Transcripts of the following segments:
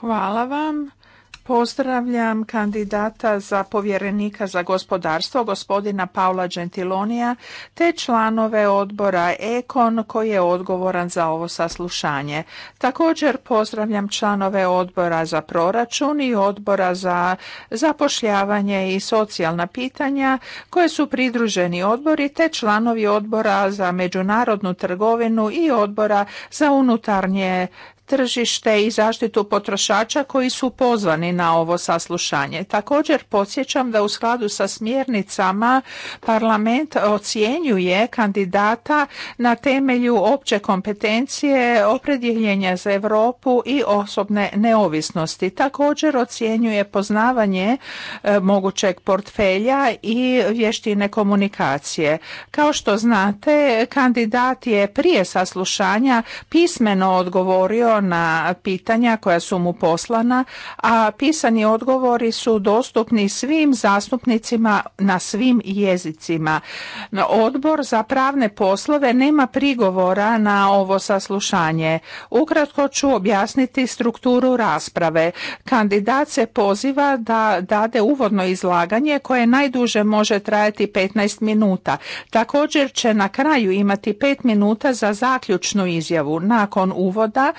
Hvala vam. Pozdravljam kandidata za povjerenika za gospodarstvo, gospodina Paula Gentilonija, te članove odbora Ekon koji je odgovoran za ovo saslušanje. Također pozdravljam članove odbora za proračun i odbora za zapošljavanje i socijalna pitanja koje su pridruženi odbori te članovi odbora za međunarodnu trgovinu i odbora za unutarnje tržište i zaštitu potrošača koji su pozvani na ovo saslušanje. Također podsjećam da u skladu sa smjernicama parlament ocjenjuje kandidata na temelju opće kompetencije, opredjeljenja za Europu i osobne neovisnosti. Također ocjenjuje poznavanje e, mogućeg portfelja i vještine komunikacije. Kao što znate, kandidat je prije saslušanja pismeno odgovorio na pitanja koja su mu poslana, a pisani odgovori su dostupni svim zastupnicima na svim jezicima. Odbor za pravne poslove nema prigovora na ovo saslušanje. Ukratko ću objasniti strukturu rasprave. Kandidat se poziva da dade uvodno izlaganje koje najduže može trajati 15 minuta. Također će na kraju imati 5 minuta za zaključnu izjavu. Nakon uvoda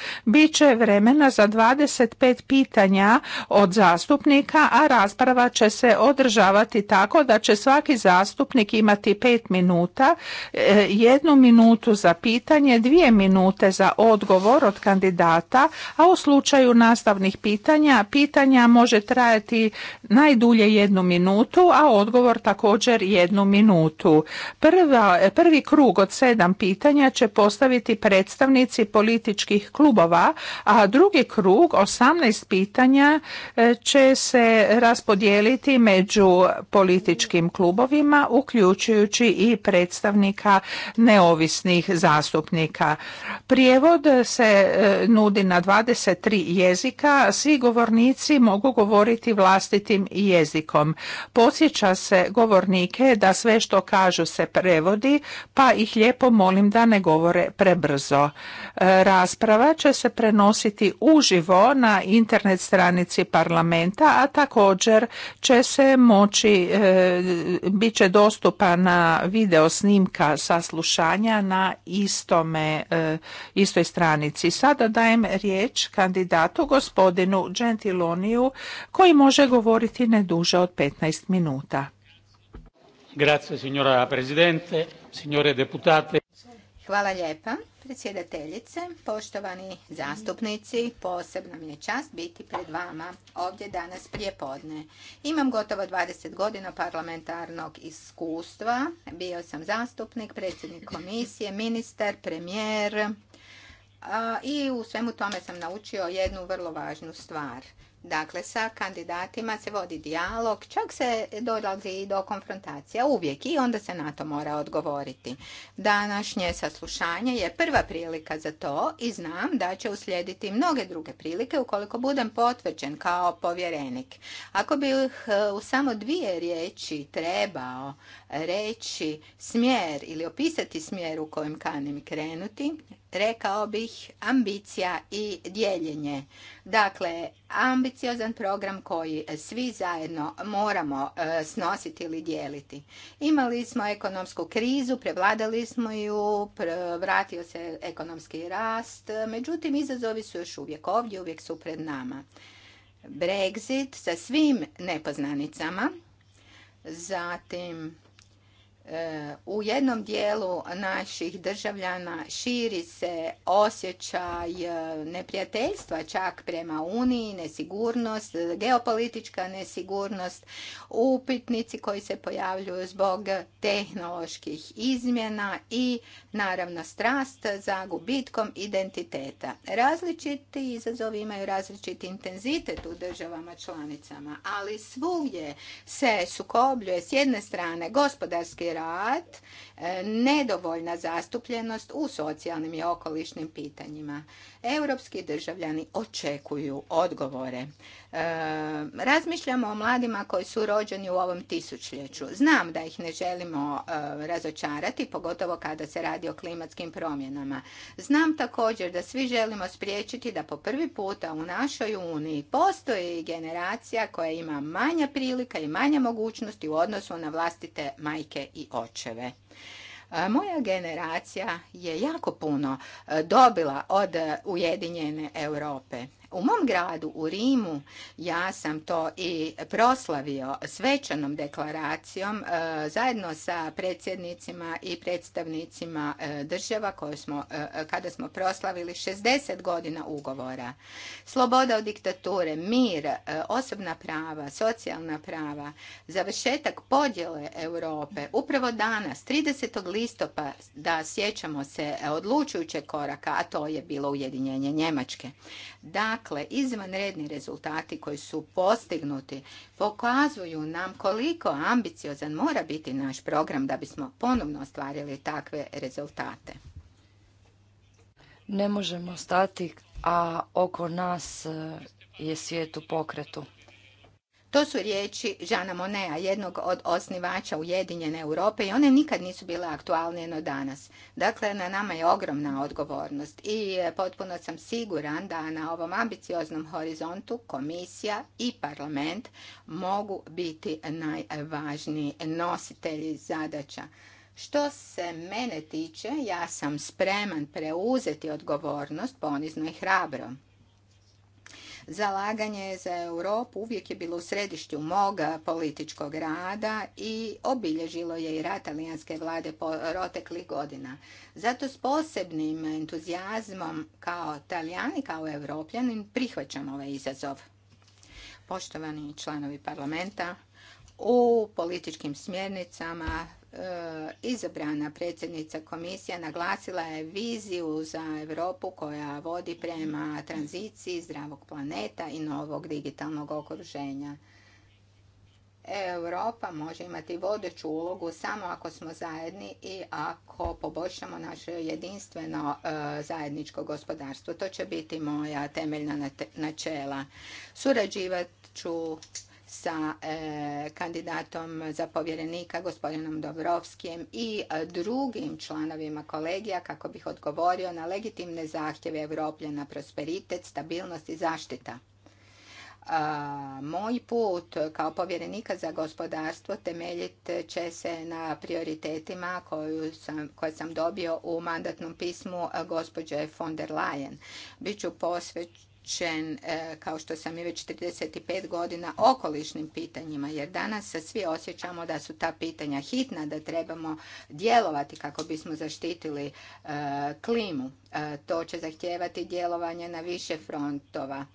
će vremena za 25 pitanja od zastupnika, a rasprava će se održavati tako da će svaki zastupnik imati 5 minuta, e, jednu minutu za pitanje, dvije minute za odgovor od kandidata, a u slučaju nastavnih pitanja, pitanja može trajati najdulje jednu minutu, a odgovor također jednu minutu. Prva, prvi krug od sedam pitanja će postaviti predstavnici političkih klubova a drugi krug, 18 pitanja, e, će se raspodijeliti među političkim klubovima, uključujući i predstavnika neovisnih zastupnika. Prijevod se e, nudi na 23 jezika, svi govornici mogu govoriti vlastitim jezikom. Posjeća se govornike da sve što kažu se prevodi, pa ih lijepo molim da ne govore prebrzo. E, rasprava će se prenositi uživo na internet stranici parlamenta, a također će se moći, e, bit će dostupana video snimka saslušanja na istome, e, istoj stranici. Sada dajem riječ kandidatu gospodinu Gentiloniju koji može govoriti ne duže od 15 minuta. Grazie signora Presidente, signore deputate. Hvala lijepa predsjedateljice, poštovani zastupnici, posebna mi je čast biti pred vama ovdje danas prije podne. Imam gotovo 20 godina parlamentarnog iskustva. Bio sam zastupnik, predsjednik komisije, ministar, premijer i u svemu tome sam naučio jednu vrlo važnu stvar – Dakle, sa kandidatima se vodi dijalog, čak se dolazi i do konfrontacija uvijek i onda se na to mora odgovoriti. Današnje saslušanje je prva prilika za to i znam da će uslijediti mnoge druge prilike ukoliko budem potvrđen kao povjerenik. Ako bih e, u samo dvije riječi trebao reći smjer ili opisati smjer u kojem kanim krenuti, rekao bih, ambicija i dijeljenje. Dakle, ambiciozan program koji svi zajedno moramo e, snositi ili dijeliti. Imali smo ekonomsku krizu, prevladali smo ju, vratio se ekonomski rast, međutim izazovi su još uvijek ovdje, uvijek su pred nama. Brexit sa svim nepoznanicama, zatim u jednom dijelu naših državljana širi se osjećaj e, neprijateljstva čak prema Uniji, nesigurnost, geopolitička nesigurnost, upitnici koji se pojavljuju zbog tehnoloških izmjena i naravno strast za gubitkom identiteta. Različiti izazovi imaju različiti intenzitet u državama članicama, ali svugdje se sukobljuje s jedne strane gospodarski grad E, nedovoljna zastupljenost u socijalnim i okolišnim pitanjima. Europski državljani očekuju odgovore. E, razmišljamo o mladima koji su rođeni u ovom tisućljeću. Znam da ih ne želimo e, razočarati, pogotovo kada se radi o klimatskim promjenama. Znam također da svi želimo spriječiti da po prvi puta u našoj Uniji postoji generacija koja ima manja prilika i manja mogućnosti u odnosu na vlastite majke i očeve. Moja generacija je jako puno e, dobila od Ujedinjene Europe, u mom gradu, u Rimu, ja sam to i proslavio svečanom deklaracijom e, zajedno sa predsjednicima i predstavnicima e, država e, kada smo proslavili 60 godina ugovora. Sloboda od diktature, mir, osobna prava, socijalna prava, završetak podjele Europe. Upravo danas, 30. listopada, da sjećamo se odlučujućeg koraka, a to je bilo ujedinjenje Njemačke. Da, dakle, Dakle, izvanredni rezultati koji su postignuti pokazuju nam koliko ambiciozan mora biti naš program da bismo ponovno ostvarili takve rezultate. Ne možemo stati, a oko nas e, je svijet u pokretu. To su riječi Žana Monea, jednog od osnivača Ujedinjene Europe i one nikad nisu bile aktualnije no danas. Dakle, na nama je ogromna odgovornost i e, potpuno sam siguran da na ovom ambicioznom horizontu komisija i parlament mogu biti najvažniji nositelji zadaća. Što se mene tiče, ja sam spreman preuzeti odgovornost ponizno i hrabro. Zalaganje za Europu uvijek je bilo u središtu moga političkog rada i obilježilo je i rat talijanske vlade proteklih godina. Zato s posebnim entuzijazmom kao talijani, kao Europljanin prihvaćam ovaj izazov. Poštovani članovi parlamenta, u političkim smjernicama E, izabrana predsjednica komisija naglasila je viziju za Europu koja vodi prema tranziciji zdravog planeta i novog digitalnog okruženja. Europa može imati vodeću ulogu samo ako smo zajedni i ako poboljšamo naše jedinstveno e, zajedničko gospodarstvo. To će biti moja temeljna načela. Surađivat ću sa e, kandidatom za povjerenika gospodinom Dobrovskijem i e, drugim članovima kolegija kako bih odgovorio na legitimne zahtjeve na prosperitet, stabilnost i zaštita. E, moj put kao povjerenika za gospodarstvo temeljit će se na prioritetima koje sam dobio u mandatnom pismu gospođe von der Leyen. Biću posvećen posvećen, e, kao što sam i već 35 godina, okolišnim pitanjima, jer danas svi osjećamo da su ta pitanja hitna, da trebamo djelovati kako bismo zaštitili e, klimu. E, to će zahtijevati djelovanje na više frontova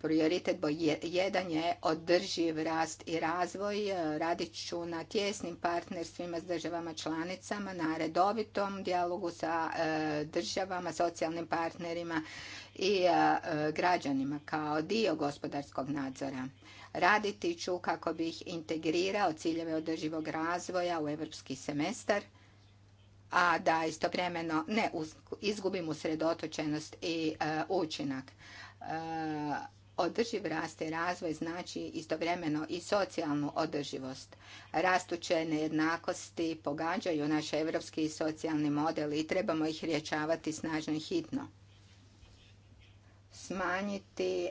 Prioritet broj jedan je održiv rast i razvoj. Radit ću na tjesnim partnerstvima s državama članicama, na redovitom dijalogu sa e, državama, socijalnim partnerima i e, građanima kao dio gospodarskog nadzora. Raditi ću kako bih integrirao ciljeve održivog razvoja u europski semestar a da istovremeno ne izgubim usredotočenost i e, učinak. Održiv rast i razvoj znači istovremeno i socijalnu održivost. Rastuće nejednakosti pogađaju naš evropski i socijalni model i trebamo ih rječavati snažno i hitno. Smanjiti e,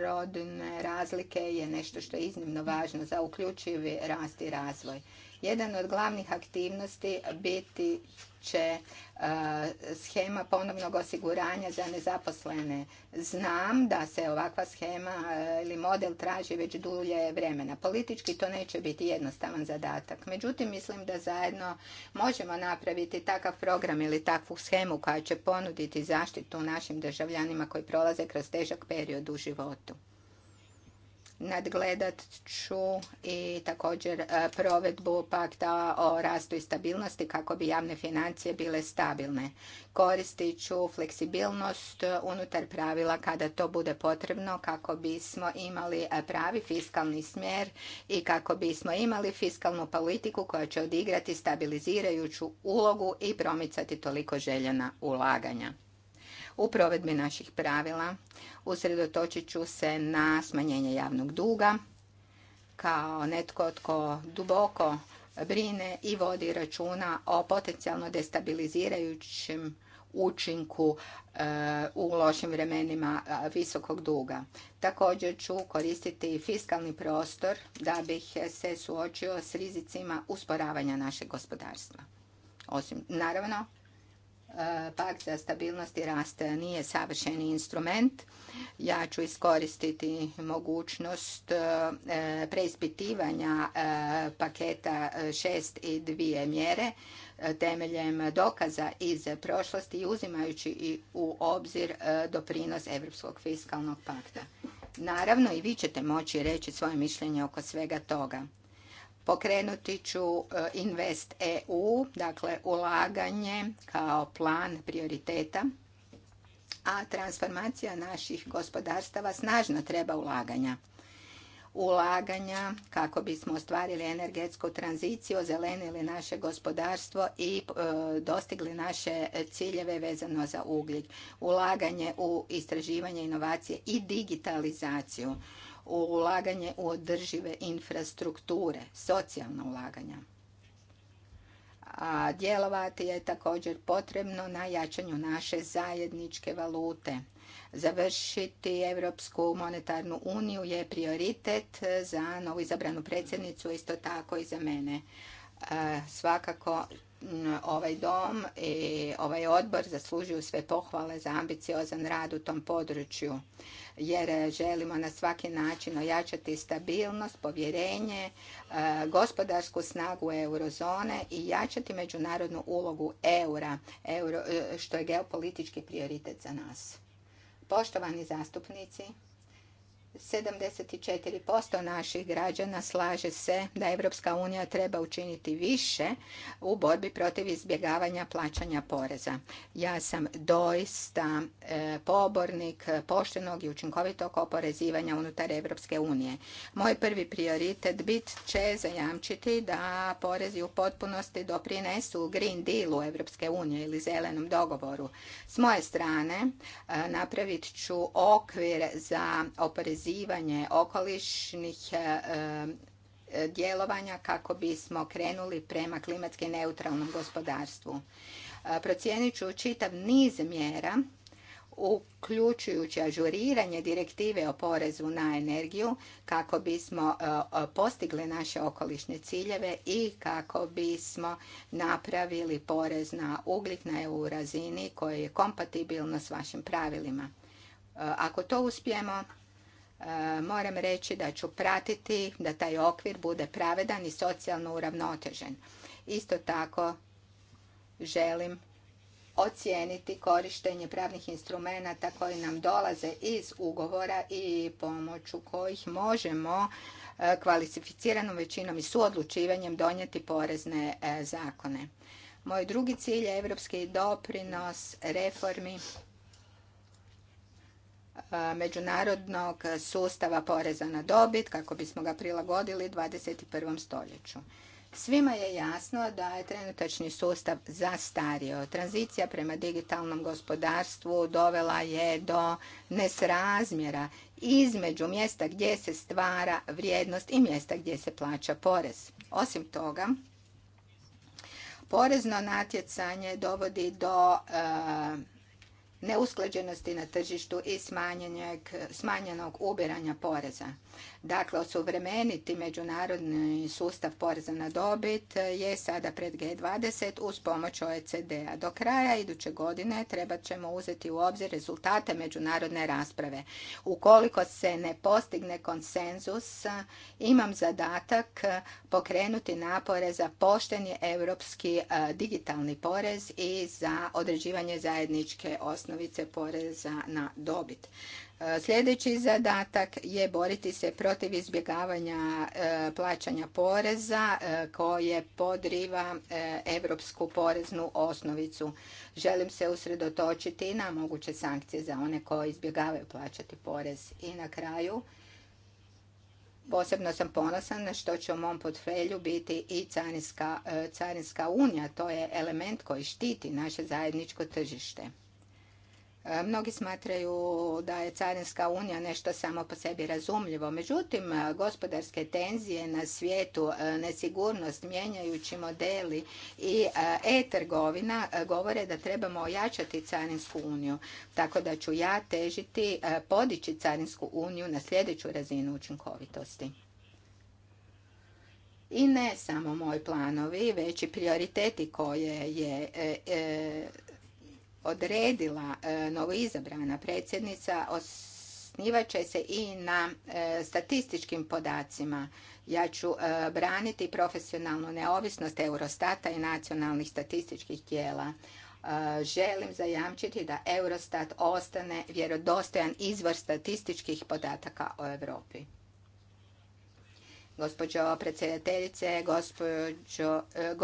rodne razlike je nešto što je iznimno važno za uključivi rast i razvoj. Jedan od glavnih aktivnosti biti će e, schema ponovnog osiguranja za nezaposlene. Znam da se ovakva schema e, ili model traži već dulje vremena. Politički to neće biti jednostavan zadatak. Međutim, mislim da zajedno možemo napraviti takav program ili takvu shemu koja će ponuditi zaštitu našim državljanima koji prolaze kroz težak period u životu nadgledat ću i također e, provedbu pakta o rastu i stabilnosti kako bi javne financije bile stabilne. Koristit ću fleksibilnost unutar pravila kada to bude potrebno kako bismo imali e, pravi fiskalni smjer i kako bismo imali fiskalnu politiku koja će odigrati stabilizirajuću ulogu i promicati toliko željena ulaganja. U provedbi naših pravila usredotočit ću se na smanjenje javnog duga kao netko tko duboko brine i vodi računa o potencijalno destabilizirajućem učinku e, u lošim vremenima visokog duga. Također ću koristiti fiskalni prostor da bih se suočio s rizicima usporavanja našeg gospodarstva. Osim, naravno, E, Pakt za stabilnost i rast nije savršeni instrument. Ja ću iskoristiti mogućnost e, preispitivanja e, paketa šest i dvije mjere temeljem dokaza iz prošlosti i uzimajući i u obzir doprinos Europskog fiskalnog pakta. Naravno i vi ćete moći reći svoje mišljenje oko svega toga. Pokrenuti ću e, Invest EU, dakle ulaganje kao plan prioriteta, a transformacija naših gospodarstava snažno treba ulaganja ulaganja kako bismo ostvarili energetsku tranziciju, ozelenili naše gospodarstvo i e, dostigli naše ciljeve vezano za ugljik. Ulaganje u istraživanje, inovacije i digitalizaciju ulaganje u održive infrastrukture, socijalna ulaganja. A djelovati je također potrebno na jačanju naše zajedničke valute. Završiti Europsku monetarnu uniju je prioritet za novu izabranu predsjednicu, isto tako i za mene. E, svakako ovaj dom i ovaj odbor zaslužuju sve pohvale za ambiciozan rad u tom području jer e, želimo na svaki način ojačati stabilnost, povjerenje, e, gospodarsku snagu eurozone i jačati međunarodnu ulogu eura, e, što je geopolitički prioritet za nas. Poštovani zastupnici, 74% naših građana slaže se da Evropska unija treba učiniti više u borbi protiv izbjegavanja plaćanja poreza. Ja sam doista e, pobornik poštenog i učinkovitog oporezivanja unutar Evropske unije. Moj prvi prioritet bit će zajamčiti da porezi u potpunosti doprinesu Green Dealu Evropske unije ili zelenom dogovoru. S moje strane e, napravit ću okvir za oporezivanje povezivanje okolišnih e, e, djelovanja kako bismo krenuli prema klimatski neutralnom gospodarstvu. E, procijenit ću čitav niz mjera uključujući ažuriranje direktive o porezu na energiju kako bismo postigli naše okolišne ciljeve i kako bismo napravili porez na ugljik na EU razini koji je kompatibilno s vašim pravilima. Ako to uspijemo, E, moram reći da ću pratiti da taj okvir bude pravedan i socijalno uravnotežen. Isto tako želim ocijeniti korištenje pravnih instrumenata koji nam dolaze iz ugovora i pomoću kojih možemo e, kvalificiranom većinom i suodlučivanjem donijeti porezne e, zakone. Moj drugi cilj je evropski doprinos reformi međunarodnog sustava poreza na dobit kako bismo ga prilagodili 21. stoljeću. Svima je jasno da je trenutačni sustav zastario. Tranzicija prema digitalnom gospodarstvu dovela je do nesrazmjera između mjesta gdje se stvara vrijednost i mjesta gdje se plaća porez. Osim toga, porezno natjecanje dovodi do neusklađenosti na tržištu i smanjenog ubiranja poreza. Dakle, osuvremeniti međunarodni sustav poreza na dobit je sada pred G20 uz pomoć OECD-a. Do kraja iduće godine trebat ćemo uzeti u obzir rezultate međunarodne rasprave. Ukoliko se ne postigne konsenzus, imam zadatak pokrenuti napore za pošteni europski e, digitalni porez i za određivanje zajedničke osnove osnovice poreza na dobit. E, sljedeći zadatak je boriti se protiv izbjegavanja e, plaćanja poreza e, koje podriva europsku poreznu osnovicu. Želim se usredotočiti na moguće sankcije za one koji izbjegavaju plaćati porez. I na kraju, Posebno sam ponosan na što će u mom portfelju biti i carinska, carinska unija. To je element koji štiti naše zajedničko tržište. E, mnogi smatraju da je Carinska unija nešto samo po sebi razumljivo. Međutim, e, gospodarske tenzije na svijetu, e, nesigurnost, mijenjajući modeli i e-trgovina govore da trebamo ojačati Carinsku uniju. Tako da ću ja težiti podići Carinsku uniju na sljedeću razinu učinkovitosti. I ne samo moji planovi, već i prioriteti koje je odredila e, novoizabrana predsjednica osnivaće se i na e, statističkim podacima. Ja ću e, braniti profesionalnu neovisnost Eurostata i nacionalnih statističkih tijela. Želim zajamčiti da Eurostat ostane vjerodostojan izvor statističkih podataka o Europi gospođo predsjedateljice, gospođo, eh,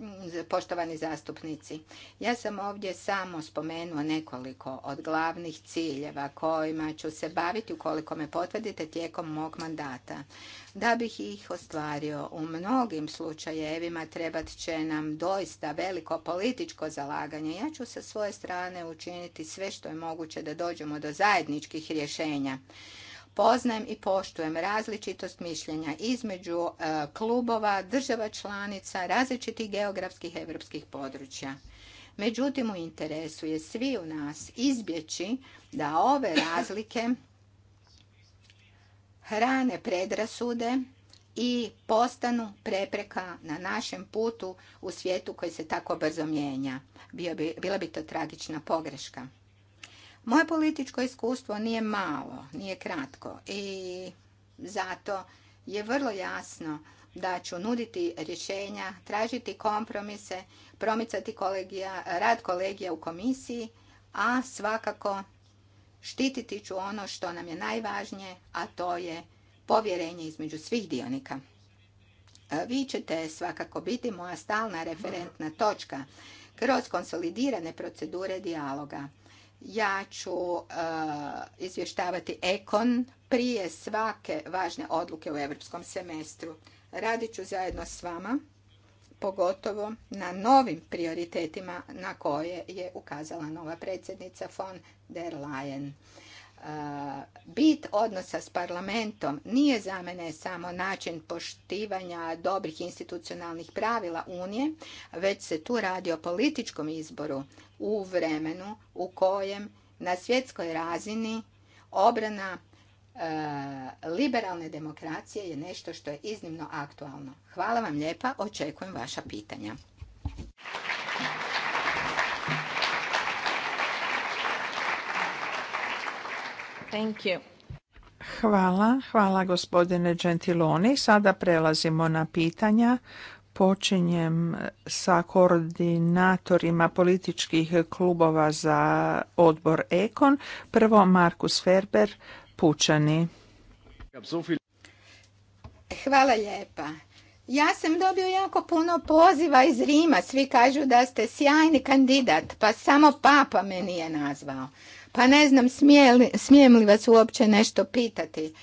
mm, poštovani zastupnici. Ja sam ovdje samo spomenuo nekoliko od glavnih ciljeva kojima ću se baviti ukoliko me potvrdite tijekom mog mandata. Da bih ih ostvario u mnogim slučajevima trebat će nam doista veliko političko zalaganje. Ja ću sa svoje strane učiniti sve što je moguće da dođemo do zajedničkih rješenja. Poznajem i poštujem različitost mišljenja između e, klubova, država članica, različitih geografskih europskih područja. Međutim, u interesu je svi u nas izbjeći da ove razlike hrane predrasude i postanu prepreka na našem putu u svijetu koji se tako brzo mijenja. bila bi to tragična pogreška. Moje političko iskustvo nije malo, nije kratko i zato je vrlo jasno da ću nuditi rješenja, tražiti kompromise, promicati kolegija, rad kolegija u komisiji, a svakako štititi ću ono što nam je najvažnije, a to je povjerenje između svih dionika. E, vi ćete svakako biti moja stalna referentna točka kroz konsolidirane procedure dijaloga ja ću e, izvještavati Ekon prije svake važne odluke u europskom semestru. Radit ću zajedno s vama, pogotovo na novim prioritetima na koje je ukazala nova predsjednica von der Leyen. Bit odnosa s parlamentom nije za mene samo način poštivanja dobrih institucionalnih pravila Unije, već se tu radi o političkom izboru u vremenu u kojem na svjetskoj razini obrana liberalne demokracije je nešto što je iznimno aktualno. Hvala vam lijepa, očekujem vaša pitanja. Thank you. Hvala, hvala gospodine Gentiloni. Sada prelazimo na pitanja. Počinjem sa koordinatorima političkih klubova za odbor Ekon. Prvo Markus Ferber, Pučani. Hvala lijepa. Ja sam dobio jako puno poziva iz Rima. Svi kažu da ste sjajni kandidat, pa samo papa me nije nazvao. Pa ne znam, smijem li vas uopće nešto pitati.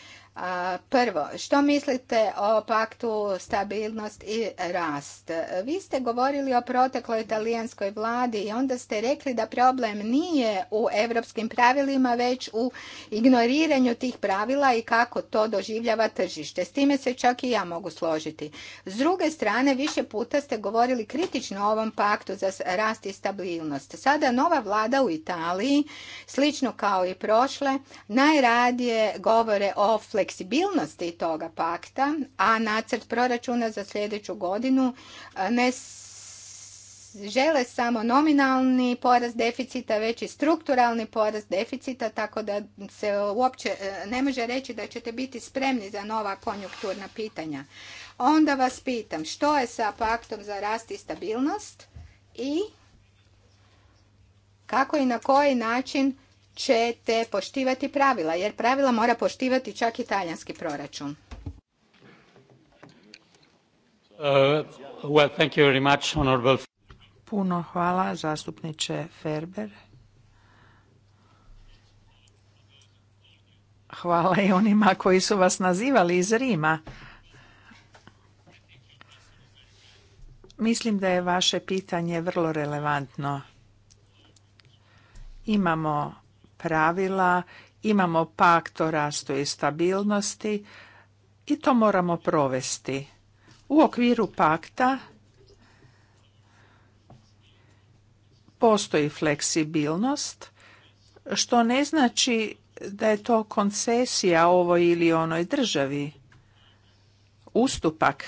Prvo, što mislite o paktu stabilnost i rast? Vi ste govorili o protekloj italijanskoj vladi i onda ste rekli da problem nije u europskim pravilima, već u ignoriranju tih pravila i kako to doživljava tržište. S time se čak i ja mogu složiti. S druge strane, više puta ste govorili kritično o ovom paktu za rast i stabilnost. Sada nova vlada u Italiji, slično kao i prošle, najradije govore o flexibilnosti fleksibilnosti toga pakta, a nacrt proračuna za sljedeću godinu ne žele samo nominalni porast deficita, već i strukturalni porast deficita, tako da se uopće e, ne može reći da ćete biti spremni za nova konjunkturna pitanja. Onda vas pitam, što je sa paktom za rast i stabilnost i kako i na koji način ćete poštivati pravila, jer pravila mora poštivati čak i talijanski proračun. Uh, Puno hvala, zastupniče Ferber. Hvala i onima koji su vas nazivali iz Rima. Mislim da je vaše pitanje vrlo relevantno. Imamo pravila, imamo pakt o rastu i stabilnosti i to moramo provesti. U okviru pakta postoji fleksibilnost, što ne znači da je to koncesija ovoj ili onoj državi, ustupak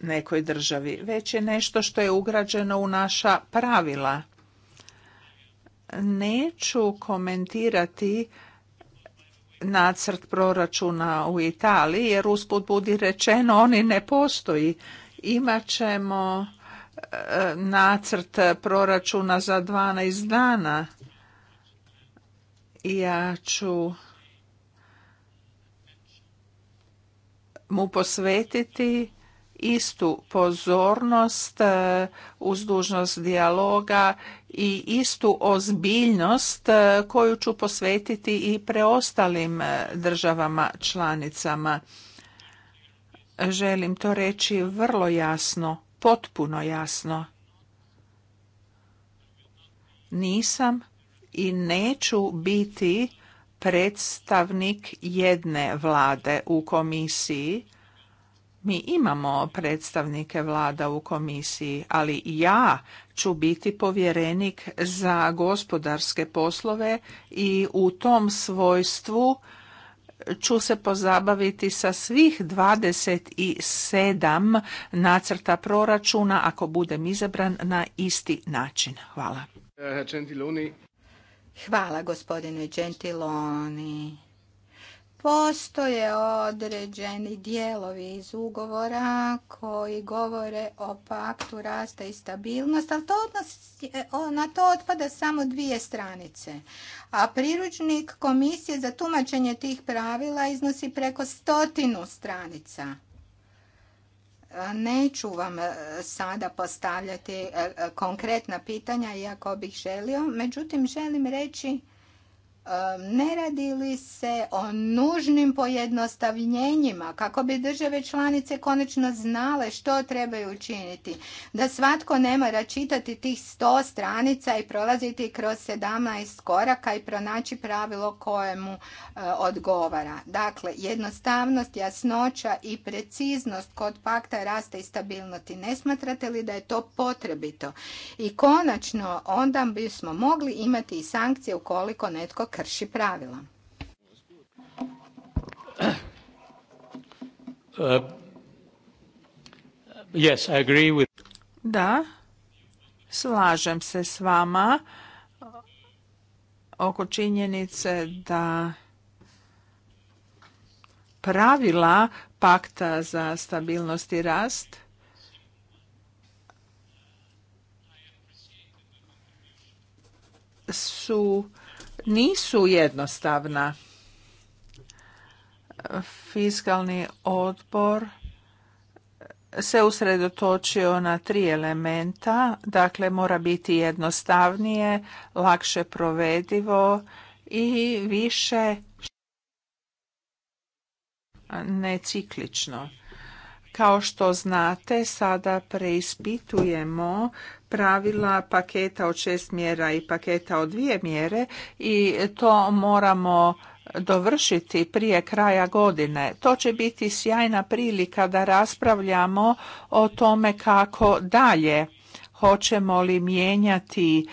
nekoj državi, već je nešto što je ugrađeno u naša pravila. Neću komentirati nacrt proračuna u Italiji jer usput budi rečeno oni ne postoji. Imaćemo e, nacrt proračuna za 12 dana. Ja ću mu posvetiti istu pozornost e, uz dužnost dijaloga i istu ozbiljnost e, koju ću posvetiti i preostalim e, državama članicama. Želim to reći vrlo jasno, potpuno jasno. Nisam i neću biti predstavnik jedne vlade u komisiji mi imamo predstavnike vlada u komisiji, ali ja ću biti povjerenik za gospodarske poslove i u tom svojstvu ću se pozabaviti sa svih 27 nacrta proračuna ako budem izabran na isti način. Hvala. Hvala gospodine Gentiloni. Postoje određeni dijelovi iz ugovora koji govore o paktu rasta i stabilnost, ali to na to otpada samo dvije stranice. A priručnik komisije za tumačenje tih pravila iznosi preko stotinu stranica. Neću vam e, sada postavljati e, e, konkretna pitanja, iako bih želio. Međutim, želim reći ne radi li se o nužnim pojednostavljenjima kako bi države članice konačno znale što trebaju učiniti? Da svatko ne mora čitati tih sto stranica i prolaziti kroz 17 koraka i pronaći pravilo kojemu e, odgovara. Dakle, jednostavnost, jasnoća i preciznost kod pakta rasta i stabilnosti. Ne smatrate li da je to potrebito? I konačno, onda bismo mogli imati i sankcije ukoliko netko krši pravila. Uh, da, slažem se s vama oko činjenice da pravila pakta za stabilnost i rast su nisu jednostavna. Fiskalni odbor se usredotočio na tri elementa, dakle mora biti jednostavnije, lakše provedivo i više neciklično. Kao što znate, sada preispitujemo pravila paketa od šest mjera i paketa od dvije mjere i to moramo dovršiti prije kraja godine. To će biti sjajna prilika da raspravljamo o tome kako dalje. Hoćemo li mijenjati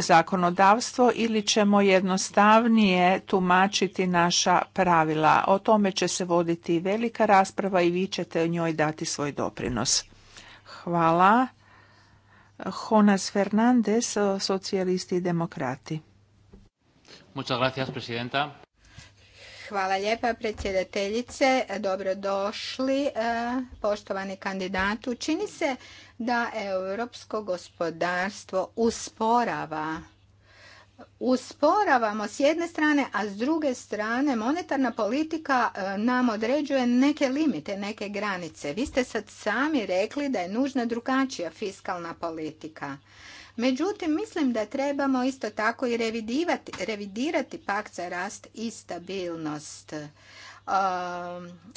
zakonodavstvo ili ćemo jednostavnije tumačiti naša pravila. O tome će se voditi velika rasprava i vi ćete njoj dati svoj doprinos. Hvala. Jonas Fernandes, socijalisti i demokrati. Hvala lijepa predsjedateljice, dobrodošli eh, poštovani kandidatu. Čini se da europsko gospodarstvo usporava usporavamo s jedne strane, a s druge strane monetarna politika e, nam određuje neke limite, neke granice. Vi ste sad sami rekli da je nužna drugačija fiskalna politika. Međutim, mislim da trebamo isto tako i revidirati pakt za rast i stabilnost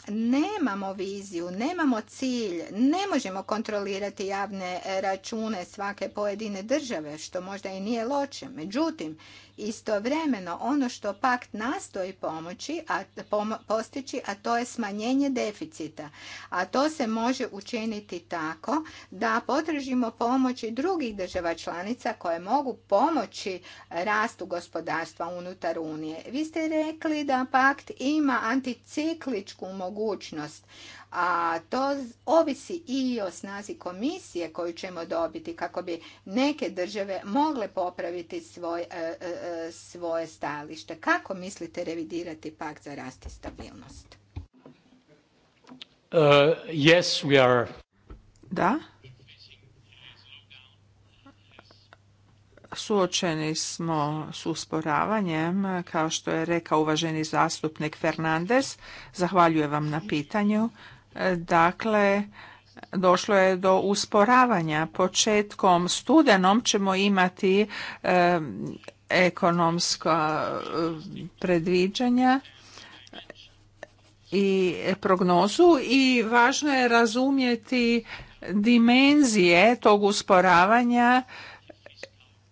nemamo viziju, nemamo cilj, ne možemo kontrolirati javne račune svake pojedine države, što možda i nije loše. Međutim, Istovremeno, ono što pakt nastoji pomoći, a, postići, a to je smanjenje deficita. A to se može učiniti tako da potražimo pomoći drugih država članica koje mogu pomoći rastu gospodarstva unutar Unije. Vi ste rekli da pakt ima anticikličku mogućnost a to ovisi i o snazi komisije koju ćemo dobiti kako bi neke države mogle popraviti svoj, e, e, e, svoje stajalište. Kako mislite revidirati pakt za rast i stabilnost? Uh, yes, we are. Da. Suočeni smo s usporavanjem, kao što je rekao uvaženi zastupnik Fernandez. Zahvaljujem vam na pitanju. Dakle, došlo je do usporavanja. Početkom studenom ćemo imati e, ekonomska predviđanja i prognozu i važno je razumjeti dimenzije tog usporavanja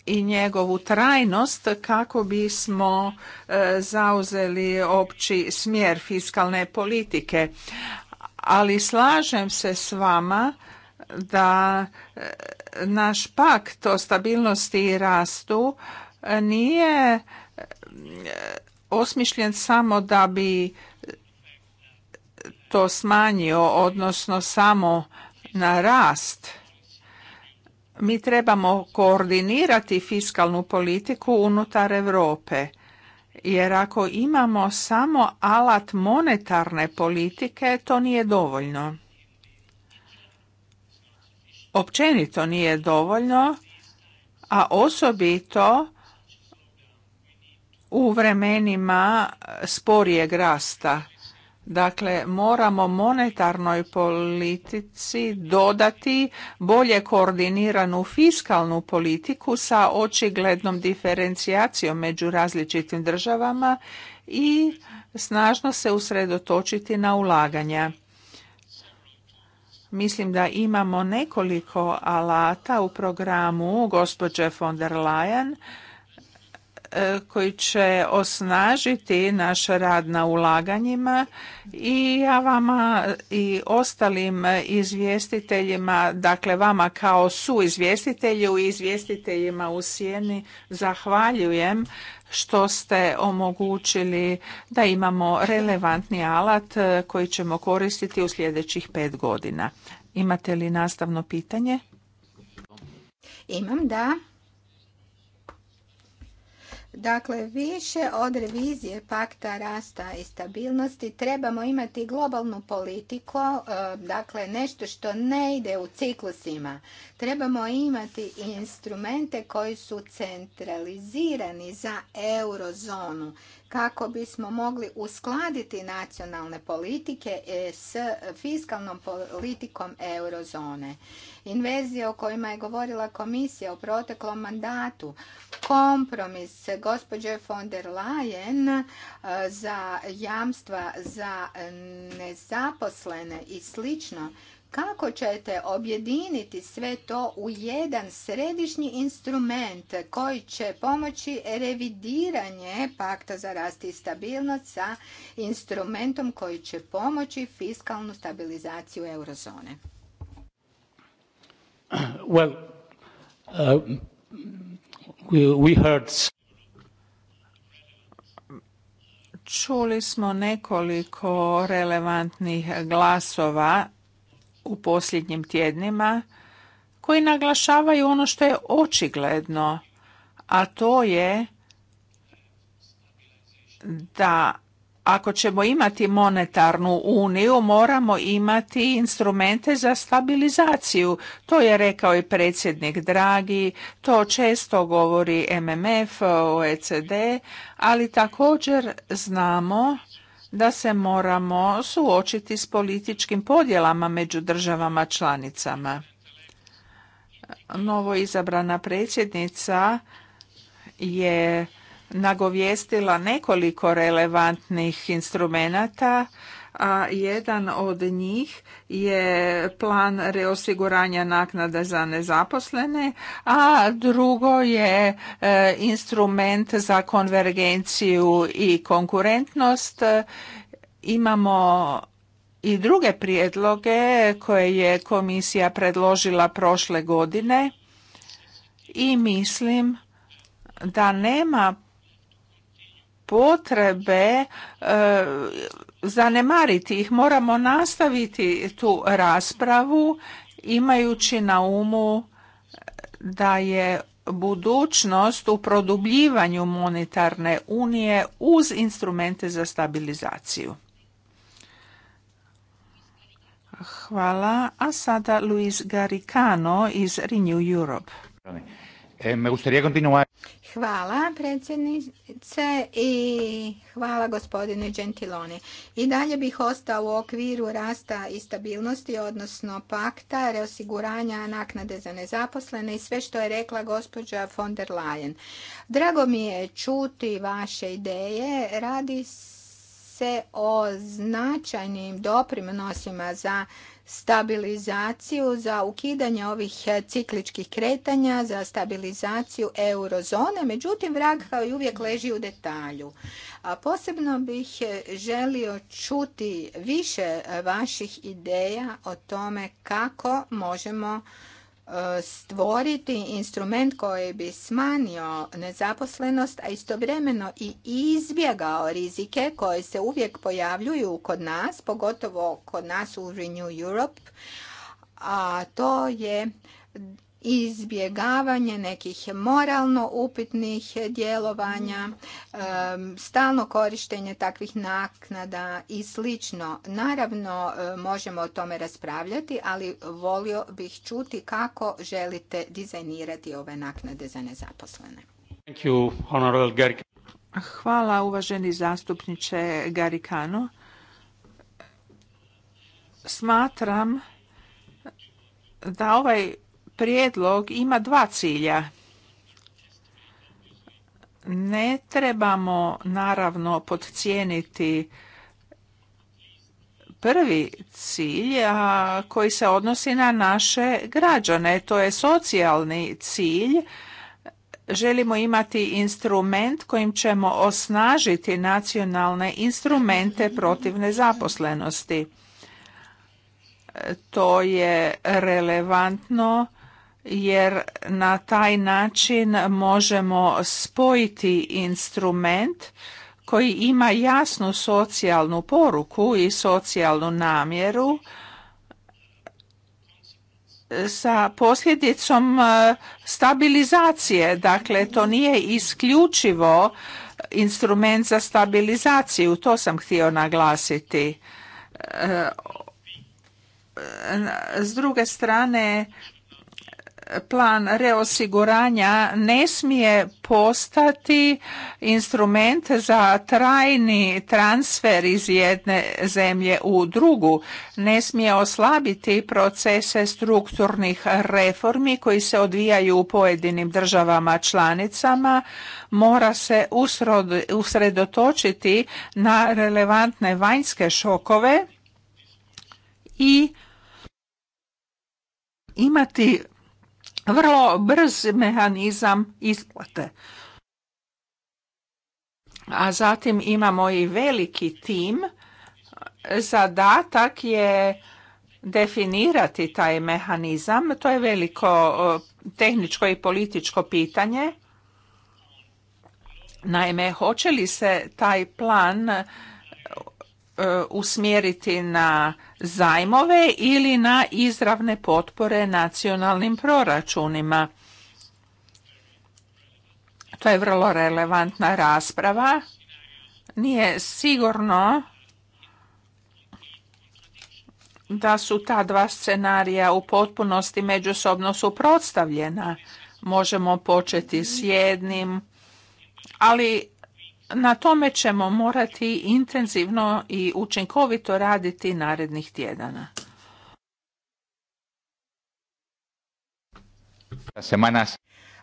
i njegovu trajnost kako bismo zauzeli opći smjer fiskalne politike ali slažem se s vama da e, naš pakt o stabilnosti i rastu e, nije e, osmišljen samo da bi to smanjio, odnosno samo na rast. Mi trebamo koordinirati fiskalnu politiku unutar Europe jer ako imamo samo alat monetarne politike, to nije dovoljno. Općenito nije dovoljno, a osobito u vremenima sporijeg rasta. Dakle, moramo monetarnoj politici dodati bolje koordiniranu fiskalnu politiku sa očiglednom diferencijacijom među različitim državama i snažno se usredotočiti na ulaganja. Mislim da imamo nekoliko alata u programu gospođe von der Leyen E, koji će osnažiti naš rad na ulaganjima i ja vama i ostalim izvjestiteljima, dakle vama kao su izvjestitelju i izvjestiteljima u sjeni zahvaljujem što ste omogućili da imamo relevantni alat e, koji ćemo koristiti u sljedećih pet godina. Imate li nastavno pitanje? Imam, da. Dakle, više od revizije pakta rasta i stabilnosti trebamo imati globalnu politiku, e, dakle nešto što ne ide u ciklusima. Trebamo imati instrumente koji su centralizirani za eurozonu kako bismo mogli uskladiti nacionalne politike e, s fiskalnom politikom eurozone. Inverzije o kojima je govorila komisija u proteklom mandatu, kompromis gospođe von der Leyen e, za jamstva za nezaposlene i slično, kako ćete objediniti sve to u jedan središnji instrument koji će pomoći revidiranje pakta za rast i stabilnost sa instrumentom koji će pomoći fiskalnu stabilizaciju eurozone? Well, uh, we heard... Čuli smo nekoliko relevantnih glasova u posljednjim tjednima koji naglašavaju ono što je očigledno, a to je da ako ćemo imati monetarnu uniju, moramo imati instrumente za stabilizaciju. To je rekao i predsjednik Dragi, to često govori MMF, OECD, ali također znamo da se moramo suočiti s političkim podjelama među državama članicama. Novo izabrana predsjednica je nagovjestila nekoliko relevantnih instrumenata a jedan od njih je plan reosiguranja naknade za nezaposlene, a drugo je e, instrument za konvergenciju i konkurentnost. Imamo i druge prijedloge koje je komisija predložila prošle godine i mislim da nema potrebe e, zanemariti ih. Moramo nastaviti tu raspravu imajući na umu da je budućnost u produbljivanju monetarne unije uz instrumente za stabilizaciju. Hvala. A sada Luis Garicano iz Renew Europe. E, me gustaría continuar. Hvala predsjednice i hvala gospodine Gentiloni. I dalje bih ostao u okviru rasta i stabilnosti, odnosno pakta, reosiguranja, naknade za nezaposlene i sve što je rekla gospođa von der Leyen. Drago mi je čuti vaše ideje. Radi se o značajnim doprinosima za stabilizaciju, za ukidanje ovih e, cikličkih kretanja, za stabilizaciju eurozone. Međutim, vrag kao i uvijek leži u detalju. A posebno bih e, želio čuti više e, vaših ideja o tome kako možemo stvoriti instrument koji bi smanjio nezaposlenost, a istovremeno i izbjegao rizike koje se uvijek pojavljuju kod nas, pogotovo kod nas u Renew Europe, a to je izbjegavanje nekih moralno upitnih djelovanja, stalno korištenje takvih naknada i slično. Naravno, možemo o tome raspravljati, ali volio bih čuti kako želite dizajnirati ove naknade za nezaposlene. Hvala uvaženi zastupniče Garikano. Smatram da ovaj prijedlog ima dva cilja. Ne trebamo naravno podcijeniti prvi cilj a koji se odnosi na naše građane. To je socijalni cilj. Želimo imati instrument kojim ćemo osnažiti nacionalne instrumente protiv nezaposlenosti. To je relevantno jer na taj način možemo spojiti instrument koji ima jasnu socijalnu poruku i socijalnu namjeru sa posljedicom e, stabilizacije. Dakle, to nije isključivo instrument za stabilizaciju, to sam htio naglasiti. E, e, s druge strane, plan reosiguranja ne smije postati instrument za trajni transfer iz jedne zemlje u drugu. Ne smije oslabiti procese strukturnih reformi koji se odvijaju u pojedinim državama članicama. Mora se usredotočiti na relevantne vanjske šokove i imati vrlo brz mehanizam isplate. A zatim imamo i veliki tim. Zadatak je definirati taj mehanizam. To je veliko tehničko i političko pitanje. Naime, hoće li se taj plan E, usmjeriti na zajmove ili na izravne potpore nacionalnim proračunima. To je vrlo relevantna rasprava. Nije sigurno da su ta dva scenarija u potpunosti međusobno suprotstavljena. Možemo početi s jednim, ali na tome ćemo morati intenzivno i učinkovito raditi narednih tjedana.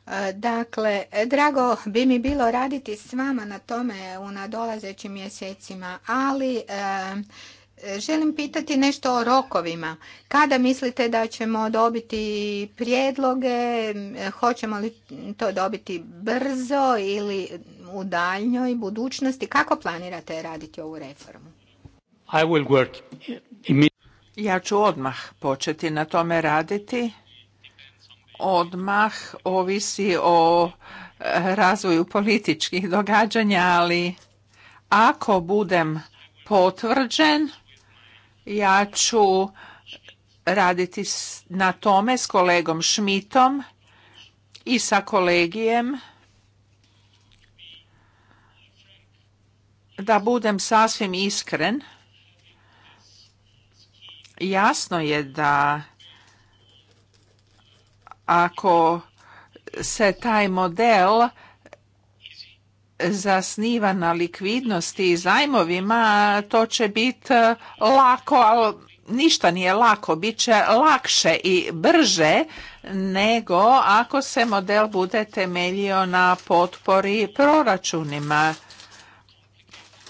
E, dakle, drago bi mi bilo raditi s vama na tome u nadolazećim mjesecima, ali e, Želim pitati nešto o rokovima. Kada mislite da ćemo dobiti prijedloge? Hoćemo li to dobiti brzo ili u daljnjoj budućnosti? Kako planirate raditi ovu reformu? Ja ću odmah početi na tome raditi. Odmah ovisi o eh, razvoju političkih događanja, ali ako budem potvrđen, ja ću raditi na tome s kolegom Šmitom i sa kolegijem da budem sasvim iskren. Jasno je da ako se taj model zasniva na likvidnosti i zajmovima, to će biti e, lako, ali ništa nije lako, bit će lakše i brže nego ako se model bude temeljio na potpori proračunima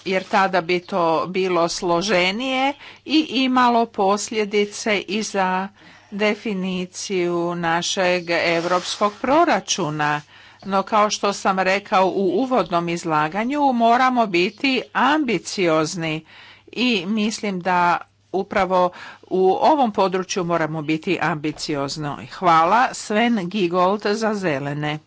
jer tada bi to bilo složenije i imalo posljedice i za definiciju našeg europskog proračuna no kao što sam rekao u uvodnom izlaganju, moramo biti ambiciozni i mislim da upravo u ovom području moramo biti ambiciozni. Hvala Sven Gigold za zelene.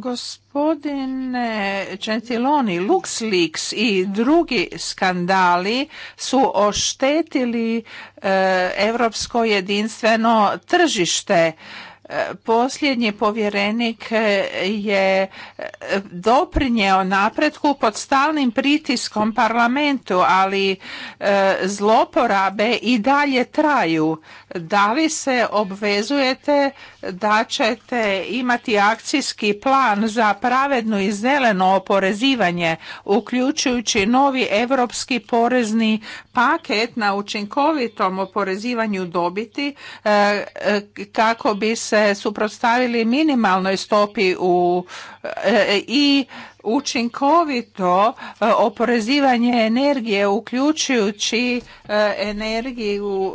Gospodine Gentiloni, LuxLeaks i drugi skandali su oštetili europsko eh, jedinstveno tržište. Posljednji povjerenik je doprinjeo napretku pod stalnim pritiskom parlamentu, ali e, zloporabe i dalje traju. Da li se obvezujete da ćete imati akcijski plan za pravedno i zeleno oporezivanje, uključujući novi europski porezni paket na učinkovitom oporezivanju dobiti e, e, kako bi se se suprotstavili minimalnoj stopi u, e, e, i učinkovito e, oporezivanje energije uključujući energiju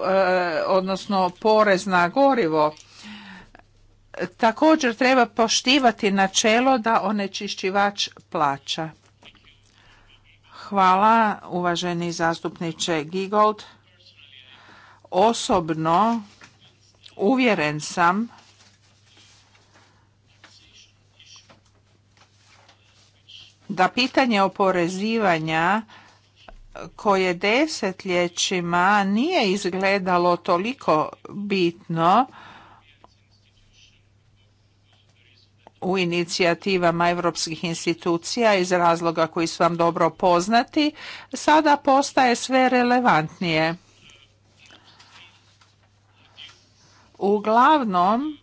odnosno porez na gorivo također treba poštivati načelo da onečišćivač plaća. Hvala uvaženi zastupniče Gigold. Osobno uvjeren sam da pitanje oporezivanja koje desetljećima nije izgledalo toliko bitno u inicijativama europskih institucija iz razloga koji su vam dobro poznati, sada postaje sve relevantnije. Uglavnom,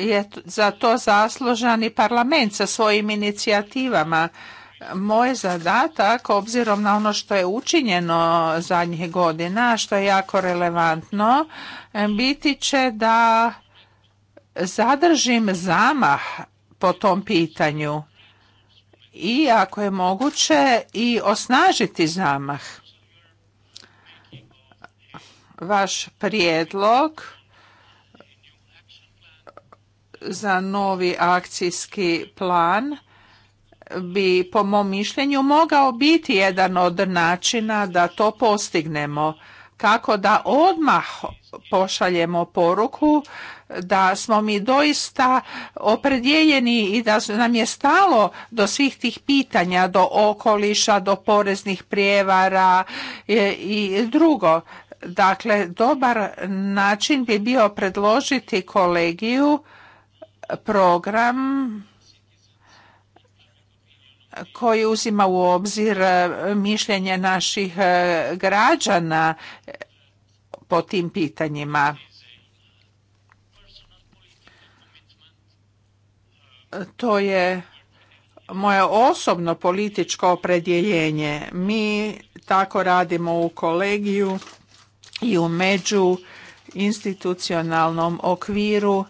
je za to zaslužan i parlament sa svojim inicijativama. Moj zadatak, obzirom na ono što je učinjeno zadnjih godina, što je jako relevantno, biti će da zadržim zamah po tom pitanju i ako je moguće i osnažiti zamah. Vaš prijedlog za novi akcijski plan bi po mom mišljenju mogao biti jedan od načina da to postignemo kako da odmah pošaljemo poruku da smo mi doista opredijeljeni i da nam je stalo do svih tih pitanja, do okoliša, do poreznih prijevara e, i drugo. Dakle, dobar način bi bio predložiti kolegiju program koji uzima u obzir e, mišljenje naših e, građana po tim pitanjima. To je moje osobno političko opredjeljenje. Mi tako radimo u kolegiju i u među institucionalnom okviru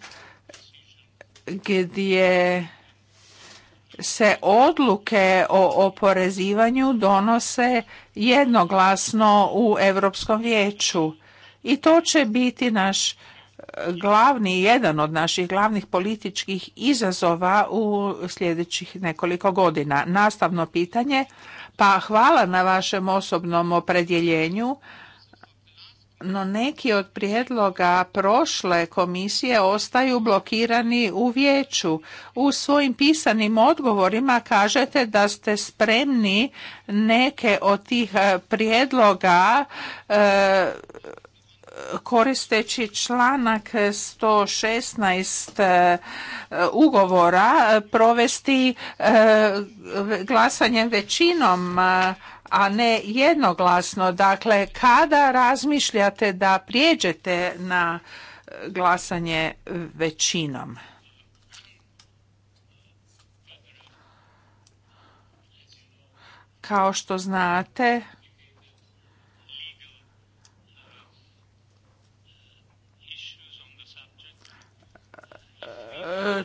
gdje se odluke o oporezivanju donose jednoglasno u Europskom vijeću i to će biti naš glavni jedan od naših glavnih političkih izazova u sljedećih nekoliko godina. Nastavno pitanje, pa hvala na vašem osobnom opredjeljenju, no neki od prijedloga prošle komisije ostaju blokirani u vijeću. U svojim pisanim odgovorima kažete da ste spremni neke od tih e, prijedloga e, koristeći članak 116 e, ugovora provesti glasanjem većinom a ne jednoglasno. Dakle, kada razmišljate da prijeđete na e, glasanje većinom? Kao što znate,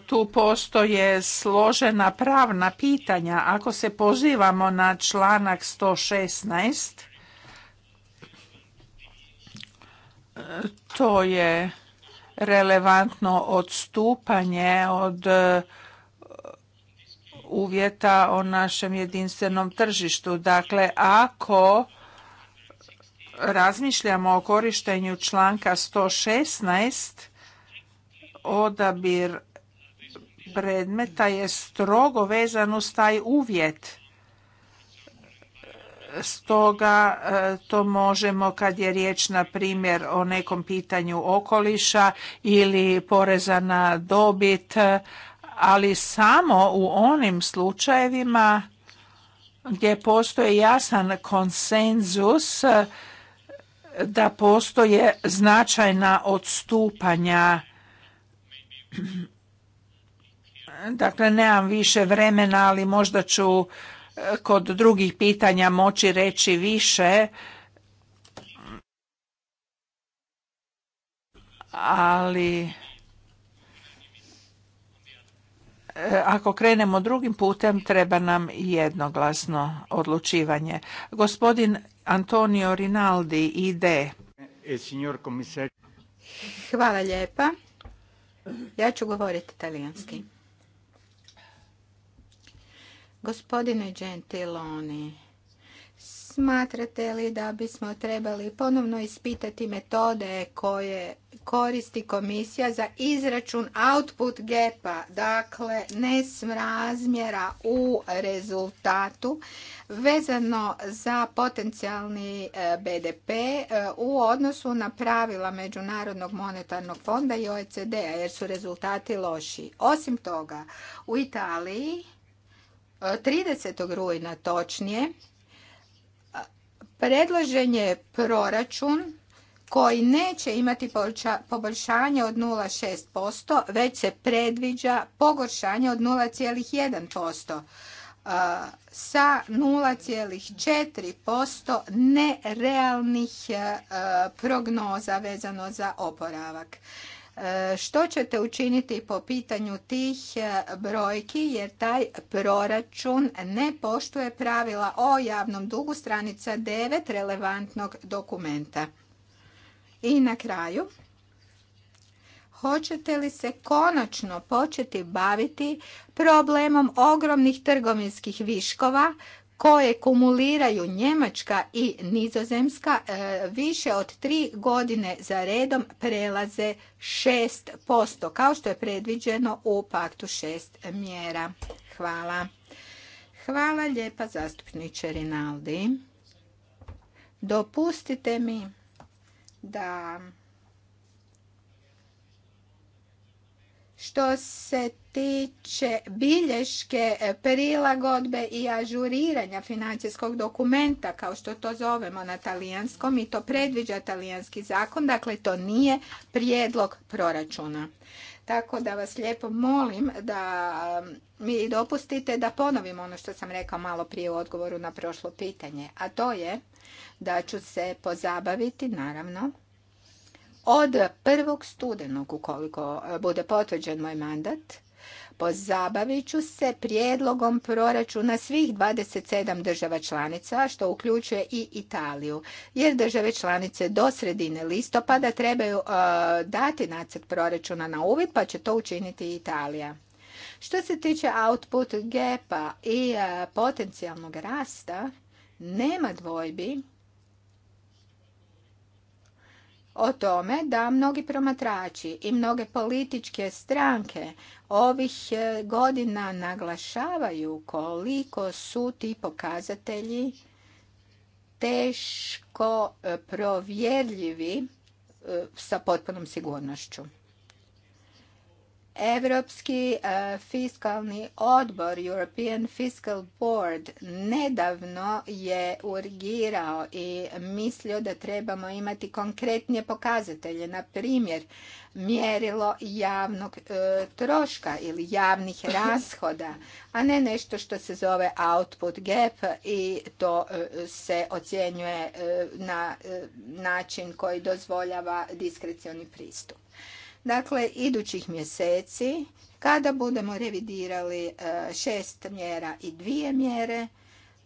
tu postoje složena pravna pitanja. Ako se pozivamo na članak 116, to je relevantno odstupanje od e, uvjeta o našem jedinstvenom tržištu. Dakle, ako razmišljamo o korištenju članka 116, odabir predmeta je strogo vezan uz taj uvjet. Stoga e, to možemo kad je riječ na primjer o nekom pitanju okoliša ili poreza na dobit, ali samo u onim slučajevima gdje postoji jasan konsenzus da postoje značajna odstupanja Dakle, nemam više vremena, ali možda ću e, kod drugih pitanja moći reći više. Ali e, ako krenemo drugim putem treba nam jednoglasno odlučivanje. Gospodin Antonio Rinaldi ide. E, Hvala lijepa. Ja ću govoriti talijanski. Gospodine Gentiloni, smatrate li da bismo trebali ponovno ispitati metode koje koristi komisija za izračun output gapa, dakle nesrazmjera u rezultatu vezano za potencijalni e, BDP e, u odnosu na pravila Međunarodnog monetarnog fonda i OECD-a jer su rezultati loši. Osim toga, u Italiji 30. rujna točnije, predložen je proračun koji neće imati poboljšanje od 0,6%, već se predviđa pogoršanje od 0,1% sa 0,4% nerealnih prognoza vezano za oporavak. E, što ćete učiniti po pitanju tih e, brojki jer taj proračun ne poštuje pravila o javnom dugu stranica 9 relevantnog dokumenta. I na kraju hoćete li se konačno početi baviti problemom ogromnih trgovinskih viškova koje kumuliraju Njemačka i Nizozemska e, više od tri godine za redom prelaze 6%, kao što je predviđeno u paktu šest mjera. Hvala. Hvala lijepa zastupniče Rinaldi. Dopustite mi da Što se tiče bilješke prilagodbe i ažuriranja financijskog dokumenta, kao što to zovemo na talijanskom, i to predviđa talijanski zakon, dakle to nije prijedlog proračuna. Tako da vas lijepo molim da mi dopustite da ponovim ono što sam rekao malo prije u odgovoru na prošlo pitanje, a to je da ću se pozabaviti, naravno, od prvog studenog, ukoliko e, bude potvrđen moj mandat, pozabavit ću se prijedlogom proračuna svih 27 država članica, što uključuje i Italiju, jer države članice do sredine listopada trebaju e, dati nacrt proračuna na uvid, pa će to učiniti i Italija. Što se tiče output gapa i e, potencijalnog rasta, nema dvojbi o tome da mnogi promatrači i mnoge političke stranke ovih e, godina naglašavaju koliko su ti pokazatelji teško e, provjerljivi e, sa potpunom sigurnošću. Europski e, fiskalni odbor, European Fiscal Board, nedavno je urgirao i mislio da trebamo imati konkretnije pokazatelje, na primjer mjerilo javnog e, troška ili javnih rashoda, a ne nešto što se zove output gap i to e, se ocjenjuje na način koji dozvoljava diskrecioni pristup. Dakle, idućih mjeseci, kada budemo revidirali e, šest mjera i dvije mjere,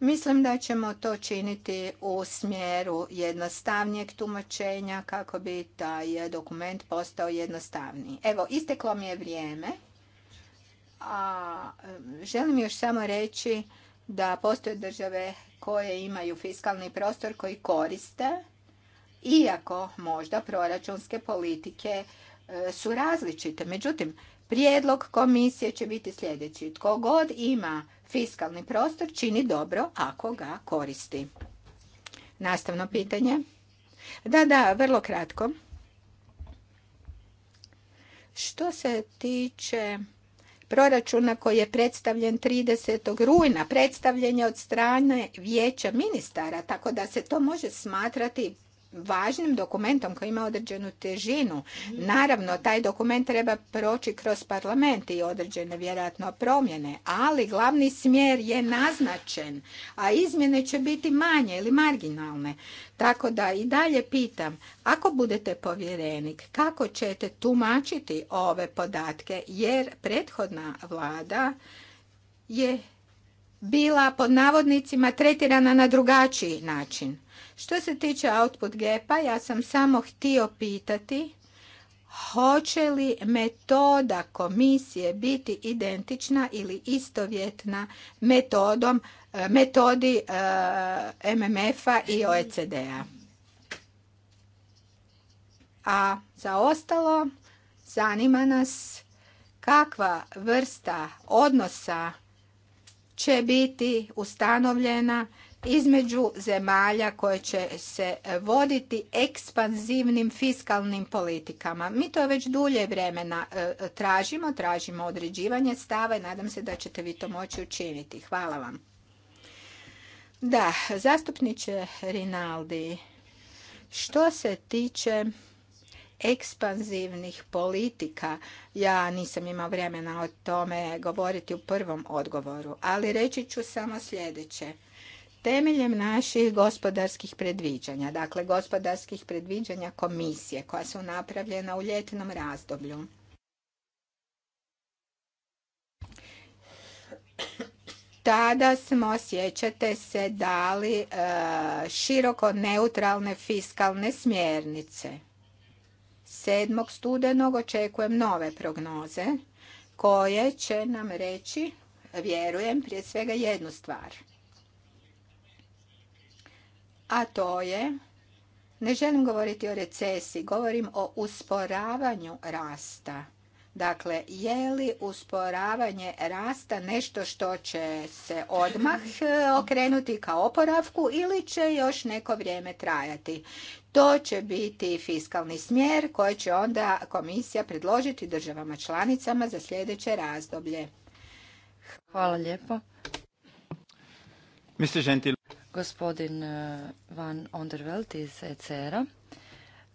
Mislim da ćemo to činiti u smjeru jednostavnijeg tumačenja kako bi taj dokument postao jednostavniji. Evo, isteklo mi je vrijeme, a e, želim još samo reći da postoje države koje imaju fiskalni prostor koji koriste, iako možda proračunske politike E, su različite. Međutim, prijedlog komisije će biti sljedeći. Tko god ima fiskalni prostor čini dobro ako ga koristi. Nastavno pitanje. Da, da, vrlo kratko. Što se tiče proračuna koji je predstavljen 30. rujna, predstavljen je od strane vijeća ministara, tako da se to može smatrati važnim dokumentom koji ima određenu težinu. Naravno, taj dokument treba proći kroz parlament i određene vjerojatno promjene, ali glavni smjer je naznačen, a izmjene će biti manje ili marginalne. Tako da i dalje pitam, ako budete povjerenik, kako ćete tumačiti ove podatke, jer prethodna vlada je bila pod navodnicima tretirana na drugačiji način. Što se tiče output gepa, ja sam samo htio pitati hoće li metoda komisije biti identična ili istovjetna metodom, e, metodi e, MMF-a i OECD-a. A za ostalo zanima nas kakva vrsta odnosa će biti ustanovljena između zemalja koje će se voditi ekspanzivnim fiskalnim politikama. Mi to već dulje vremena e, tražimo, tražimo određivanje stava i nadam se da ćete vi to moći učiniti. Hvala vam. Da, zastupniče Rinaldi, što se tiče ekspanzivnih politika. Ja nisam imao vremena o tome govoriti u prvom odgovoru, ali reći ću samo sljedeće. Temeljem naših gospodarskih predviđanja, dakle gospodarskih predviđanja komisije koja su napravljena u ljetnom razdoblju, tada smo, sjećate se, dali e, široko neutralne fiskalne smjernice. 7. studenog očekujem nove prognoze koje će nam reći, vjerujem, prije svega jednu stvar. A to je, ne želim govoriti o recesiji, govorim o usporavanju rasta Dakle, je li usporavanje rasta nešto što će se odmah e, okrenuti kao oporavku ili će još neko vrijeme trajati? To će biti fiskalni smjer koji će onda komisija predložiti državama članicama za sljedeće razdoblje. Hvala lijepo. Gospodin e, Van Onderveld iz ECR-a.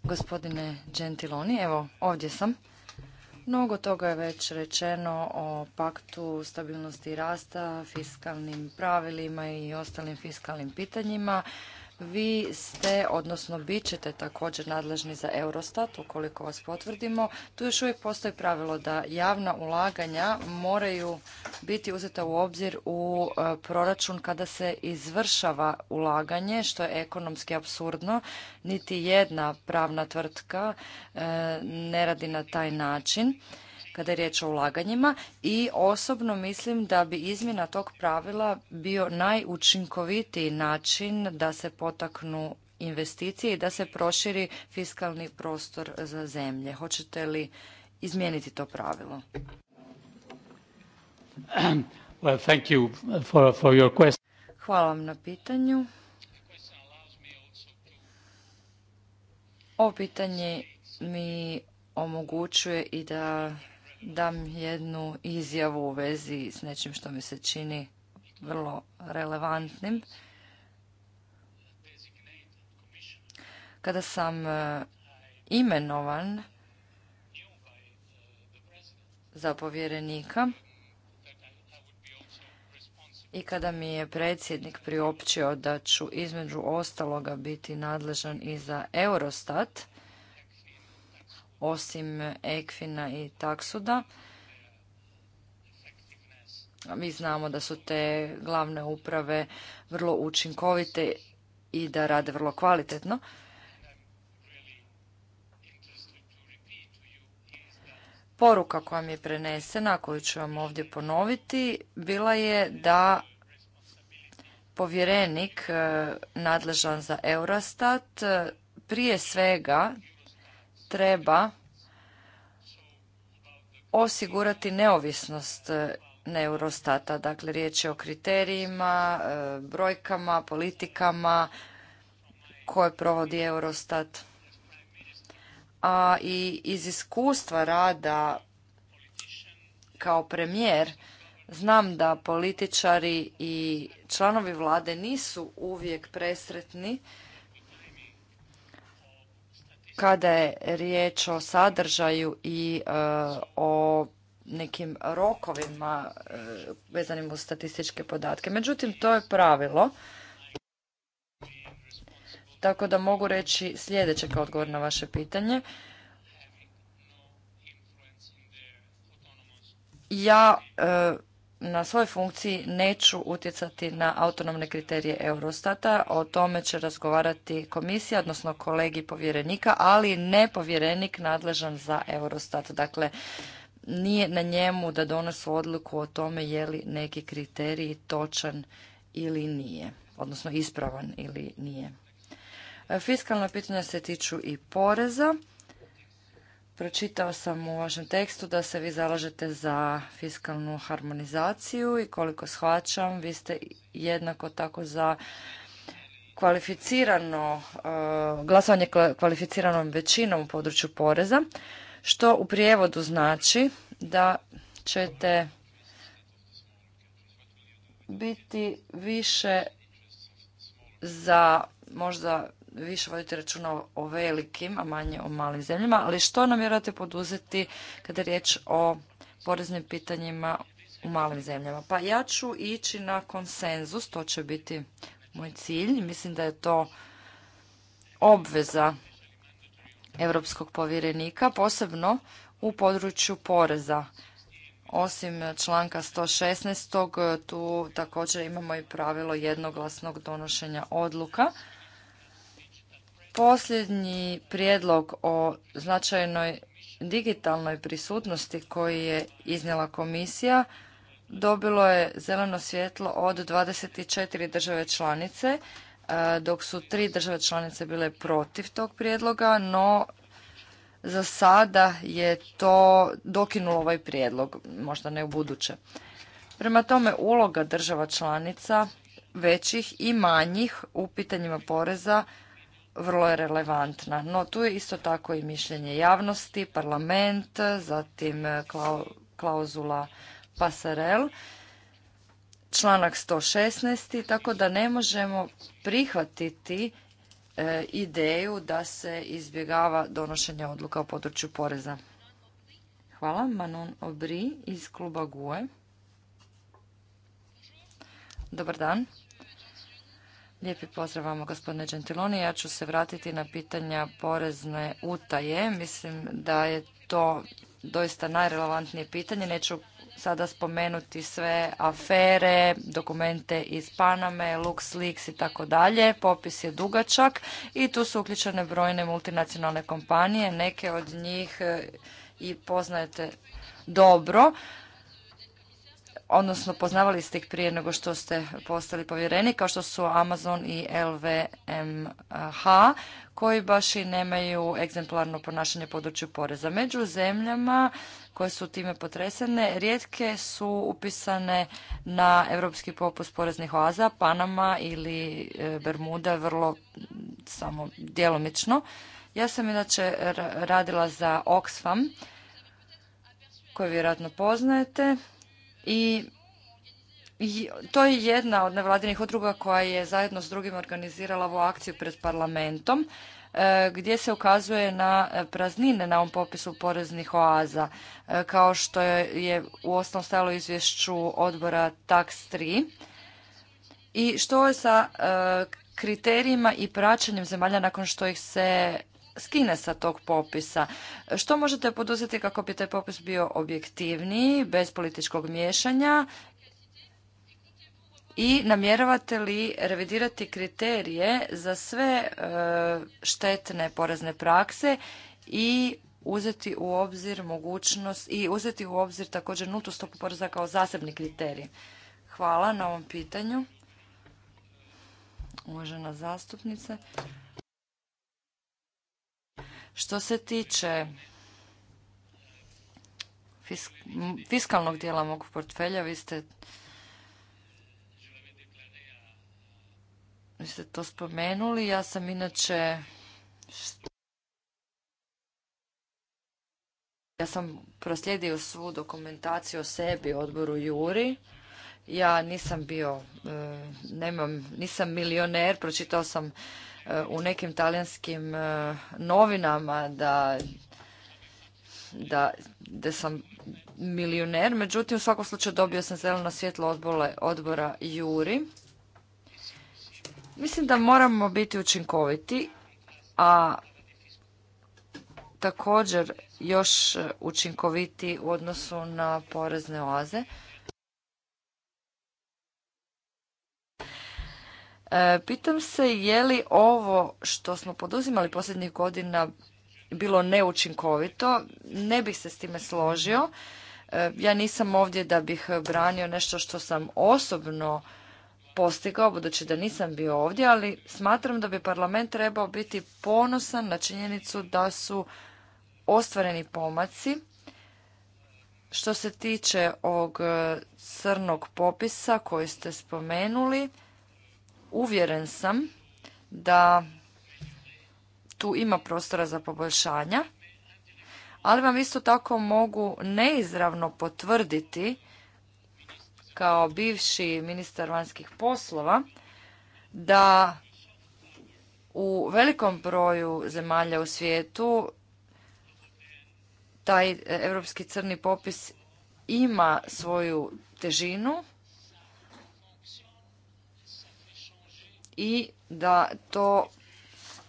Gospodine Gentiloni, evo ovdje sam. Mnogo toga je već rečeno o paktu stabilnosti i rasta, fiskalnim pravilima i ostalim fiskalnim pitanjima. Vi ste, odnosno bit ćete također nadležni za Eurostat, ukoliko vas potvrdimo. Tu još uvijek postoji pravilo da javna ulaganja moraju biti uzeta u obzir u e, proračun kada se izvršava ulaganje, što je ekonomski absurdno. Niti jedna pravna tvrtka e, ne radi na taj način kada je riječ o ulaganjima i osobno mislim da bi izmjena tog pravila bio najučinkovitiji način da se potaknu investicije i da se proširi fiskalni prostor za zemlje. Hoćete li izmijeniti to pravilo? Hvala vam na pitanju. Ovo pitanje mi omogućuje i da dam jednu izjavu u vezi s nečim što mi se čini vrlo relevantnim. Kada sam e, imenovan za povjerenika i kada mi je predsjednik priopćio da ću između ostaloga biti nadležan i za Eurostat, osim ekvina i Taksuda. Mi znamo da su te glavne uprave vrlo učinkovite i da rade vrlo kvalitetno. Poruka koja mi je prenesena, koju ću vam ovdje ponoviti, bila je da povjerenik eh, nadležan za Eurostat eh, prije svega treba osigurati neovisnost e, Neurostata. Dakle, riječ je o kriterijima, e, brojkama, politikama koje provodi Eurostat. A i iz iskustva rada kao premijer znam da političari i članovi vlade nisu uvijek presretni kada je riječ o sadržaju i e, o nekim rokovima e, vezanim u statističke podatke. Međutim, to je pravilo. Tako da mogu reći sljedeće kao odgovor na vaše pitanje. Ja e, na svojoj funkciji neću utjecati na autonomne kriterije Eurostata. O tome će razgovarati komisija, odnosno kolegi povjerenika, ali ne povjerenik nadležan za Eurostat. Dakle, nije na njemu da donesu odluku o tome je li neki kriterij točan ili nije, odnosno ispravan ili nije. E, fiskalna pitanja se tiču i poreza. Pročitao sam u vašem tekstu da se vi zalažete za fiskalnu harmonizaciju i koliko shvaćam, vi ste jednako tako za kvalificirano, e, glasovanje kvalificiranom većinom u području poreza, što u prijevodu znači da ćete biti više za možda više voditi računa o velikim, a manje o malim zemljama, ali što namjerate poduzeti kada je riječ o poreznim pitanjima u malim zemljama? Pa ja ću ići na konsenzus, to će biti moj cilj. Mislim da je to obveza europskog povjerenika, posebno u području poreza. Osim članka 116. tu također imamo i pravilo jednoglasnog donošenja odluka. Posljednji prijedlog o značajnoj digitalnoj prisutnosti koji je iznijela komisija dobilo je zeleno svjetlo od 24 države članice, e, dok su tri države članice bile protiv tog prijedloga, no za sada je to dokinulo ovaj prijedlog, možda ne u buduće. Prema tome, uloga država članica većih i manjih u pitanjima poreza vrlo je relevantna. No tu je isto tako i mišljenje javnosti, parlament, zatim eh, klauzula pasarel, članak 116. Tako da ne možemo prihvatiti eh, ideju da se izbjegava donošenje odluka u području poreza. Hvala. Manon Obri iz kluba GUE. Dobar dan. Lijepi pozdrav vama, gospodine Gentiloni. Ja ću se vratiti na pitanja porezne utaje. Mislim da je to doista najrelevantnije pitanje. Neću sada spomenuti sve afere, dokumente iz Paname, LuxLeaks i tako dalje. Popis je dugačak i tu su uključene brojne multinacionalne kompanije. Neke od njih e, i poznajete dobro odnosno poznavali ste ih prije nego što ste postali povjereni, kao što su Amazon i LVMH, koji baš i nemaju egzemplarno ponašanje području poreza. Među zemljama koje su time potresene, rijetke su upisane na europski popus poreznih oaza, Panama ili e, Bermuda, vrlo samo djelomično. Ja sam inače radila za Oxfam, koje vjerojatno poznajete. I to je jedna od nevladinih udruga koja je zajedno s drugim organizirala ovu akciju pred parlamentom e, gdje se ukazuje na praznine na ovom popisu poreznih oaza, e, kao što je u osnovu stajalo izvješću odbora TAX 3. I što je sa e, kriterijima i praćenjem zemalja nakon što ih se skine sa tog popisa. Što možete poduzeti kako bi taj popis bio objektivniji, bez političkog miješanja i namjeravate li revidirati kriterije za sve e, štetne porezne prakse i uzeti u obzir mogućnost i uzeti u obzir također nutu stopu poreza kao zasebni kriterij. Hvala na ovom pitanju. Uvažena zastupnice. Što se tiče fiskalnog dijela mog portfelja, vi ste, to spomenuli. Ja sam inače... Ja sam proslijedio svu dokumentaciju o sebi odboru Juri. Ja nisam bio, e, nemam, nisam milioner, pročitao sam u nekim talijanskim e, novinama da, da, da sam milioner. međutim u svakom slučaju dobio sam zeleno svjetlo odbora, odbora Juri. Mislim da moramo biti učinkoviti, a također još učinkoviti u odnosu na porezne oaze. E, pitam se je li ovo što smo poduzimali posljednjih godina bilo neučinkovito. Ne bih se s time složio. E, ja nisam ovdje da bih branio nešto što sam osobno postigao, budući da nisam bio ovdje, ali smatram da bi parlament trebao biti ponosan na činjenicu da su ostvareni pomaci što se tiče ovog e, crnog popisa koji ste spomenuli. Uvjeren sam da tu ima prostora za poboljšanja, ali vam isto tako mogu neizravno potvrditi kao bivši ministar vanjskih poslova da u velikom broju zemalja u svijetu taj europski crni popis ima svoju težinu i da to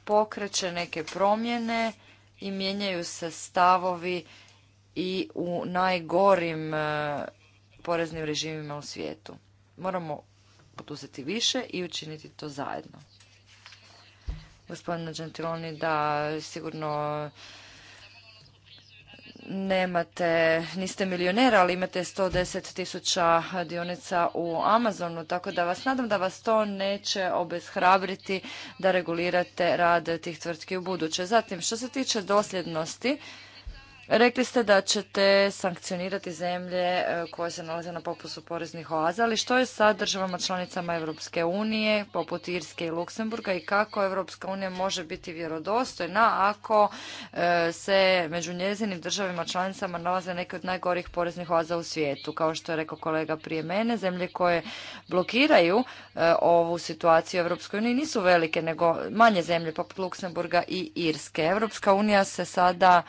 pokreće neke promjene i mijenjaju se stavovi i u najgorim e, poreznim režimima u svijetu. Moramo poduzeti više i učiniti to zajedno. Gospodine Gentiloni, da sigurno nemate, niste milioner, ali imate 110 tisuća dionica u Amazonu, tako da vas nadam da vas to neće obeshrabriti da regulirate rad tih tvrtki u buduće. Zatim, što se tiče dosljednosti, Rekli ste da ćete sankcionirati zemlje e, koje se nalaze na popusu poreznih oaza, ali što je sa državama članicama Europske unije, poput Irske i Luksemburga i kako Europska unija može biti vjerodostojna ako e, se među njezinim državama članicama nalaze neke od najgorih poreznih oaza u svijetu, kao što je rekao kolega prije mene, zemlje koje blokiraju e, ovu situaciju u Europskoj uniji nisu velike, nego manje zemlje poput Luksemburga i Irske. Europska unija se sada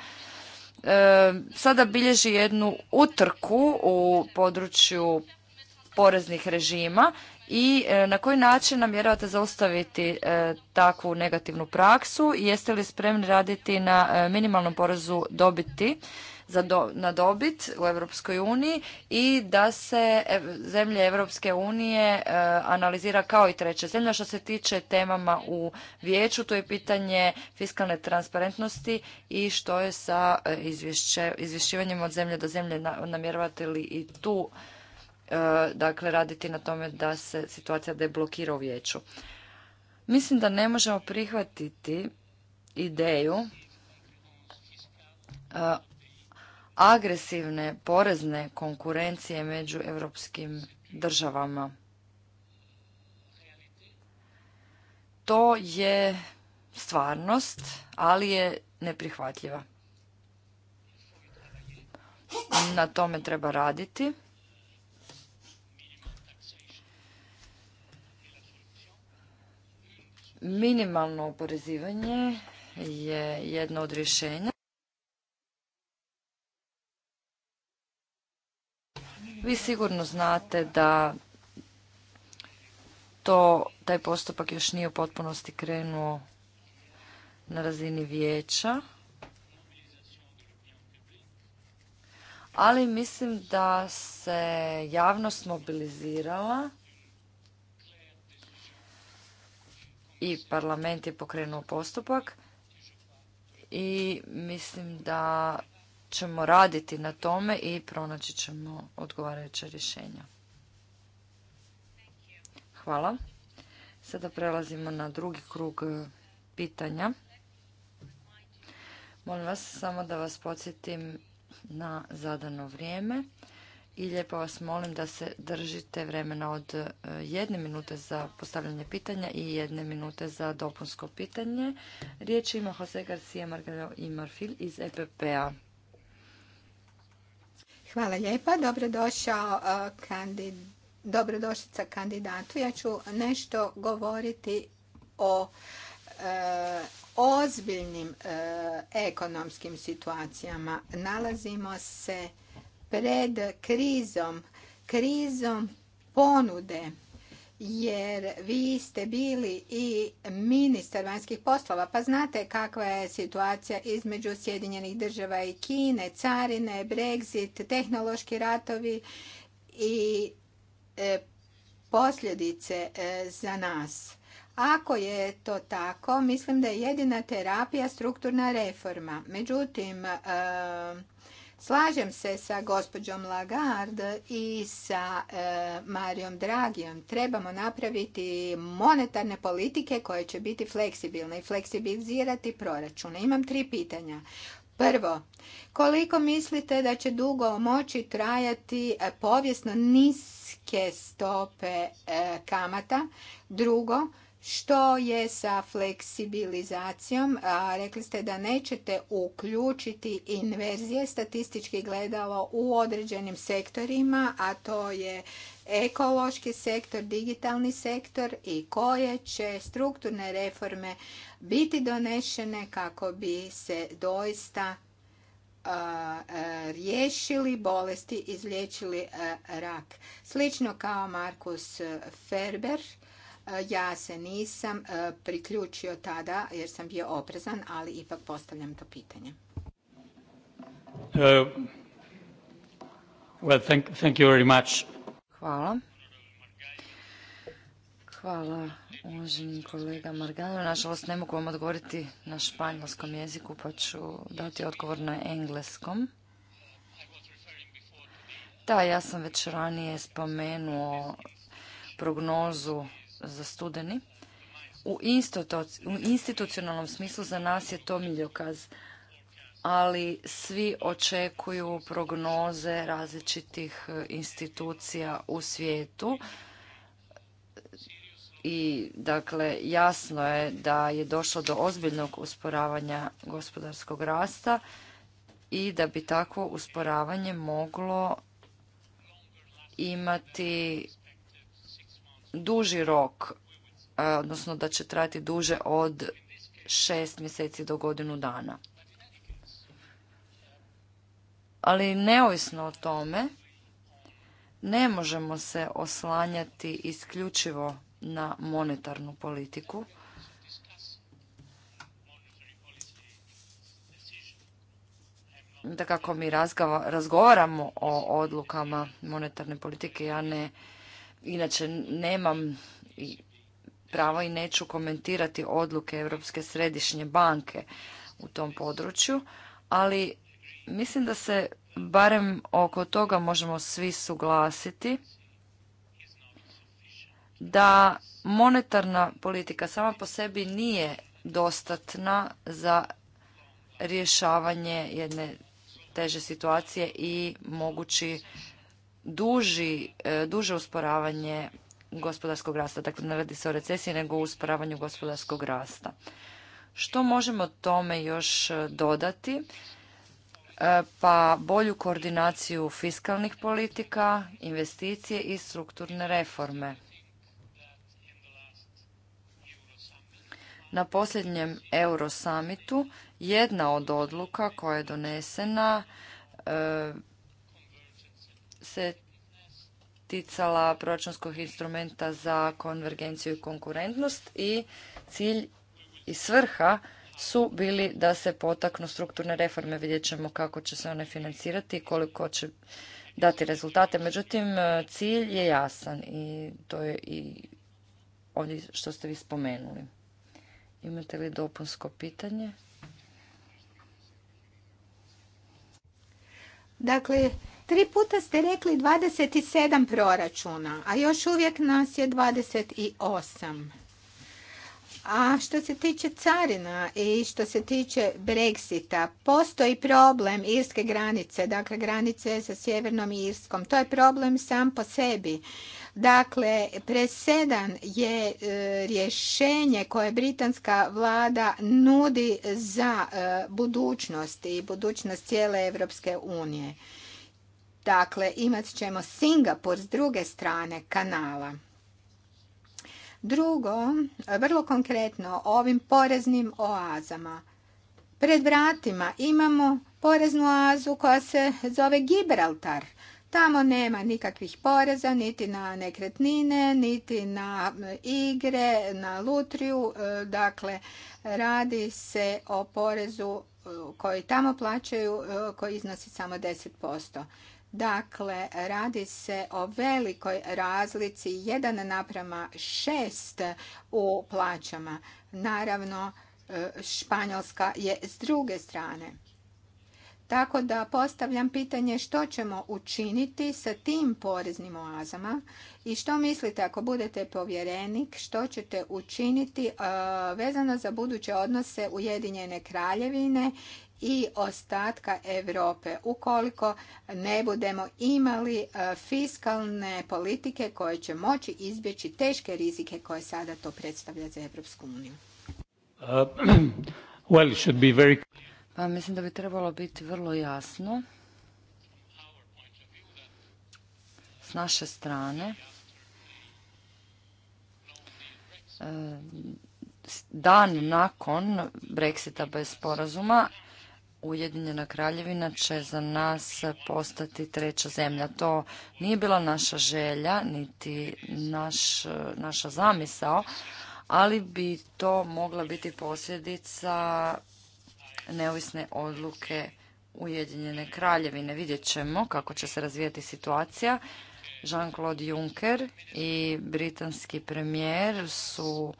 E, sada bilježi jednu utrku u području poreznih režima i e, na koji način namjeravate zaustaviti e, takvu negativnu praksu? i Jeste li spremni raditi na minimalnom porezu dobiti za na dobit u Europskoj uniji i da se zemlje Europske unije e, analizira kao i treća zemlja. Što se tiče temama u vijeću, to je pitanje fiskalne transparentnosti i što je sa e, izvješće, izvješćivanjem od zemlje do zemlje namjeravate li i tu e, dakle raditi na tome da se situacija deblokira u vijeću. Mislim da ne možemo prihvatiti ideju agresivne porezne konkurencije među europskim državama. To je stvarnost, ali je neprihvatljiva. Na tome treba raditi. Minimalno oporezivanje je jedno od rješenja. Vi sigurno znate da to, taj postupak još nije u potpunosti krenuo na razini vijeća. Ali mislim da se javnost mobilizirala i parlament je pokrenuo postupak i mislim da ćemo raditi na tome i pronaći ćemo odgovarajuće rješenja. Hvala. Sada prelazimo na drugi krug e, pitanja. Molim vas samo da vas podsjetim na zadano vrijeme i lijepo vas molim da se držite vremena od e, jedne minute za postavljanje pitanja i jedne minute za dopunsko pitanje. Riječ ima Jose Garcia Margallo i Marfil iz EPP-a. Hvala lijepa. Dobrodošao sa e, dobrodošlica kandidatu. Ja ću nešto govoriti o e, ozbiljnim e, ekonomskim situacijama. Nalazimo se pred krizom, krizom ponude jer vi ste bili i ministar vanjskih poslova, pa znate kakva je situacija između Sjedinjenih država i Kine, carine, Brexit, tehnološki ratovi i e, posljedice e, za nas. Ako je to tako, mislim da je jedina terapija strukturna reforma. Međutim, e, Slažem se sa gospođom Lagarde i sa e, Marijom Dragijom. Trebamo napraviti monetarne politike koje će biti fleksibilne i fleksibilizirati proračune. Imam tri pitanja. Prvo, koliko mislite da će dugo moći trajati e, povijesno niske stope e, kamata? Drugo, što je sa fleksibilizacijom? Rekli ste da nećete uključiti inverzije statistički gledalo u određenim sektorima, a to je ekološki sektor, digitalni sektor i koje će strukturne reforme biti donešene kako bi se doista riješili bolesti, izliječili rak. Slično kao Markus Ferber E, ja se nisam e, priključio tada jer sam bio oprezan, ali ipak postavljam to pitanje. Uh, Hvala. Hvala uvaženi kolega Margano. Nažalost ne mogu vam odgovoriti na španjolskom jeziku pa ću dati odgovor na engleskom. Da, ja sam već ranije spomenuo prognozu za studeni. U institucionalnom smislu za nas je to miljokaz, ali svi očekuju prognoze različitih e, institucija u svijetu i dakle jasno je da je došlo do ozbiljnog usporavanja gospodarskog rasta i da bi takvo usporavanje moglo imati duži rok, e, odnosno da će trajati duže od šest mjeseci do godinu dana. Ali neovisno o tome, ne možemo se oslanjati isključivo na monetarnu politiku. Da kako mi razgovaramo o odlukama monetarne politike, ja ne inače nemam pravo i neću komentirati odluke Europske središnje banke u tom području, ali mislim da se barem oko toga možemo svi suglasiti da monetarna politika sama po sebi nije dostatna za rješavanje jedne teže situacije i mogući E, duže usporavanje gospodarskog rasta. Dakle, ne radi se o recesiji, nego o usporavanju gospodarskog rasta. Što možemo tome još e, dodati? E, pa bolju koordinaciju fiskalnih politika, investicije i strukturne reforme. Na posljednjem Eurosamitu jedna od odluka koja je donesena se ticala proračunskog instrumenta za konvergenciju i konkurentnost i cilj i svrha su bili da se potaknu strukturne reforme. Vidjet ćemo kako će se one financirati i koliko će dati rezultate. Međutim, cilj je jasan i to je i ovdje što ste vi spomenuli. Imate li dopunsko pitanje? Dakle, Tri puta ste rekli 27 proračuna, a još uvijek nas je 28. A što se tiče carina i što se tiče Brexita, postoji problem irske granice, dakle granice sa sjevernom Irskom. To je problem sam po sebi. Dakle, presedan je e, rješenje koje britanska vlada nudi za e, budućnost i budućnost cijele Europske unije. Dakle, imat ćemo Singapur s druge strane kanala. Drugo, vrlo konkretno, ovim poreznim oazama. Pred vratima imamo poreznu oazu koja se zove Gibraltar. Tamo nema nikakvih poreza, niti na nekretnine, niti na e, igre, na lutriju. E, dakle, radi se o porezu e, koji tamo plaćaju, koji iznosi samo 10%. Dakle, radi se o velikoj razlici 1 naprama 6 u plaćama. Naravno, e, Španjolska je s druge strane. Tako da postavljam pitanje što ćemo učiniti sa tim poreznim oazama i što mislite ako budete povjerenik, što ćete učiniti e, vezano za buduće odnose Ujedinjene kraljevine i ostatka Europe ukoliko ne budemo imali e, fiskalne politike koje će moći izbjeći teške rizike koje sada to predstavlja za Europsku uniju. Uh, pa mislim da bi trebalo biti vrlo jasno s naše strane e, dan nakon Brexita bez sporazuma Ujedinjena kraljevina će za nas postati treća zemlja. To nije bila naša želja, niti naš, naša zamisao, ali bi to mogla biti posljedica neovisne odluke Ujedinjene kraljevine. Vidjet ćemo kako će se razvijati situacija. Jean-Claude Juncker i britanski premijer su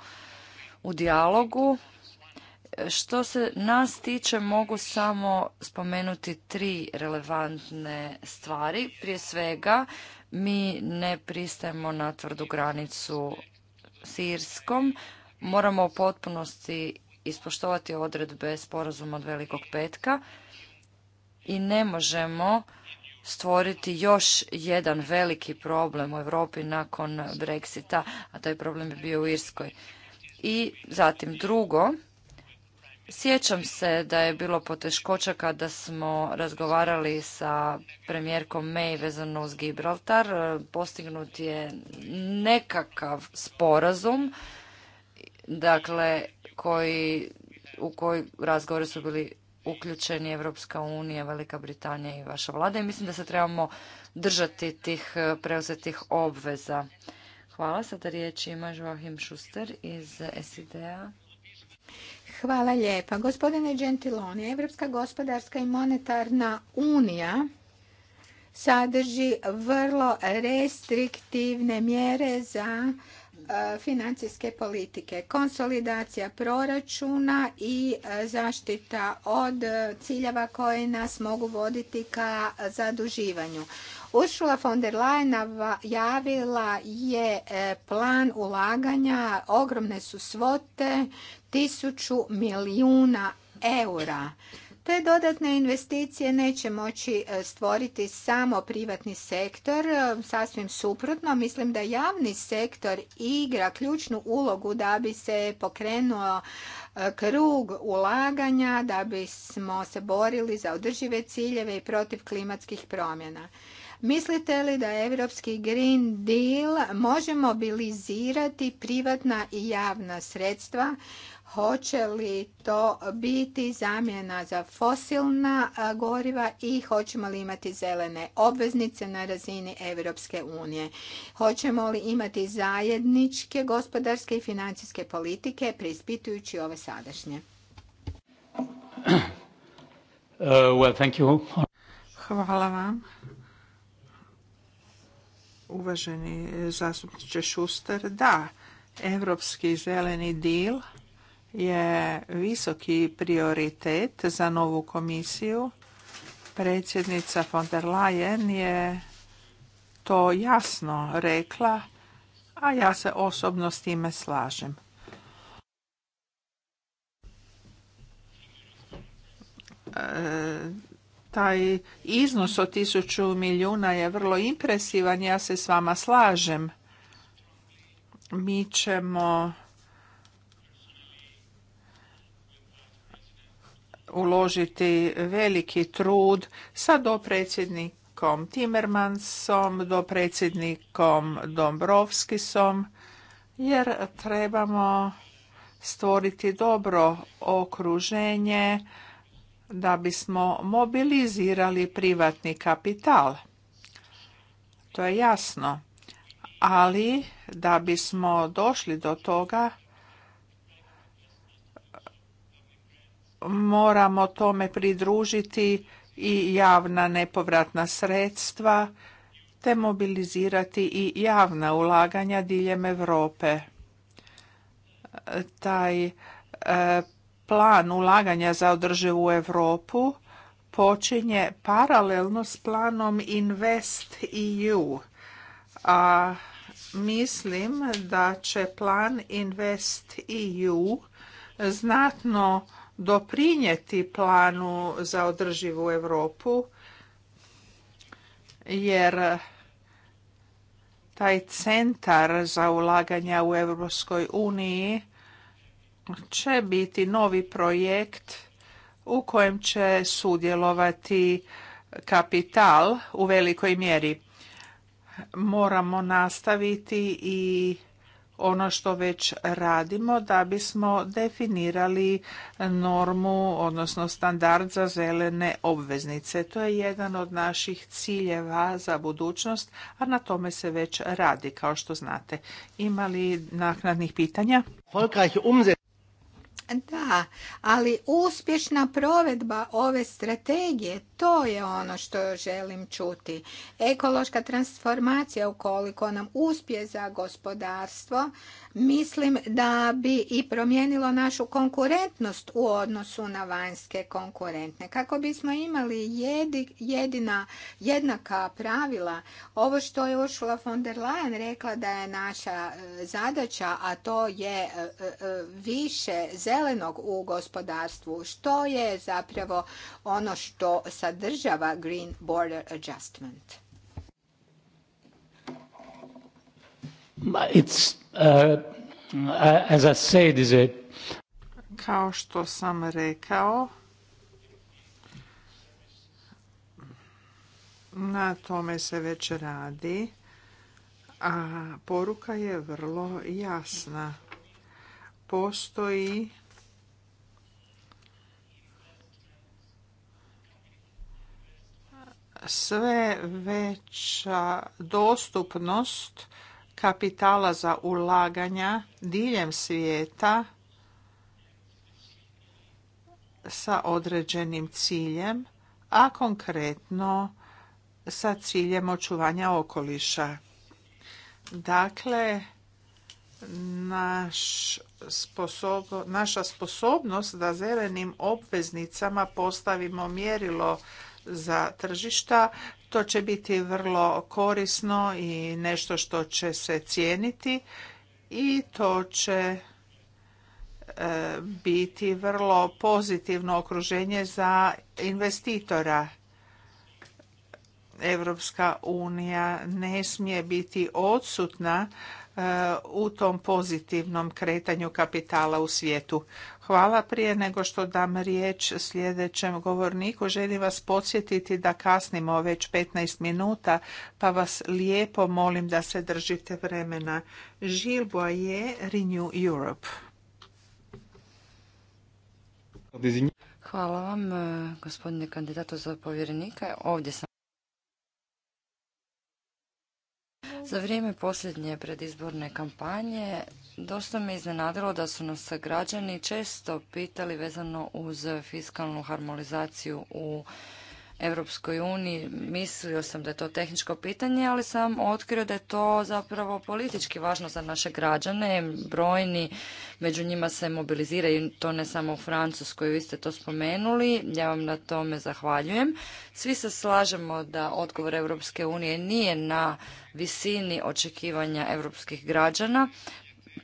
u dijalogu što se nas tiče mogu samo spomenuti tri relevantne stvari. Prije svega mi ne pristajemo na tvrdu granicu s Irskom. Moramo u potpunosti ispoštovati odredbe sporazuma od Velikog petka i ne možemo stvoriti još jedan veliki problem u Europi nakon Brexita, a taj problem je bio u Irskoj. I zatim drugo, Sjećam se da je bilo poteškoća kada smo razgovarali sa premijerkom May vezano uz Gibraltar. Postignut je nekakav sporazum, dakle, koji, u koji razgovori su bili uključeni Evropska unija, Velika Britanija i vaša vlada i mislim da se trebamo držati tih preuzetih obveza. Hvala. Sada riječ ima Joachim Schuster iz SID-a. Hvala lijepa. Gospodine Gentiloni, Evropska gospodarska i monetarna unija sadrži vrlo restriktivne mjere za e, financijske politike, konsolidacija proračuna i e, zaštita od e, ciljeva koje nas mogu voditi ka zaduživanju. Ursula von der Leyen javila je e, plan ulaganja, ogromne su svote, tisuću milijuna eura. Te dodatne investicije neće moći e, stvoriti samo privatni sektor, e, sasvim suprotno. Mislim da javni sektor igra ključnu ulogu da bi se pokrenuo krug ulaganja, da bismo se borili za održive ciljeve i protiv klimatskih promjena. Mislite li da Europski Green Deal može mobilizirati privatna i javna sredstva? Hoće li to biti zamjena za fosilna goriva i hoćemo li imati zelene obveznice na razini Europske unije? Hoćemo li imati zajedničke gospodarske i financijske politike preispitujući ove sadašnje? Uh, Hvala vam Uvaženi zastupniče Šuster, da, Europski zeleni dil je visoki prioritet za novu komisiju. Predsjednica von der Leyen je to jasno rekla, a ja se osobno s time slažem taj iznos od tisuću milijuna je vrlo impresivan, ja se s vama slažem. Mi ćemo uložiti veliki trud sa dopredsjednikom Timmermansom, dopredsjednikom Dombrovskisom, jer trebamo stvoriti dobro okruženje da bismo mobilizirali privatni kapital. To je jasno. Ali da bismo došli do toga moramo tome pridružiti i javna nepovratna sredstva te mobilizirati i javna ulaganja diljem Europe. Taj e, plan ulaganja za održivu Europu počinje paralelno s planom Invest EU. A mislim da će plan Invest EU znatno doprinijeti planu za održivu Europu jer taj centar za ulaganja u Europskoj uniji će biti novi projekt u kojem će sudjelovati kapital u velikoj mjeri. Moramo nastaviti i ono što već radimo da bismo definirali normu, odnosno standard za zelene obveznice. To je jedan od naših ciljeva za budućnost, a na tome se već radi, kao što znate. Ima li naknadnih pitanja? Da, ali uspješna provedba ove strategije, to je ono što želim čuti. Ekološka transformacija ukoliko nam uspije za gospodarstvo, mislim da bi i promijenilo našu konkurentnost u odnosu na vanjske konkurentne. Kako bismo imali jedina, jednaka pravila, ovo što je Ursula von der Leyen rekla da je naša e, zadaća, a to je e, e, više zelenog u gospodarstvu, što je zapravo ono što sadržava Green Border Adjustment. It's, uh, uh, as I is Kao što sam rekao, na tome se već radi, a poruka je vrlo jasna. Postoji sve veća dostupnost kapitala za ulaganja diljem svijeta sa određenim ciljem, a konkretno sa ciljem očuvanja okoliša. Dakle, naš naša sposobnost da zelenim obveznicama postavimo mjerilo za tržišta to će biti vrlo korisno i nešto što će se cijeniti i to će e, biti vrlo pozitivno okruženje za investitora. Evropska unija ne smije biti odsutna e, u tom pozitivnom kretanju kapitala u svijetu. Hvala. Prije nego što dam riječ sljedećem govorniku, želim vas podsjetiti da kasnimo već 15 minuta, pa vas lijepo molim da se držite vremena. Gilles Boyer, Renew Europe. Hvala vam, eh, gospodine kandidato za povjerenika. Ovdje sam. Za vrijeme posljednje predizborne kampanje dosta me iznenadilo da su nas građani često pitali vezano uz fiskalnu harmonizaciju u Europskoj uniji. Mislio sam da je to tehničko pitanje, ali sam otkrio da je to zapravo politički važno za naše građane. Brojni među njima se mobiliziraju, to ne samo u Francuskoj, vi ste to spomenuli. Ja vam na tome zahvaljujem. Svi se slažemo da odgovor Europske unije nije na visini očekivanja europskih građana,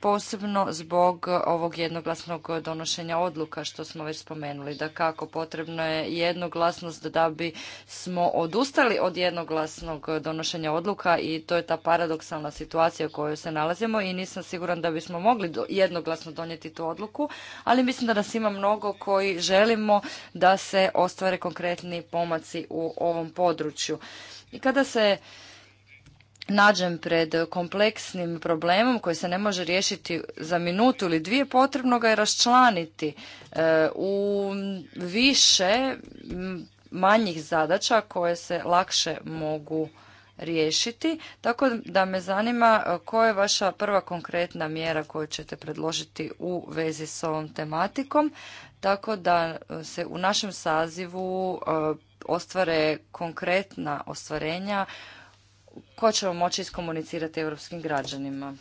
posebno zbog ovog jednoglasnog donošenja odluka što smo već spomenuli. Da kako potrebno je jednoglasnost da bi smo odustali od jednoglasnog donošenja odluka i to je ta paradoksalna situacija u kojoj se nalazimo i nisam siguran da bismo mogli jednoglasno donijeti tu odluku, ali mislim da nas ima mnogo koji želimo da se ostvare konkretni pomaci u ovom području. I kada se nađem pred kompleksnim problemom koji se ne može riješiti za minutu ili dvije, potrebno ga je raščlaniti e, u više manjih zadaća koje se lakše mogu riješiti. Tako da me zanima e, koja je vaša prva konkretna mjera koju ćete predložiti u vezi s ovom tematikom, tako da e, se u našem sazivu ostvare konkretna ostvarenja ko ćemo moći iskomunicirati europskim građanima.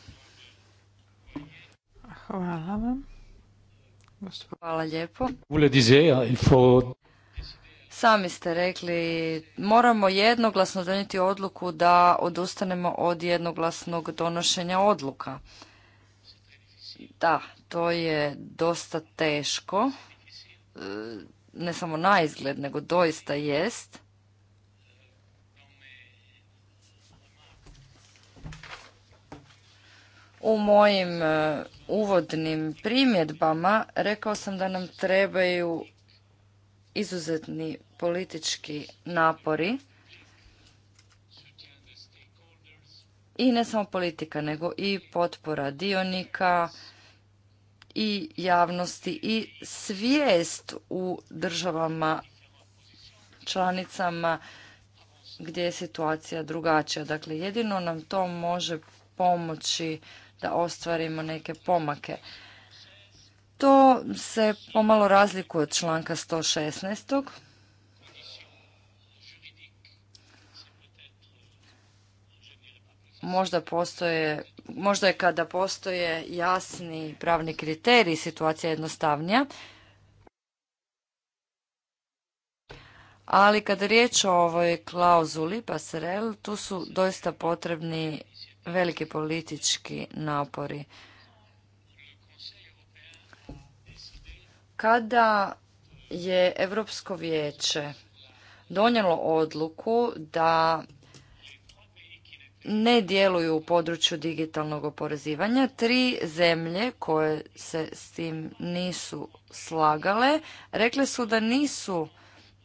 Hvala vam. Hvala lijepo. Sami ste rekli, moramo jednoglasno donijeti odluku da odustanemo od jednoglasnog donošenja odluka. Da, to je dosta teško, e, ne samo naizgled, nego doista jest. U mojim e, uvodnim primjedbama rekao sam da nam trebaju izuzetni politički napori i ne samo politika, nego i potpora dionika i javnosti i svijest u državama članicama gdje je situacija drugačija. Dakle, jedino nam to može pomoći da ostvarimo neke pomake. To se pomalo razlikuje od članka 116. Možda, postoje, možda je kada postoje jasni pravni kriteriji situacija je jednostavnija. Ali kada je riječ o ovoj klauzuli pasrel tu su doista potrebni veliki politički napori. Kada je Europsko vijeće donijelo odluku da ne djeluju u području digitalnog oporezivanja. Tri zemlje koje se s tim nisu slagale rekle su da nisu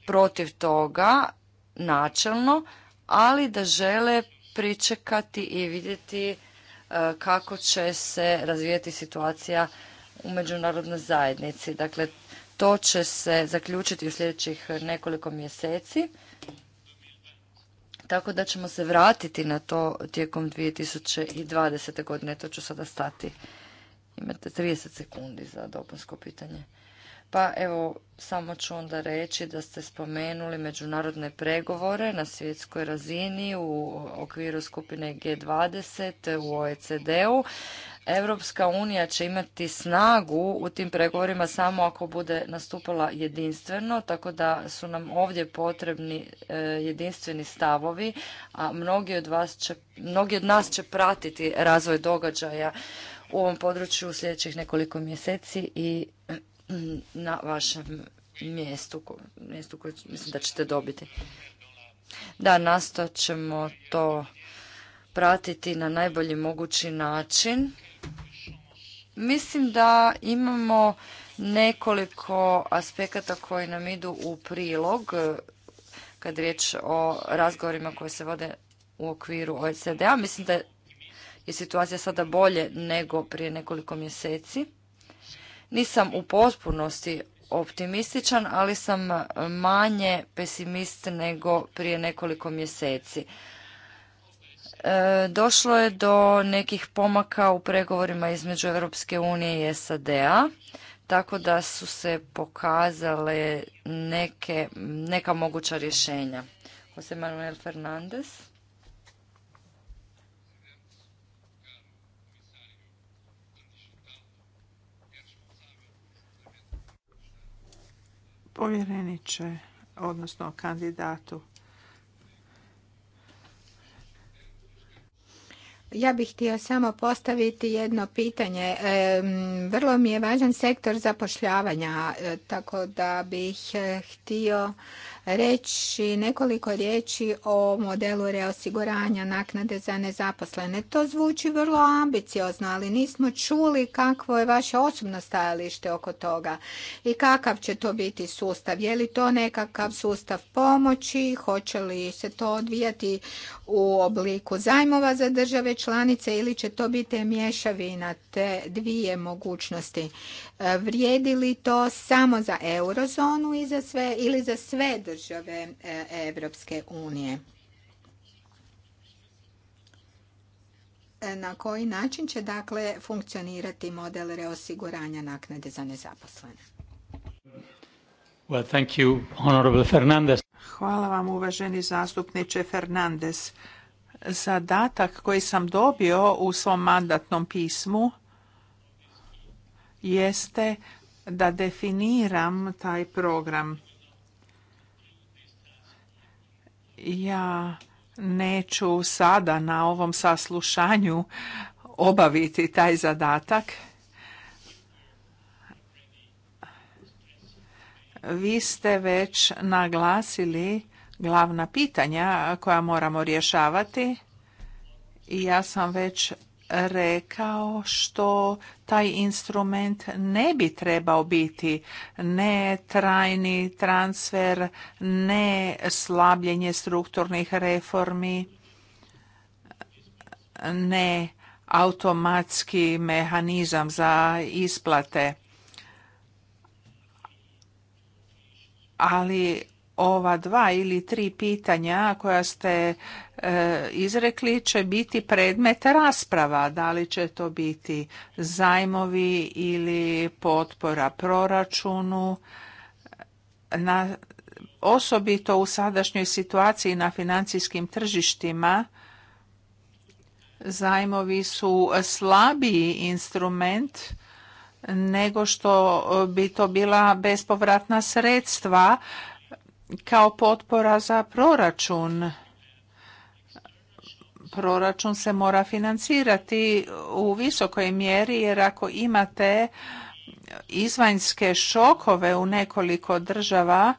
protiv toga načelno, ali da žele pričekati i vidjeti e, kako će se razvijati situacija u međunarodnoj zajednici. Dakle, to će se zaključiti u sljedećih nekoliko mjeseci. Tako da ćemo se vratiti na to tijekom 2020. godine. To ću sada stati. Imate 30 sekundi za dopunsko pitanje. Pa evo, samo ću onda reći da ste spomenuli međunarodne pregovore na svjetskoj razini u okviru skupine G20 u OECD-u. Europska unija će imati snagu u tim pregovorima samo ako bude nastupala jedinstveno, tako da su nam ovdje potrebni e, jedinstveni stavovi, a mnogi od, vas će, mnogi od nas će pratiti razvoj događaja u ovom području u sljedećih nekoliko mjeseci i na vašem mjestu, mjestu koje mislim da ćete dobiti. Da, nastojat ćemo to pratiti na najbolji mogući način. Mislim da imamo nekoliko aspekata koji nam idu u prilog eh, kad riječ o razgovorima koje se vode u okviru OECD-a. Mislim da je situacija sada bolje nego prije nekoliko mjeseci. Nisam u potpunosti optimističan, ali sam manje pesimist nego prije nekoliko mjeseci. E, došlo je do nekih pomaka u pregovorima između Europske unije i SAD-a, tako da su se pokazale neke, neka moguća rješenja. Jose Manuel Fernandez. povjereniče, odnosno kandidatu. Ja bih htio samo postaviti jedno pitanje. Vrlo mi je važan sektor zapošljavanja, e, tako da bih e, htio reći nekoliko riječi o modelu reosiguranja naknade za nezaposlene. To zvuči vrlo ambiciozno, ali nismo čuli kakvo je vaše osobno stajalište oko toga i kakav će to biti sustav. Je li to nekakav sustav pomoći? Hoće li se to odvijati u obliku zajmova za države članice ili će to biti mješavina te dvije mogućnosti? E, vrijedi li to samo za eurozonu i za sve, ili za sve države? države e, Evropske unije. E, na koji način će dakle funkcionirati model reosiguranja naknade za nezaposlene? Hvala vam uvaženi zastupniče Fernandez. Zadatak koji sam dobio u svom mandatnom pismu jeste da definiram taj program. Ja neću sada na ovom saslušanju obaviti taj zadatak. Vi ste već naglasili glavna pitanja koja moramo rješavati i ja sam već rekao što taj instrument ne bi trebao biti ne trajni transfer, ne slabljenje strukturnih reformi, ne automatski mehanizam za isplate. Ali ova dva ili tri pitanja koja ste e, izrekli će biti predmet rasprava. Da li će to biti zajmovi ili potpora proračunu na osobito u sadašnjoj situaciji na financijskim tržištima zajmovi su slabiji instrument nego što bi to bila bespovratna sredstva kao potpora za proračun. Proračun se mora financirati u visokoj mjeri jer ako imate izvanjske šokove u nekoliko država,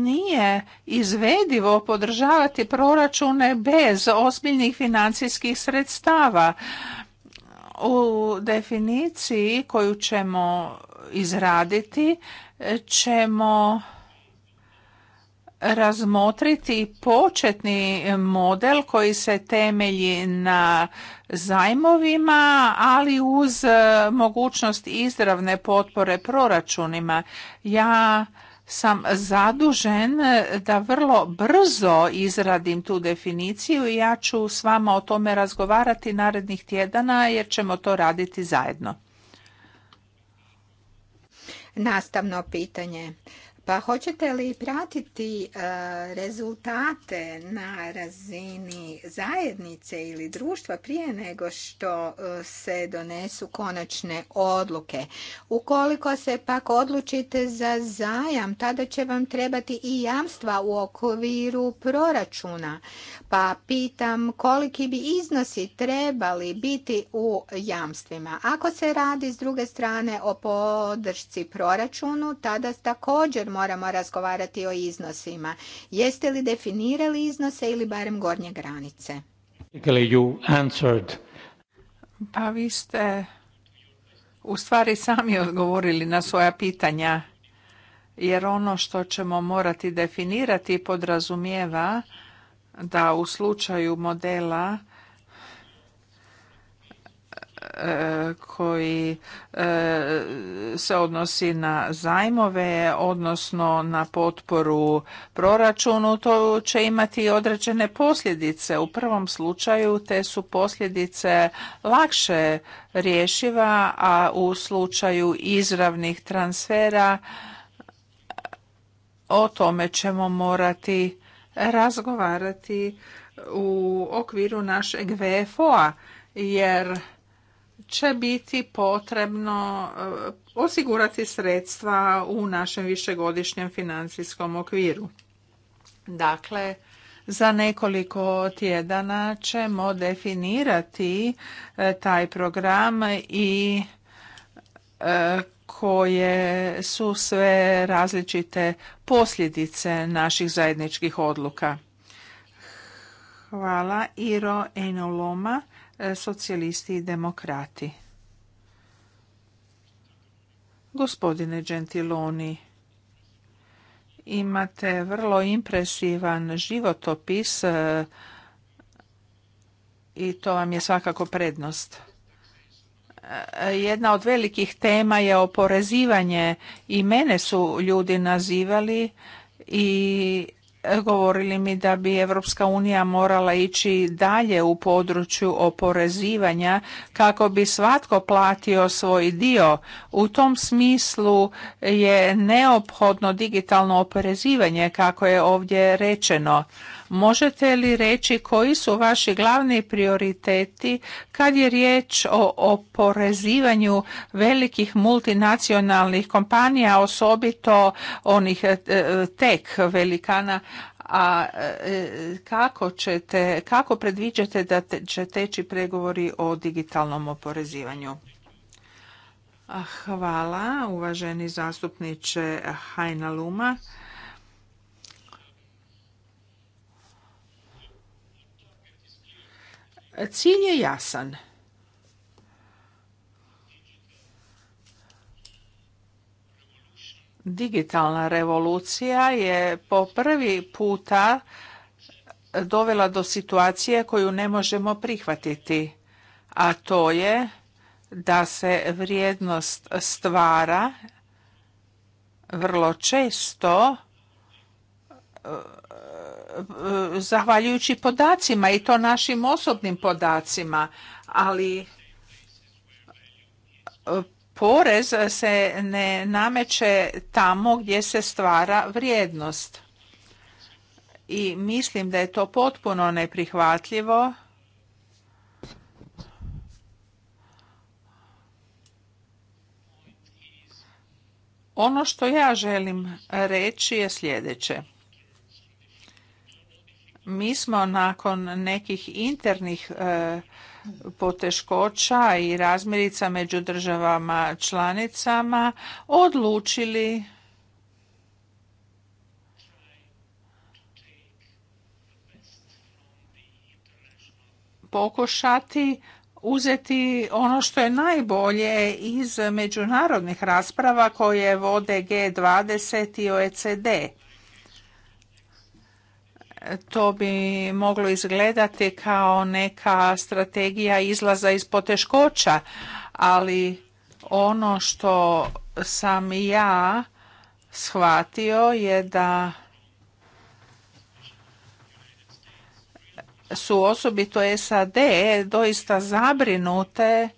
nije izvedivo podržavati proračune bez ozbiljnih financijskih sredstava. U definiciji koju ćemo izraditi ćemo razmotriti početni model koji se temelji na zajmovima, ali uz mogućnost izravne potpore proračunima. Ja sam zadužen e, da vrlo brzo izradim tu definiciju i ja ću s vama o tome razgovarati narednih tjedana jer ćemo to raditi zajedno. Nastavno pitanje. Pa hoćete li pratiti e, rezultate na razini zajednice ili društva prije nego što e, se donesu konačne odluke? Ukoliko se pak odlučite za zajam, tada će vam trebati i jamstva u okviru proračuna. Pa pitam koliki bi iznosi trebali biti u jamstvima. Ako se radi s druge strane o podršci proračunu, tada također moramo razgovarati o iznosima. Jeste li definirali iznose ili barem gornje granice? Pa vi ste u stvari sami odgovorili na svoja pitanja, jer ono što ćemo morati definirati podrazumijeva da u slučaju modela koji e, se odnosi na zajmove, odnosno na potporu proračunu, to će imati određene posljedice. U prvom slučaju te su posljedice lakše rješiva, a u slučaju izravnih transfera o tome ćemo morati razgovarati u okviru našeg VFO-a jer će biti potrebno eh, osigurati sredstva u našem višegodišnjem financijskom okviru. Dakle, za nekoliko tjedana ćemo definirati eh, taj program i eh, koje su sve različite posljedice naših zajedničkih odluka. Hvala Iro Enoloma socijalisti i demokrati. Gospodine Gentiloni, imate vrlo impresivan životopis e, i to vam je svakako prednost. E, jedna od velikih tema je oporezivanje i mene su ljudi nazivali i govorili mi da bi Europska unija morala ići dalje u području oporezivanja kako bi svatko platio svoj dio. U tom smislu je neophodno digitalno oporezivanje kako je ovdje rečeno. Možete li reći koji su vaši glavni prioriteti kad je riječ o oporezivanju velikih multinacionalnih kompanija, osobito onih e, tek velikana, a e, kako, ćete, kako predviđate da će teći pregovori o digitalnom oporezivanju? Hvala, uvaženi zastupniče Hajna Luma. Cilj je jasan. Digitalna revolucija je po prvi puta dovela do situacije koju ne možemo prihvatiti, a to je da se vrijednost stvara vrlo često zahvaljujući podacima i to našim osobnim podacima, ali e, porez se ne nameće tamo gdje se stvara vrijednost. I mislim da je to potpuno neprihvatljivo. Ono što ja želim reći je sljedeće. Mi smo nakon nekih internih e, poteškoća i razmirica među državama članicama odlučili pokušati uzeti ono što je najbolje iz međunarodnih rasprava koje vode G20 i OECD to bi moglo izgledati kao neka strategija izlaza iz poteškoća, ali ono što sam ja shvatio je da su osobito SAD doista zabrinute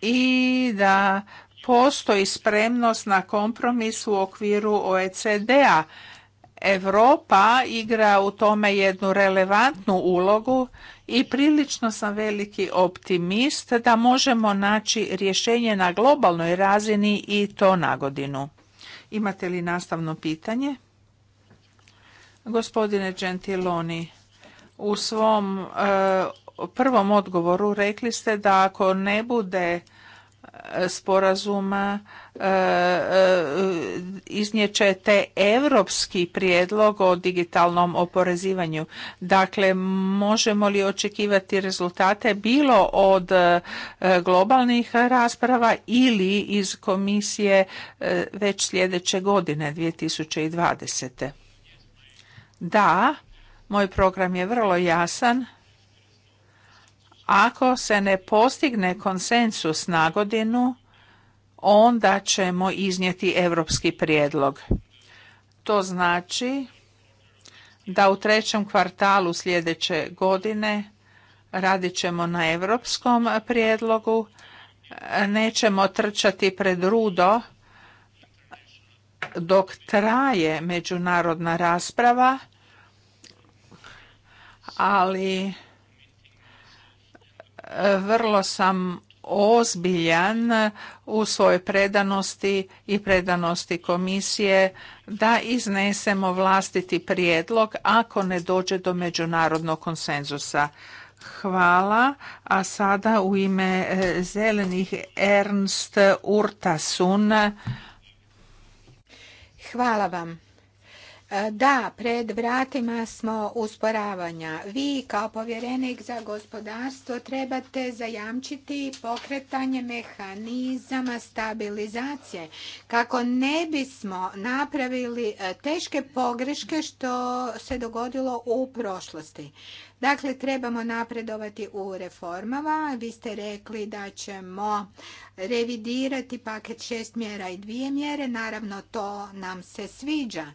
i da postoji spremnost na kompromis u okviru OECD-a Europa igra u tome jednu relevantnu ulogu i prilično sam veliki optimist da možemo naći rješenje na globalnoj razini i to na godinu. Imate li nastavno pitanje? Gospodine Gentiloni, u svom e, prvom odgovoru rekli ste da ako ne bude e, sporazuma E, e, iznijećete europski prijedlog o digitalnom oporezivanju. Dakle, možemo li očekivati rezultate bilo od e, globalnih rasprava ili iz komisije već sljedeće godine, 2020. Da, moj program je vrlo jasan. Ako se ne postigne konsensus na godinu, onda ćemo iznijeti europski prijedlog. To znači da u trećem kvartalu sljedeće godine radit ćemo na europskom prijedlogu. Nećemo trčati pred rudo dok traje međunarodna rasprava, ali vrlo sam ozbiljan u svojoj predanosti i predanosti komisije da iznesemo vlastiti prijedlog ako ne dođe do međunarodnog konsenzusa. Hvala. A sada u ime e, zelenih Ernst Urtasun. Hvala vam. Da, pred vratima smo usporavanja. Vi kao povjerenik za gospodarstvo trebate zajamčiti pokretanje mehanizama stabilizacije kako ne bismo napravili e, teške pogreške što se dogodilo u prošlosti. Dakle, trebamo napredovati u reformama. Vi ste rekli da ćemo revidirati paket šest mjera i dvije mjere. Naravno, to nam se sviđa.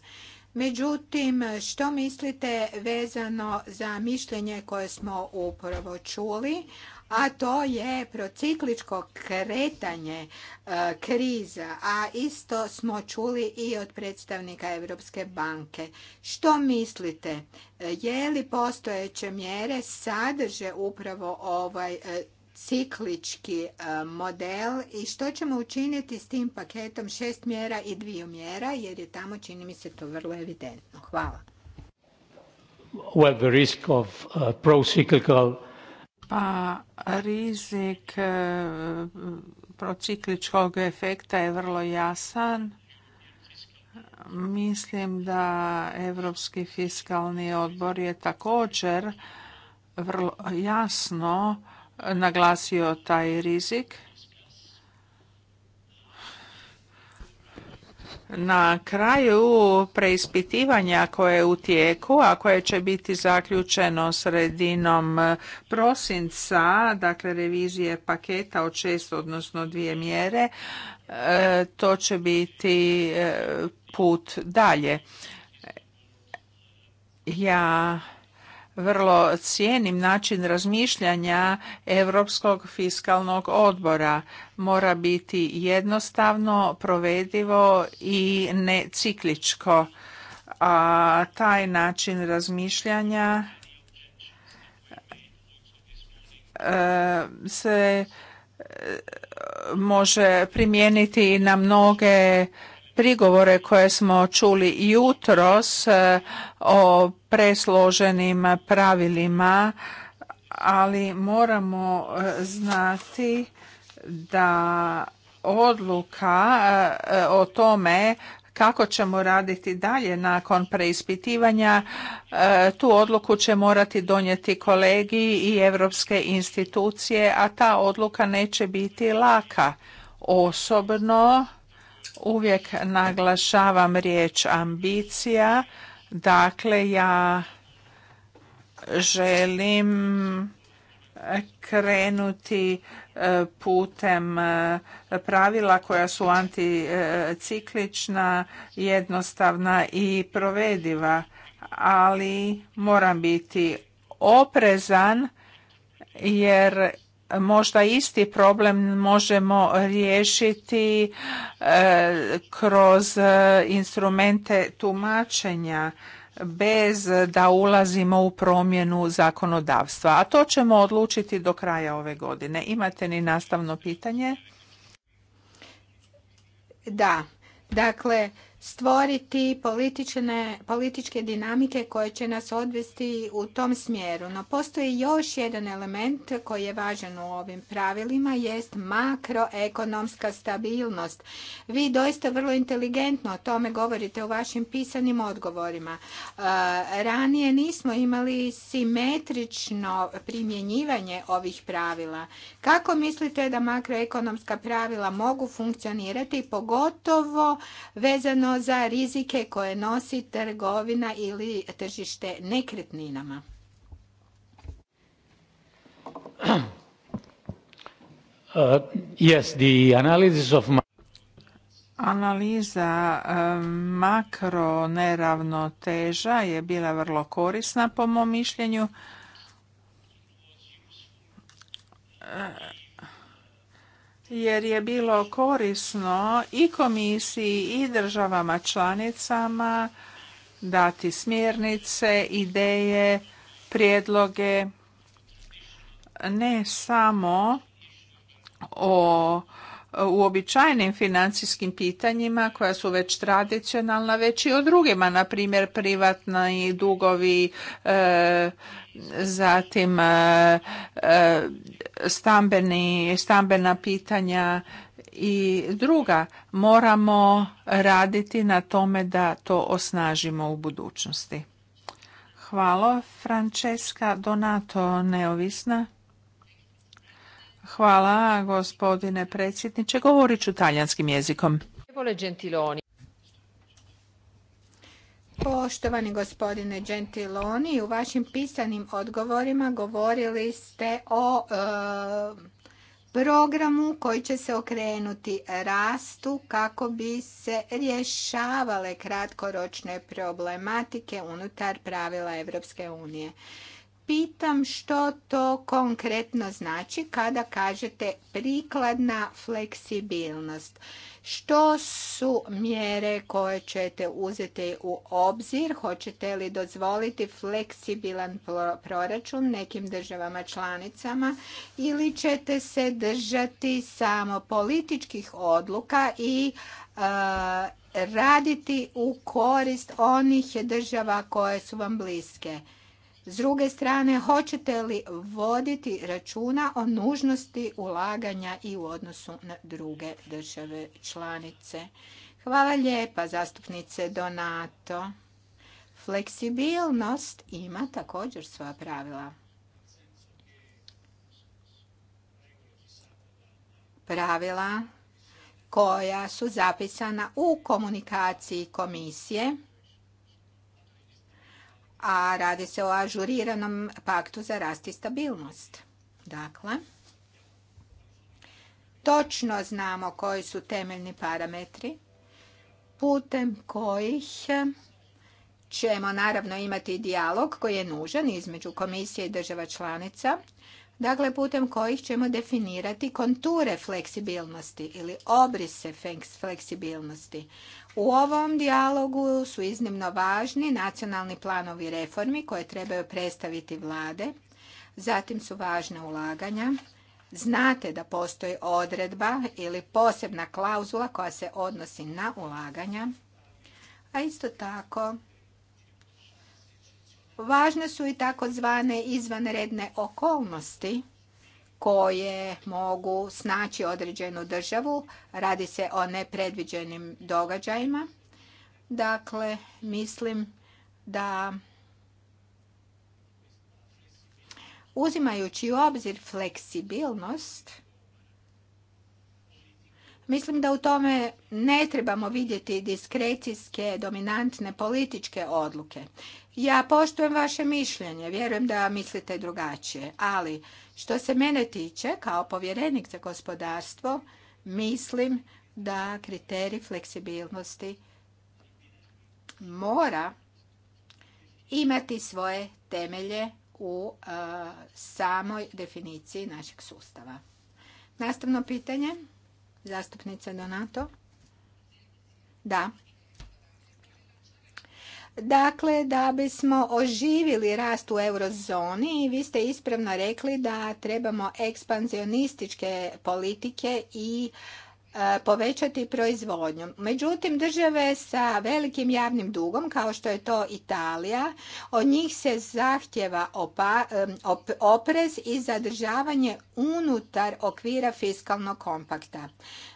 Međutim, što mislite vezano za mišljenje koje smo upravo čuli, a to je procikličko kretanje e, kriza, a isto smo čuli i od predstavnika Europske banke. Što mislite, e, je li postojeće mjere sadrže upravo ovaj e, ciklički e, model i što ćemo učiniti s tim paketom šest mjera i dviju mjera jer je tamo čini mi se to vrlo evidentno. Hvala. Uh, pa rizik e, procikličkog efekta je vrlo jasan. Mislim da Europski fiskalni odbor je također vrlo jasno naglasio taj rizik. Na kraju preispitivanja koje je u tijeku, a koje će biti zaključeno sredinom prosinca, dakle revizije paketa od šest, odnosno dvije mjere, e, to će biti e, put dalje. Ja vrlo cijenim način razmišljanja Europskog fiskalnog odbora. Mora biti jednostavno, provedivo i necikličko. A taj način razmišljanja e, se e, može primijeniti na mnoge prigovore koje smo čuli jutros e, o presloženim pravilima, ali moramo e, znati da odluka e, o tome kako ćemo raditi dalje nakon preispitivanja, e, tu odluku će morati donijeti kolegi i europske institucije, a ta odluka neće biti laka. Osobno uvijek naglašavam riječ ambicija, Dakle, ja želim e, krenuti e, putem e, pravila koja su anticiklična, jednostavna i provediva, ali moram biti oprezan jer možda isti problem možemo riješiti e, kroz e, instrumente tumačenja bez da ulazimo u promjenu zakonodavstva. A to ćemo odlučiti do kraja ove godine. Imate ni nastavno pitanje? Da, dakle, stvoriti političke dinamike koje će nas odvesti u tom smjeru. No postoji još jedan element koji je važan u ovim pravilima, jest makroekonomska stabilnost. Vi doista vrlo inteligentno o tome govorite u vašim pisanim odgovorima. E, ranije nismo imali simetrično primjenjivanje ovih pravila. Kako mislite da makroekonomska pravila mogu funkcionirati, pogotovo vezano za rizike koje nosi trgovina ili tržište nekretninama? Uh, yes, the analysis of... Analiza um, makro neravnoteža je bila vrlo korisna po mom mišljenju. Uh, jer je bilo korisno i komisiji i državama članicama dati smjernice, ideje, prijedloge ne samo o uobičajenim financijskim pitanjima koja su već tradicionalna, već i o drugima, na primjer privatni dugovi, e, zatim e, e, stambeni, stambena pitanja i druga. Moramo raditi na tome da to osnažimo u budućnosti. Hvala. Francesca Donato, neovisna. Hvala, gospodine predsjedniče. Govorit ću talijanskim jezikom. Poštovani gospodine Gentiloni, u vašim pisanim odgovorima govorili ste o e, programu koji će se okrenuti rastu kako bi se rješavale kratkoročne problematike unutar pravila Europske unije pitam što to konkretno znači kada kažete prikladna fleksibilnost. Što su mjere koje ćete uzeti u obzir? Hoćete li dozvoliti fleksibilan proračun nekim državama članicama ili ćete se držati samo političkih odluka i e, raditi u korist onih država koje su vam bliske? S druge strane, hoćete li voditi računa o nužnosti ulaganja i u odnosu na druge države članice? Hvala lijepa, zastupnice Donato. Fleksibilnost ima također svoja pravila. Pravila koja su zapisana u komunikaciji komisije a radi se o ažuriranom paktu za rast i stabilnost. Dakle, točno znamo koji su temeljni parametri putem kojih ćemo naravno imati dijalog koji je nužan između komisije i država članica dakle putem kojih ćemo definirati konture fleksibilnosti ili obrise fleksibilnosti. U ovom dijalogu su iznimno važni nacionalni planovi reformi koje trebaju predstaviti vlade, zatim su važna ulaganja, znate da postoji odredba ili posebna klauzula koja se odnosi na ulaganja, a isto tako Važne su i takozvane izvanredne okolnosti koje mogu snaći određenu državu. Radi se o nepredviđenim događajima. Dakle, mislim da uzimajući u obzir fleksibilnost Mislim da u tome ne trebamo vidjeti diskrecijske, dominantne političke odluke. Ja poštujem vaše mišljenje, vjerujem da mislite drugačije, ali što se mene tiče, kao povjerenik za gospodarstvo, mislim da kriterij fleksibilnosti mora imati svoje temelje u e, samoj definiciji našeg sustava. Nastavno pitanje. Zastupnica Donato. Da. Dakle, da bismo oživili rast u eurozoni, vi ste ispravno rekli da trebamo ekspanzionističke politike i povećati proizvodnju. Međutim, države sa velikim javnim dugom, kao što je to Italija, od njih se zahtjeva oprez i zadržavanje unutar okvira fiskalnog kompakta.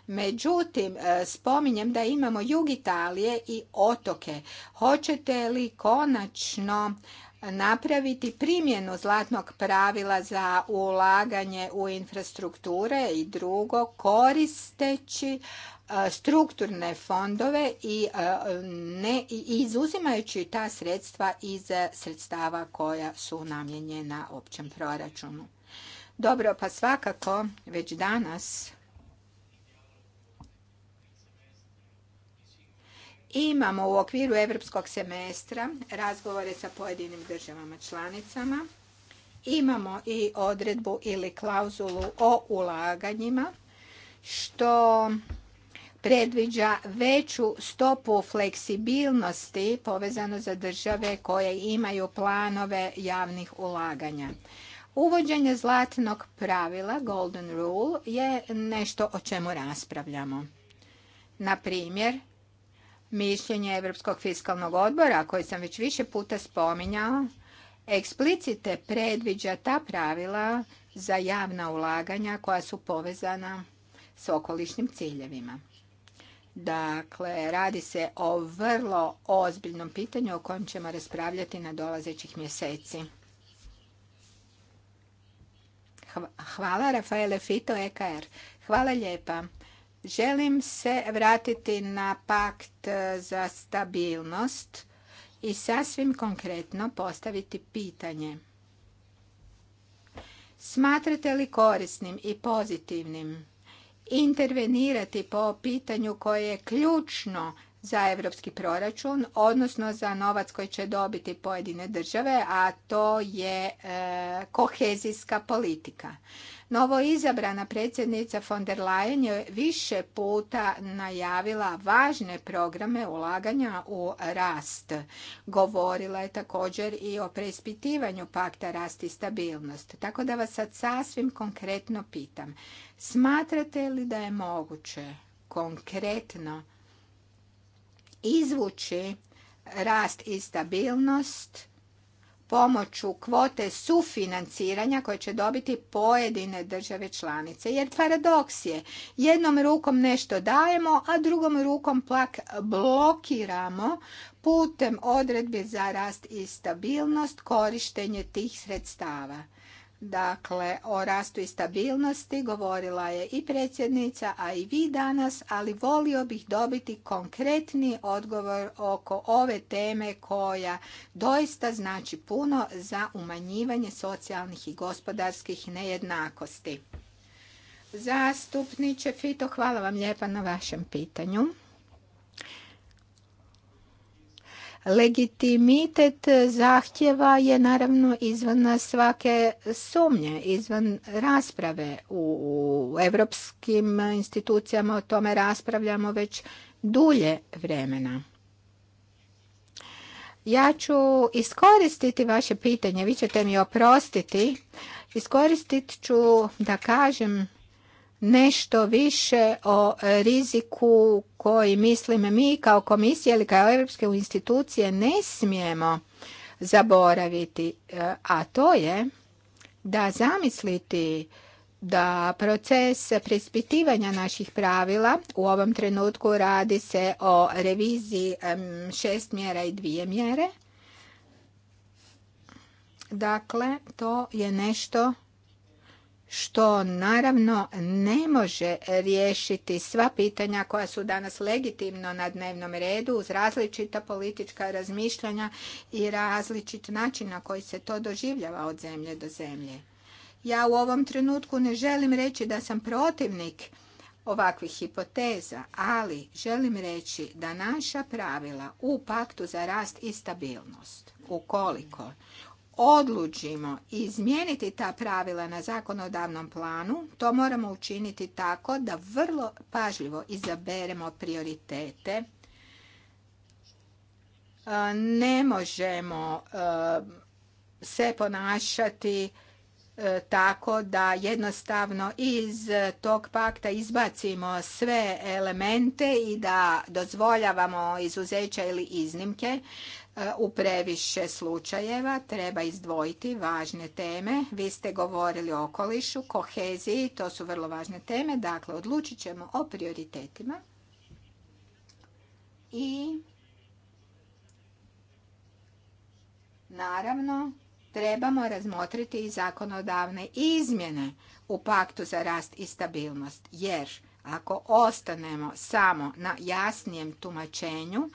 Međutim, e, spominjem da imamo jug Italije i otoke. Hoćete li konačno napraviti primjenu zlatnog pravila za ulaganje u infrastrukture i drugo koristeći e, strukturne fondove i e, ne izuzimajući ta sredstva iz sredstava koja su namijenjena općem proračunu. Dobro, pa svakako već danas Imamo u okviru europskog semestra razgovore sa pojedinim državama članicama. Imamo i odredbu ili klauzulu o ulaganjima što predviđa veću stopu fleksibilnosti povezano za države koje imaju planove javnih ulaganja. Uvođenje zlatnog pravila, golden rule, je nešto o čemu raspravljamo. Na primjer, mišljenje Europskog fiskalnog odbora, koje sam već više puta spominjao, eksplicite predviđa ta pravila za javna ulaganja koja su povezana s okolišnim ciljevima. Dakle, radi se o vrlo ozbiljnom pitanju o kojem ćemo raspravljati na dolazećih mjeseci. Hvala, Rafaele Fito, EKR. Hvala lijepa. Želim se vratiti na pakt e, za stabilnost i sasvim konkretno postaviti pitanje. Smatrate li korisnim i pozitivnim intervenirati po pitanju koje je ključno za europski proračun, odnosno za novac koji će dobiti pojedine države, a to je e, kohezijska politika. Novo izabrana predsjednica von der Leyen je više puta najavila važne programe ulaganja u rast. Govorila je također i o preispitivanju pakta rast i stabilnost. Tako da vas sad sasvim konkretno pitam. Smatrate li da je moguće konkretno izvući rast i stabilnost pomoću kvote sufinanciranja koje će dobiti pojedine države članice. Jer paradoks je, jednom rukom nešto dajemo, a drugom rukom plak blokiramo putem odredbe za rast i stabilnost korištenje tih sredstava. Dakle, o rastu i stabilnosti govorila je i predsjednica, a i vi danas, ali volio bih dobiti konkretni odgovor oko ove teme koja doista znači puno za umanjivanje socijalnih i gospodarskih nejednakosti. Zastupniče Fito, hvala vam lijepa na vašem pitanju. Legitimitet zahtjeva je naravno izvan svake sumnje, izvan rasprave. U, europskim institucijama o tome raspravljamo već dulje vremena. Ja ću iskoristiti vaše pitanje, vi ćete mi oprostiti. Iskoristit ću da kažem nešto više o riziku koji mislim mi kao komisija ili kao europske institucije ne smijemo zaboraviti, a to je da zamisliti da proces prispitivanja naših pravila, u ovom trenutku radi se o reviziji šest mjera i dvije mjere, dakle to je nešto što naravno ne može riješiti sva pitanja koja su danas legitimno na dnevnom redu uz različita politička razmišljanja i različit način na koji se to doživljava od zemlje do zemlje. Ja u ovom trenutku ne želim reći da sam protivnik ovakvih hipoteza, ali želim reći da naša pravila u paktu za rast i stabilnost, ukoliko odlučimo izmijeniti ta pravila na zakonodavnom planu, to moramo učiniti tako da vrlo pažljivo izaberemo prioritete. E, ne možemo e, se ponašati e, tako da jednostavno iz tog pakta izbacimo sve elemente i da dozvoljavamo izuzeća ili iznimke. E, u previše slučajeva, treba izdvojiti važne teme. Vi ste govorili o okolišu, koheziji, to su vrlo važne teme, dakle odlučit ćemo o prioritetima i naravno trebamo razmotriti i zakonodavne izmjene u paktu za rast i stabilnost, jer ako ostanemo samo na jasnijem tumačenju,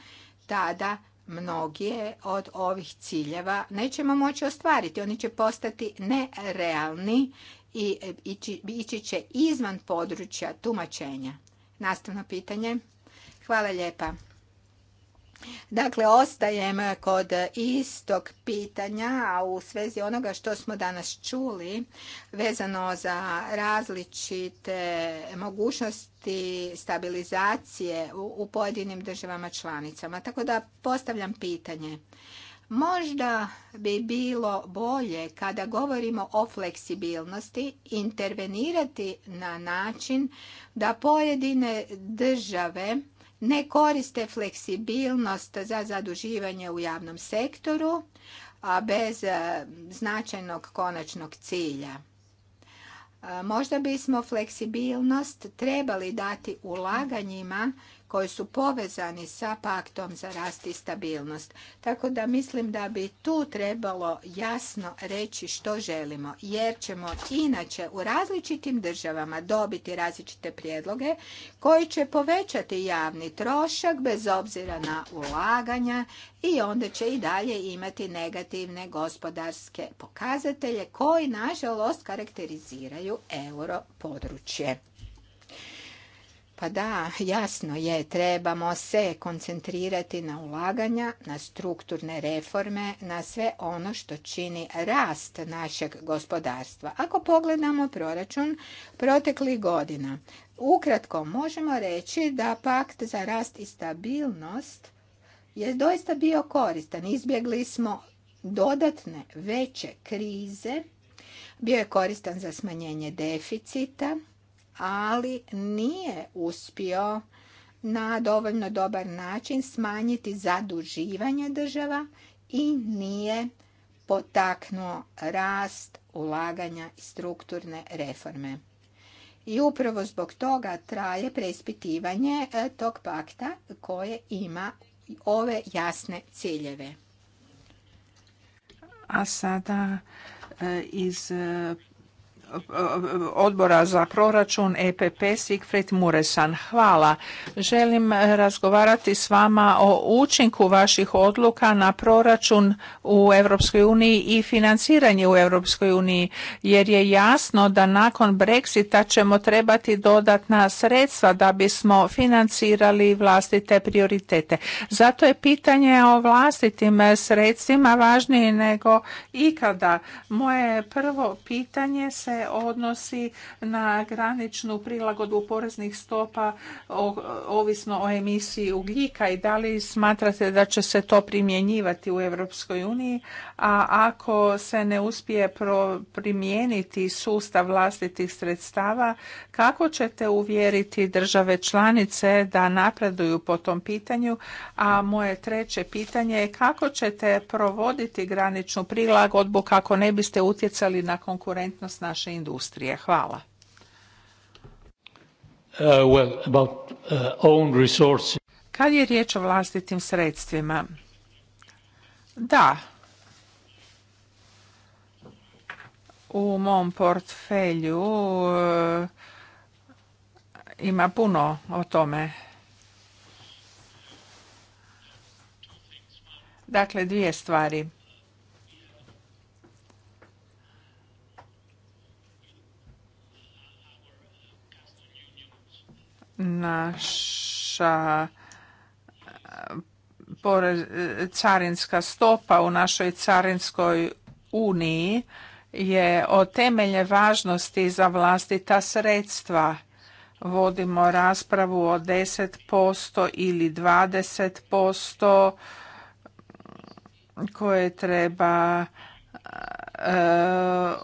tada mnoge od ovih ciljeva nećemo moći ostvariti. Oni će postati nerealni i ići će izvan područja tumačenja. Nastavno pitanje. Hvala lijepa. Dakle, ostajem kod istog pitanja, a u svezi onoga što smo danas čuli vezano za različite mogućnosti stabilizacije u pojedinim državama članicama. Tako da postavljam pitanje. Možda bi bilo bolje kada govorimo o fleksibilnosti intervenirati na način da pojedine države ne koriste fleksibilnost za zaduživanje u javnom sektoru, a bez e, značajnog konačnog cilja. E, možda bismo fleksibilnost trebali dati ulaganjima koji su povezani sa paktom za rast i stabilnost. Tako da mislim da bi tu trebalo jasno reći što želimo, jer ćemo inače u različitim državama dobiti različite prijedloge koji će povećati javni trošak bez obzira na ulaganja i onda će i dalje imati negativne gospodarske pokazatelje koji nažalost karakteriziraju euro područje. Pa da, jasno je, trebamo se koncentrirati na ulaganja, na strukturne reforme, na sve ono što čini rast našeg gospodarstva. Ako pogledamo proračun proteklih godina, ukratko možemo reći da pakt za rast i stabilnost je doista bio koristan. Izbjegli smo dodatne veće krize, bio je koristan za smanjenje deficita, ali nije uspio na dovoljno dobar način smanjiti zaduživanje država i nije potaknuo rast ulaganja i strukturne reforme. I upravo zbog toga traje preispitivanje e, tog pakta koje ima ove jasne ciljeve. A sada e, iz odbora za proračun EPP Sigfrid Muresan. Hvala. Želim eh, razgovarati s vama o učinku vaših odluka na proračun u Europskoj uniji i financiranje u Europskoj uniji jer je jasno da nakon Brexita ćemo trebati dodatna sredstva da bismo financirali vlastite prioritete. Zato je pitanje o vlastitim eh, sredstvima važnije nego ikada. Moje prvo pitanje se odnosi na graničnu prilagodbu poreznih stopa ovisno o emisiji ugljika i da li smatrate da će se to primjenjivati u Europskoj uniji, a ako se ne uspije primijeniti sustav vlastitih sredstava, kako ćete uvjeriti države članice da napreduju po tom pitanju? A moje treće pitanje je kako ćete provoditi graničnu prilagodbu kako ne biste utjecali na konkurentnost naše industrije. Hvala. Uh, uh, Kad je riječ o vlastitim sredstvima? Da. U mom portfelju uh, ima puno o tome. Dakle, dvije stvari. naša eh, eh, carinska stopa u našoj carinskoj uniji je od temelje važnosti za vlastita sredstva. Vodimo raspravu o 10% ili 20% mm, koje treba eh,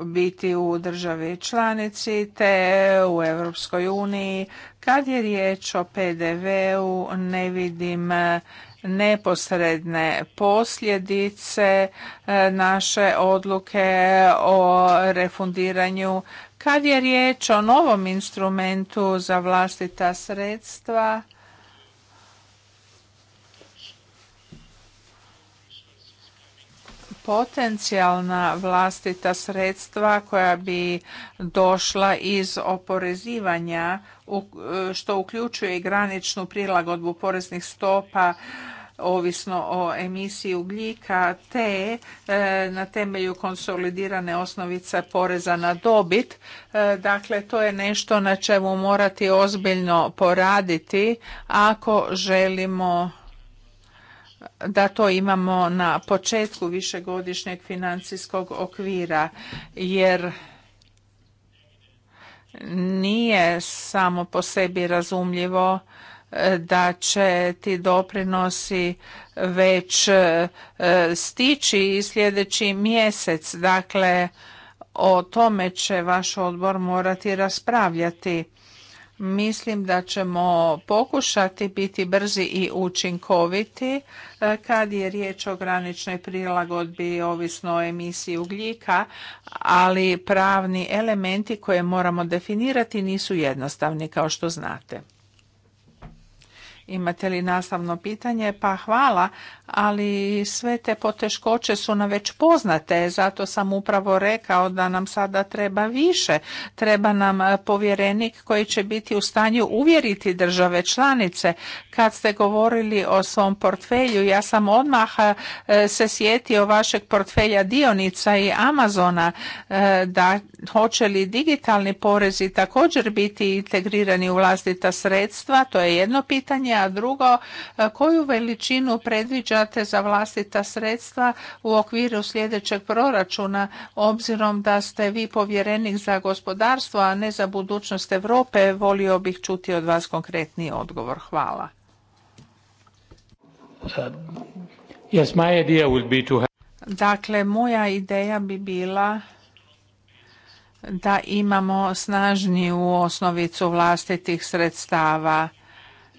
biti u državi članici te u Europskoj uniji. Kad je riječ o PDV-u ne vidim e, neposredne posljedice e, naše odluke o refundiranju. Kad je riječ o novom instrumentu za vlastita sredstva, potencijalna vlastita sredstva koja bi došla iz oporezivanja što uključuje i graničnu prilagodbu poreznih stopa ovisno o emisiji ugljika te e, na temelju konsolidirane osnovice poreza na dobit. E, dakle, to je nešto na čemu morati ozbiljno poraditi ako želimo da to imamo na početku višegodišnjeg financijskog okvira jer nije samo po sebi razumljivo e, da će ti doprinosi već e, stići sljedeći mjesec. Dakle, o tome će vaš odbor morati raspravljati. Mislim da ćemo pokušati biti brzi i učinkoviti e, kad je riječ o graničnoj prilagodbi ovisno o emisiji ugljika, ali pravni elementi koje moramo definirati nisu jednostavni kao što znate. Imate li nastavno pitanje? Pa hvala ali sve te poteškoće su nam već poznate, zato sam upravo rekao da nam sada treba više. Treba nam e, povjerenik koji će biti u stanju uvjeriti države članice. Kad ste govorili o svom portfelju, ja sam odmah e, se sjetio vašeg portfelja dionica i Amazona, e, da hoće li digitalni porezi također biti integrirani u vlastita sredstva, to je jedno pitanje, a drugo, koju veličinu predviđa za vlastita sredstva u okviru sljedećeg proračuna obzirom da ste vi povjerenik za gospodarstvo, a ne za budućnost Europe, volio bih čuti od vas konkretni odgovor. Hvala. Dakle, moja ideja bi bila da imamo snažniju osnovicu vlastitih sredstava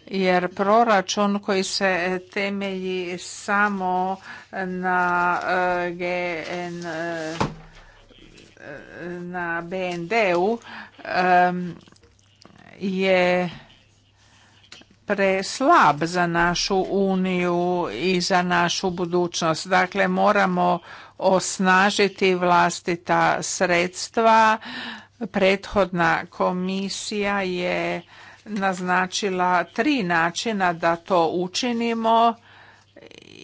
jer proračun koji se temelji samo na e, GN e, na BND-u je preslab za našu uniju i za našu budućnost. Dakle, moramo osnažiti vlastita sredstva. Prethodna komisija je naznačila tri načina da to učinimo.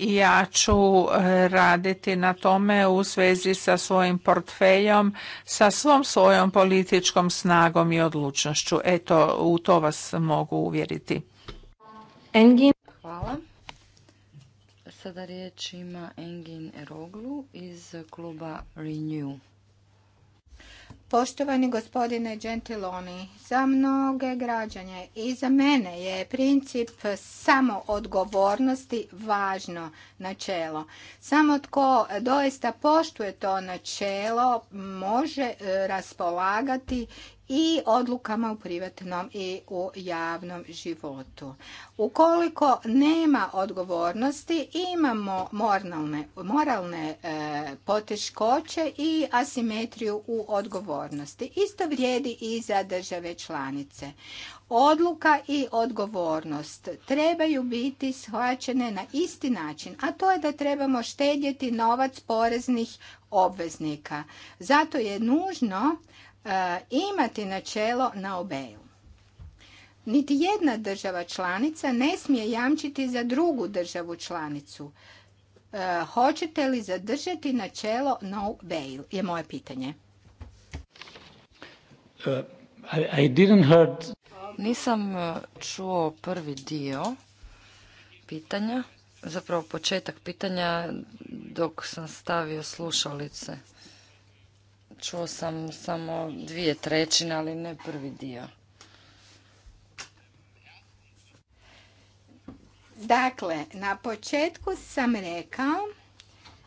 Ja ću raditi na tome u svezi sa svojim portfeljom, sa svom svojom političkom snagom i odlučnošću. Eto, u to vas mogu uvjeriti. Engin. Hvala. Sada riječ ima Engin Eroglu iz kluba Renew. Poštovani gospodine Gentiloni, za mnoge građane i za mene je princip samo odgovornosti važno načelo. Samo tko doista poštuje to načelo može e, raspolagati i odlukama u privatnom i u javnom životu. Ukoliko nema odgovornosti, imamo moralne, moralne poteškoće i asimetriju u odgovornosti. Isto vrijedi i za države članice. Odluka i odgovornost trebaju biti shvaćene na isti način, a to je da trebamo štedjeti novac poreznih obveznika. Zato je nužno E, imati načelo na obeju. Niti jedna država članica ne smije jamčiti za drugu državu članicu. E, hoćete li zadržati načelo no bail? Je moje pitanje. Uh, I didn't heard... Nisam uh, čuo prvi dio pitanja, zapravo početak pitanja dok sam stavio slušalice. Čuo sam samo dvije trećine, ali ne prvi dio. Dakle, na početku sam rekao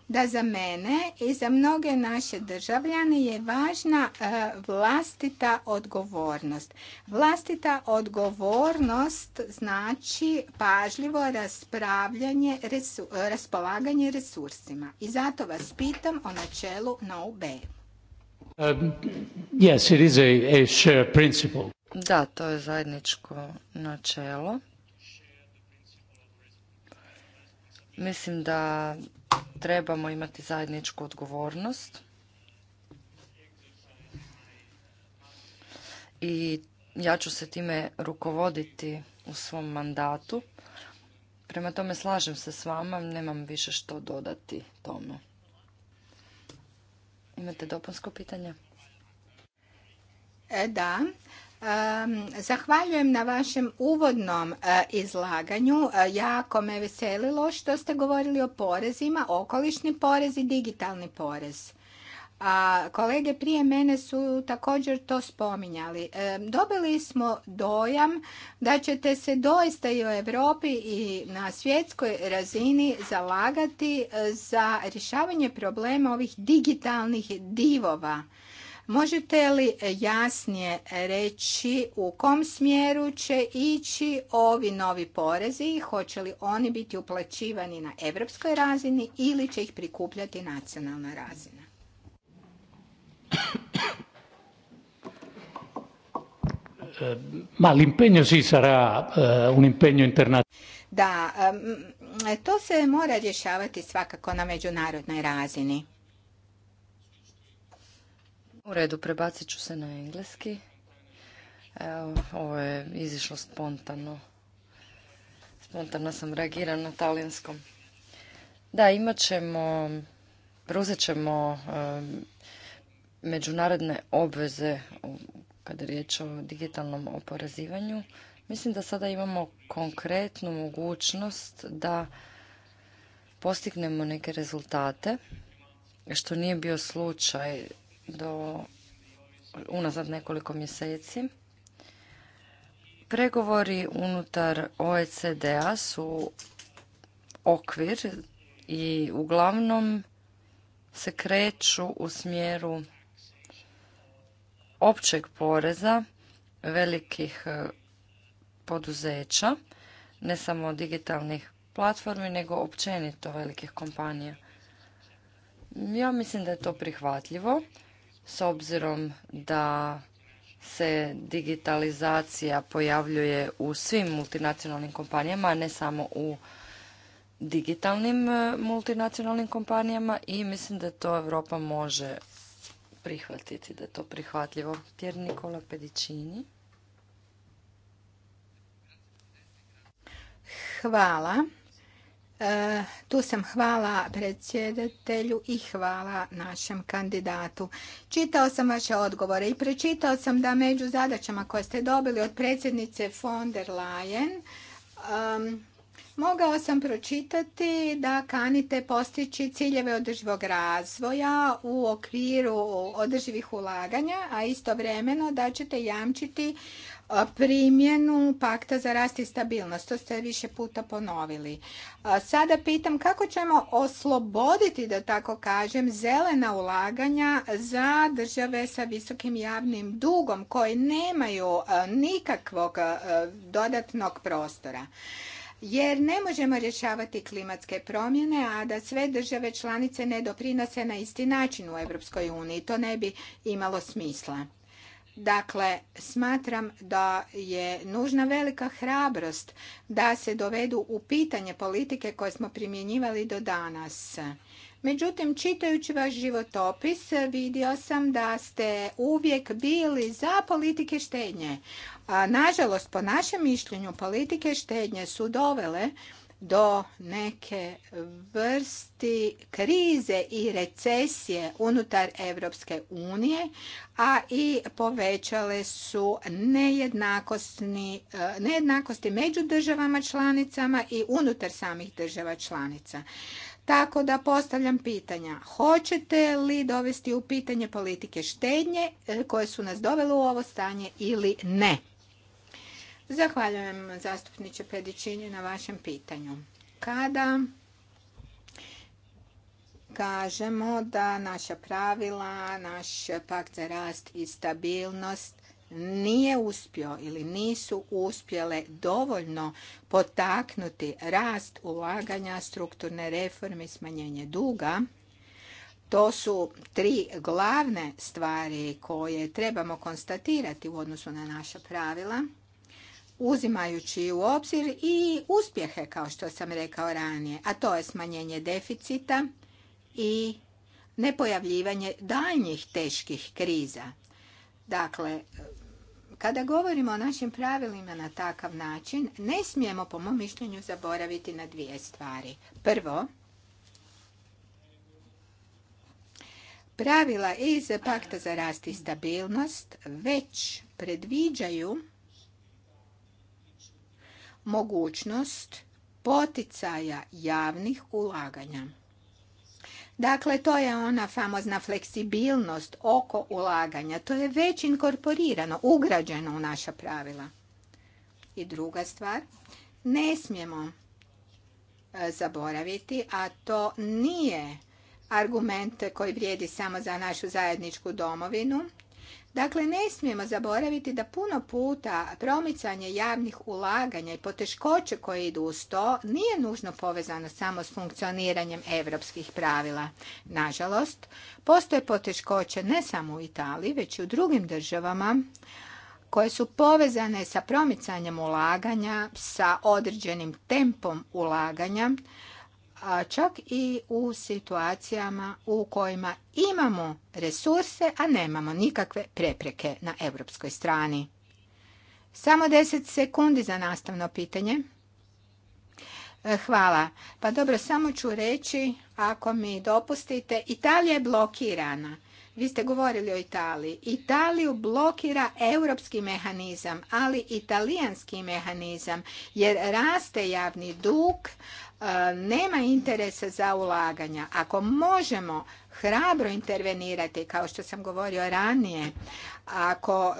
da za mene i za mnoge naše državljane je važna e, vlastita odgovornost. Vlastita odgovornost znači pažljivo raspravljanje, raspolaganje resursima. I zato vas pitam o načelu no Um, da, to je zajedničko načelo. Mislim da trebamo imati zajedničku odgovornost. I ja ću se time rukovoditi u svom mandatu. Prema tome slažem se s vama, nemam više što dodati tome. Imate dopunsko pitanje? E, da. Zahvaljujem na vašem uvodnom e, izlaganju. E, jako me veselilo što ste govorili o porezima, okolišni porez i digitalni porez a kolege prije mene su također to spominjali. E, dobili smo dojam da ćete se doista i u Europi i na svjetskoj razini zalagati e, za rješavanje problema ovih digitalnih divova. Možete li jasnije reći u kom smjeru će ići ovi novi porezi, hoće li oni biti uplaćivani na europskoj razini ili će ih prikupljati nacionalna razina? Ma l'impegno sì sarà eh, un impegno internazionale. Da, ehm, to se mora rješavati svakako na međunarodnoj razini. U redu, prebacit ću se na engleski. Evo, ovo je izišlo spontano. Spontano sam reagirao na talijanskom. Da, imat ćemo, preuzet ćemo ehm, međunarodne obveze kada je riječ o digitalnom oporezivanju, mislim da sada imamo konkretnu mogućnost da postignemo neke rezultate, što nije bio slučaj do unazad nekoliko mjeseci. Pregovori unutar OECD-a su okvir i uglavnom se kreću u smjeru općeg poreza velikih e, poduzeća, ne samo digitalnih platformi, nego općenito velikih kompanija. Ja mislim da je to prihvatljivo, s obzirom da se digitalizacija pojavljuje u svim multinacionalnim kompanijama, a ne samo u digitalnim e, multinacionalnim kompanijama i mislim da to Europa može prihvatiti, da je to prihvatljivo. Jer Nikola Pedicini. Hvala. E, tu sam hvala predsjedatelju i hvala našem kandidatu. Čitao sam vaše odgovore i prečitao sam da među zadaćama koje ste dobili od predsjednice von der Leyen mogao sam pročitati da kanite postići ciljeve održivog razvoja u okviru održivih ulaganja, a istovremeno da ćete jamčiti primjenu pakta za rast i stabilnost. To ste više puta ponovili. Sada pitam kako ćemo osloboditi, da tako kažem, zelena ulaganja za države sa visokim javnim dugom koje nemaju nikakvog dodatnog prostora jer ne možemo rješavati klimatske promjene, a da sve države članice ne doprinose na isti način u Europskoj uniji. To ne bi imalo smisla. Dakle, smatram da je nužna velika hrabrost da se dovedu u pitanje politike koje smo primjenjivali do danas. Međutim, čitajući vaš životopis vidio sam da ste uvijek bili za politike štednje. A nažalost, po našem mišljenju, politike štednje su dovele do neke vrsti krize i recesije unutar Europske unije, a i povećale su e, nejednakosti među državama članicama i unutar samih država članica. Tako da postavljam pitanja. Hoćete li dovesti u pitanje politike štednje e, koje su nas dovele u ovo stanje ili ne? Zahvaljujem zastupniče Pedićinje na vašem pitanju. Kada kažemo da naša pravila, naš pakt za rast i stabilnost nije uspio ili nisu uspjele dovoljno potaknuti rast ulaganja, strukturne reforme i smanjenje duga, to su tri glavne stvari koje trebamo konstatirati u odnosu na naša pravila uzimajući u obzir i uspjehe, kao što sam rekao ranije, a to je smanjenje deficita i nepojavljivanje daljnjih teških kriza. Dakle, kada govorimo o našim pravilima na takav način, ne smijemo, po mom mišljenju, zaboraviti na dvije stvari. Prvo, pravila iz Pakta za rast i stabilnost već predviđaju mogućnost poticaja javnih ulaganja. Dakle, to je ona famozna fleksibilnost oko ulaganja. To je već inkorporirano, ugrađeno u naša pravila. I druga stvar, ne smijemo e, zaboraviti, a to nije argument koji vrijedi samo za našu zajedničku domovinu, Dakle, ne smijemo zaboraviti da puno puta promicanje javnih ulaganja i poteškoće koje idu uz to nije nužno povezano samo s funkcioniranjem europskih pravila. Nažalost, postoje poteškoće ne samo u Italiji, već i u drugim državama koje su povezane sa promicanjem ulaganja, sa određenim tempom ulaganja, a čak i u situacijama u kojima imamo resurse, a nemamo nikakve prepreke na europskoj strani. Samo 10 sekundi za nastavno pitanje. E, hvala. Pa dobro, samo ću reći, ako mi dopustite, Italija je blokirana. Vi ste govorili o Italiji. Italiju blokira europski mehanizam, ali italijanski mehanizam, jer raste javni dug, E, nema interesa za ulaganja, ako možemo hrabro intervenirati, kao što sam govorio ranije, ako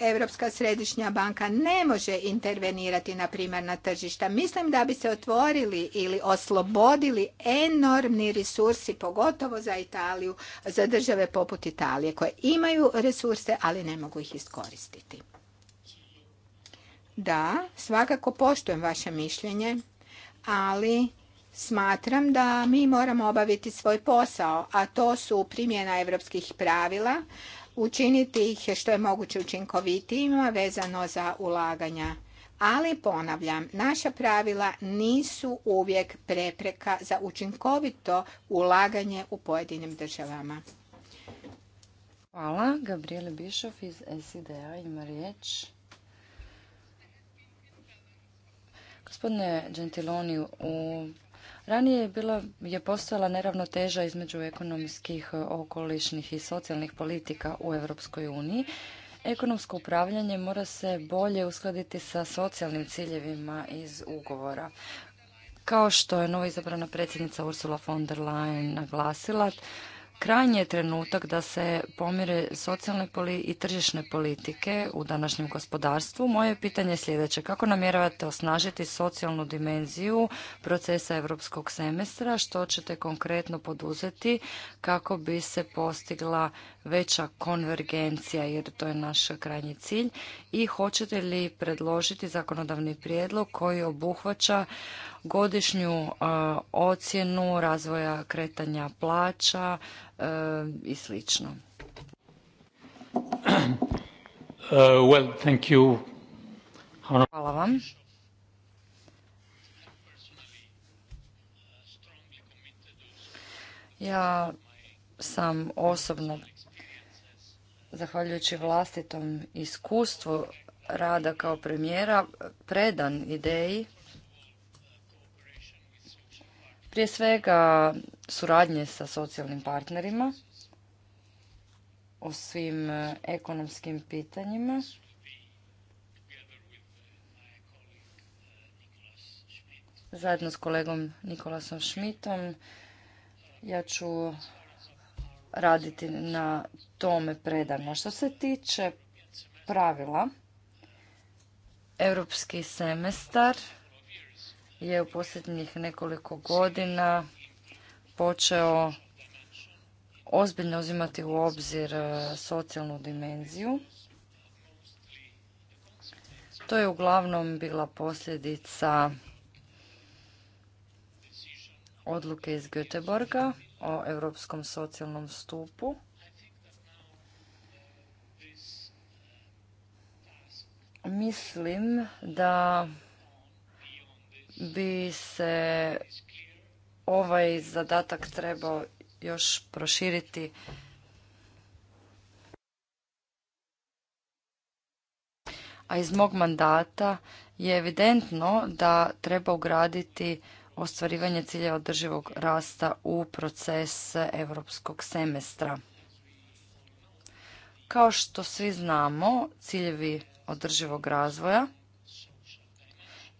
e, Europska središnja banka ne može intervenirati na primarna tržišta, mislim da bi se otvorili ili oslobodili enormni resursi, pogotovo za Italiju, za države poput Italije, koje imaju resurse, ali ne mogu ih iskoristiti. Da, svakako poštujem vaše mišljenje ali smatram da mi moramo obaviti svoj posao, a to su primjena europskih pravila, učiniti ih što je moguće učinkovitijima vezano za ulaganja. Ali ponavljam, naša pravila nisu uvijek prepreka za učinkovito ulaganje u pojedinim državama. Hvala. Gabriele Bišov iz sid ima riječ. Gospodine Gentiloni, u Ranije je, bila, je postojala neravnoteža između ekonomskih, okolišnih i socijalnih politika u Europskoj uniji. Ekonomsko upravljanje mora se bolje uskladiti sa socijalnim ciljevima iz ugovora. Kao što je novo izabrana predsjednica Ursula von der Leyen naglasila, Krajnji je trenutak da se pomire socijalne i tržišne politike u današnjem gospodarstvu. Moje pitanje je sljedeće. Kako namjeravate osnažiti socijalnu dimenziju procesa europskog semestra? Što ćete konkretno poduzeti kako bi se postigla veća konvergencija jer to je naš krajnji cilj i hoćete li predložiti zakonodavni prijedlog koji obuhvaća godišnju e, ocjenu razvoja kretanja plaća e, i sl. Uh, Hvala vam. Ja sam osobno zahvaljujući vlastitom iskustvu rada kao premijera, predan ideji prije svega suradnje sa socijalnim partnerima o svim e, ekonomskim pitanjima. Zajedno s kolegom Nikolasom Šmitom ja ću raditi na tome predano. Što se tiče pravila, europski semestar je u posljednjih nekoliko godina počeo ozbiljno uzimati u obzir e, socijalnu dimenziju. To je uglavnom bila posljedica odluke iz Göteborga o europskom socijalnom stupu. Mislim da bi se ovaj zadatak trebao još proširiti a iz mog mandata je evidentno da treba ugraditi ostvarivanje ciljeva održivog rasta u proces europskog semestra. Kao što svi znamo, ciljevi održivog razvoja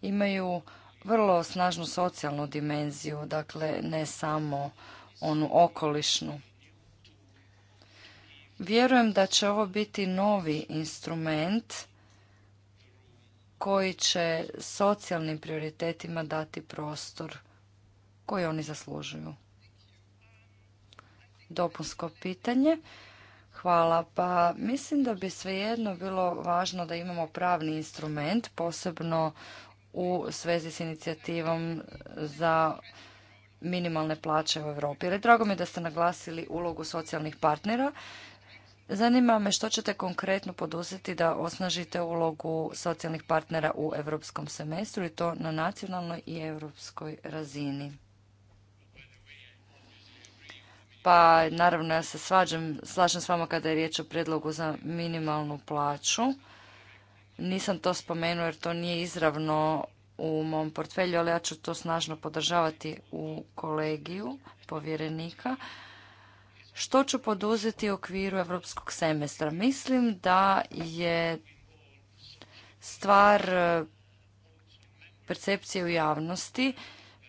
imaju vrlo snažnu socijalnu dimenziju, dakle ne samo onu okolišnu. Vjerujem da će ovo biti novi instrument koji će socijalnim prioritetima dati prostor koji oni zaslužuju. Dopunsko pitanje. Hvala. Pa mislim da bi svejedno bilo važno da imamo pravni instrument, posebno u svezi s inicijativom za minimalne plaće u Europi. Jer drago mi je da ste naglasili ulogu socijalnih partnera Zanima me što ćete konkretno poduzeti da osnažite ulogu socijalnih partnera u europskom semestru i to na nacionalnoj i europskoj razini. Pa naravno ja se svađam, slažem s vama kada je riječ o predlogu za minimalnu plaću. Nisam to spomenuo jer to nije izravno u mom portfelju, ali ja ću to snažno podržavati u kolegiju povjerenika što ću poduzeti u okviru europskog semestra. Mislim da je stvar e, percepcije u javnosti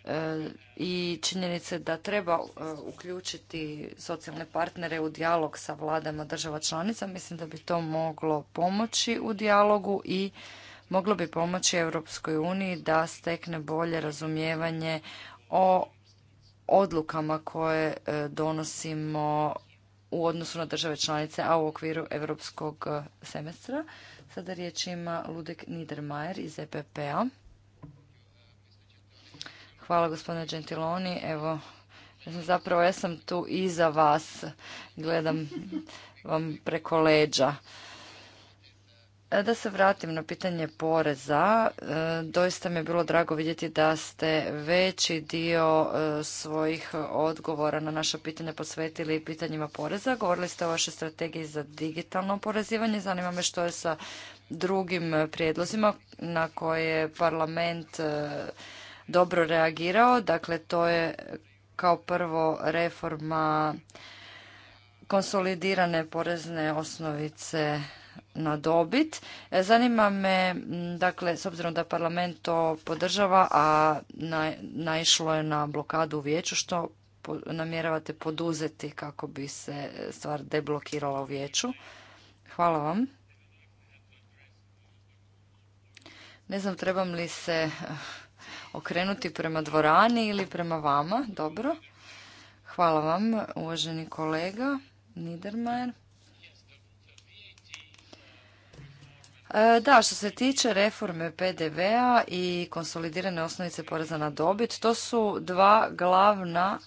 e, i činjenice da treba e, uključiti socijalne partnere u dijalog sa vladama država članica. Mislim da bi to moglo pomoći u dijalogu i moglo bi pomoći Europskoj uniji da stekne bolje razumijevanje o odlukama koje e, donosimo u odnosu na države članice, a u okviru europskog e, semestra. Sada riječ ima Ludek Niedermayer iz EPP-a. Hvala gospodine Gentiloni. Evo, zapravo ja sam tu iza vas, gledam vam preko leđa. E, da se vratim na pitanje poreza, e, doista mi je bilo drago vidjeti da ste veći dio e, svojih odgovora na naša pitanja posvetili pitanjima poreza. Govorili ste o vašoj strategiji za digitalno porezivanje. Zanima me što je sa drugim prijedlozima na koje je parlament dobro reagirao. Dakle, to je kao prvo reforma konsolidirane porezne osnovice na dobit. E, zanima me, dakle, s obzirom da parlament to podržava, a naišlo je na blokadu u vijeću, što namjeravate poduzeti kako bi se e, stvar deblokirala u vijeću? Hvala vam. Ne znam, trebam li se eh, okrenuti prema dvorani ili prema vama. Dobro. Hvala vam, uvaženi kolega Niedermayer. E, da, što se tiče reforme PDV-a i konsolidirane osnovice poreza na dobit, to su dva glavna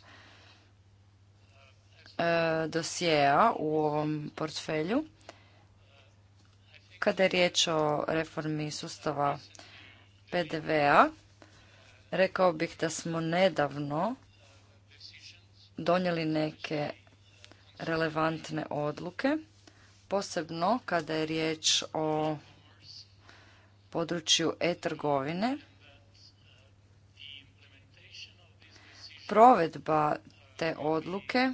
e, dosjeja u ovom portfelju. Kada je riječ o reformi sustava PDV-a, rekao bih da smo nedavno donijeli neke relevantne odluke, posebno kada je riječ o području e-trgovine. Provedba te odluke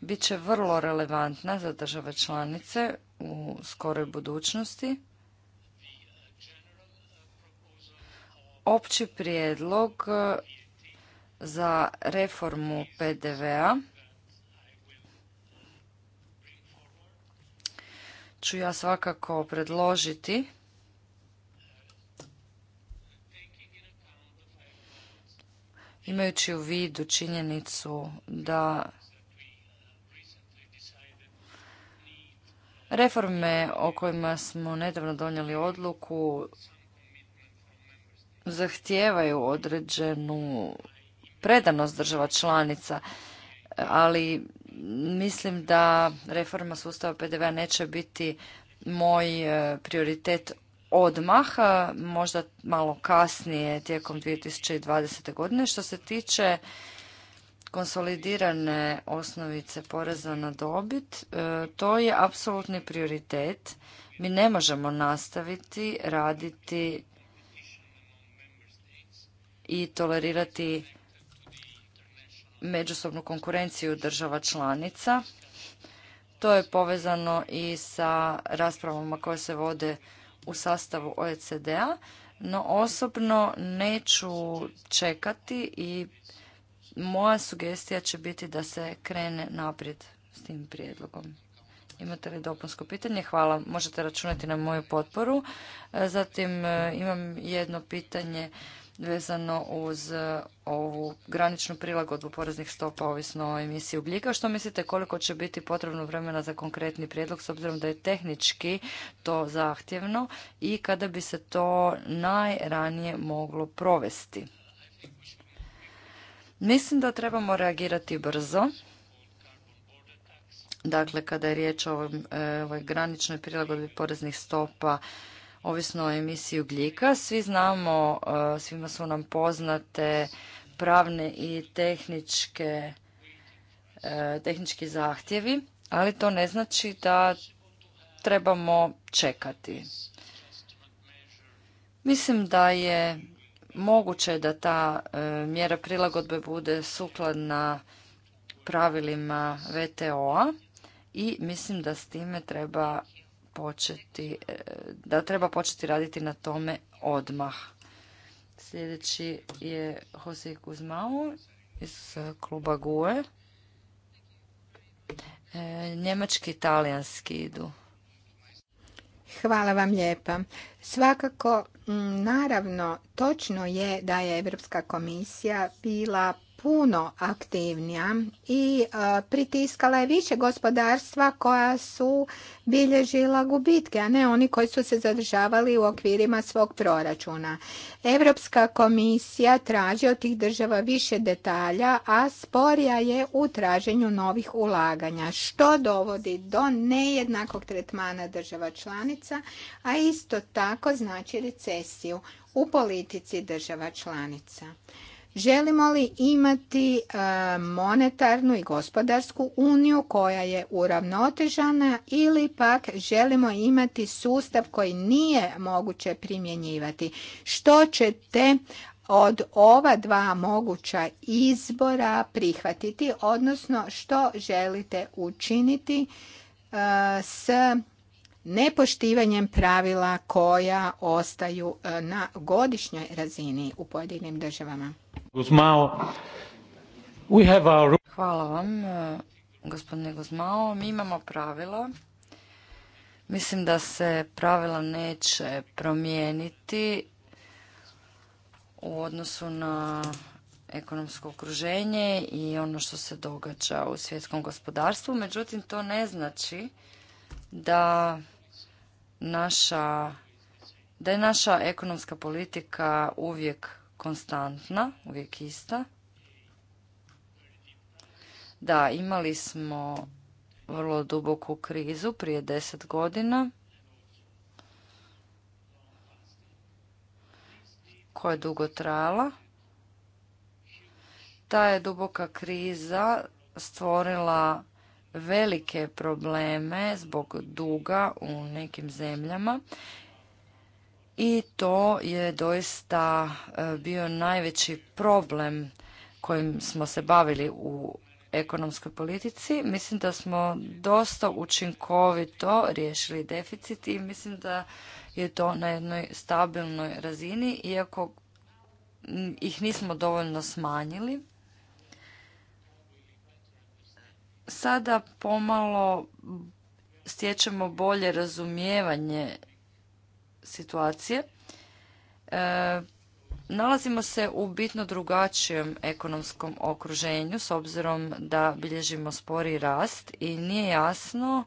bit će vrlo relevantna za države članice u skoroj budućnosti. Opći prijedlog za reformu PDV-a ću ja svakako predložiti imajući u vidu činjenicu da reforme o kojima smo nedavno donijeli odluku zahtijevaju određenu predanost država članica, ali mislim da reforma sustava pdv neće biti moj e, prioritet odmah, možda malo kasnije tijekom 2020. godine. Što se tiče konsolidirane osnovice poreza na dobit, e, to je apsolutni prioritet. Mi ne možemo nastaviti raditi i tolerirati međusobnu konkurenciju država članica. To je povezano i sa raspravama koje se vode u sastavu OECD-a, no osobno neću čekati i moja sugestija će biti da se krene naprijed s tim prijedlogom. Imate li dopunsko pitanje? Hvala. Možete računati na moju potporu. E, zatim e, imam jedno pitanje vezano uz e, ovu graničnu prilagodbu poreznih stopa ovisno o emisiji ugljika. Što mislite koliko će biti potrebno vremena za konkretni prijedlog s obzirom da je tehnički to zahtjevno i kada bi se to najranije moglo provesti? Mislim da trebamo reagirati brzo. Dakle, kada je riječ o e, ovoj graničnoj prilagodbi poreznih stopa ovisno o emisiji ugljika. Svi znamo, e, svima su nam poznate pravne i tehničke, e, tehnički zahtjevi, ali to ne znači da trebamo čekati. Mislim da je moguće da ta e, mjera prilagodbe bude sukladna pravilima VTO-a i mislim da s time treba početi, e, da treba početi raditi na tome odmah. Sljedeći je Jose Kuzmao iz kluba GUE. E, njemački talijanski idu. Hvala vam lijepa. Svakako, naravno, točno je da je Europska komisija bila puno aktivnija i pritiskala je više gospodarstva koja su bilježila gubitke, a ne oni koji su se zadržavali u okvirima svog proračuna. Europska komisija traži od tih država više detalja, a sporija je u traženju novih ulaganja, što dovodi do nejednakog tretmana država članica, a isto tako znači recesiju u politici država članica. Želimo li imati e, monetarnu i gospodarsku uniju koja je uravnotežana ili pak želimo imati sustav koji nije moguće primjenjivati? Što ćete od ova dva moguća izbora prihvatiti, odnosno što želite učiniti e, s nepoštivanjem pravila koja ostaju e, na godišnjoj razini u pojedinim državama. Hvala vam, e, gospodine Guzmao. Mi imamo pravila. Mislim da se pravila neće promijeniti u odnosu na ekonomsko okruženje i ono što se događa u svjetskom gospodarstvu. Međutim, to ne znači da naša da je naša ekonomska politika uvijek konstantna, uvijek ista. Da, imali smo vrlo duboku krizu prije deset godina. koja je dugo trajala. Ta je duboka kriza stvorila velike probleme zbog duga u nekim zemljama i to je doista e, bio najveći problem kojim smo se bavili u ekonomskoj politici. Mislim da smo dosta učinkovito riješili deficit i mislim da je to na jednoj stabilnoj razini, iako ih nismo dovoljno smanjili. sada pomalo stječemo bolje razumijevanje situacije. E, nalazimo se u bitno drugačijem ekonomskom okruženju s obzirom da bilježimo spori rast i nije jasno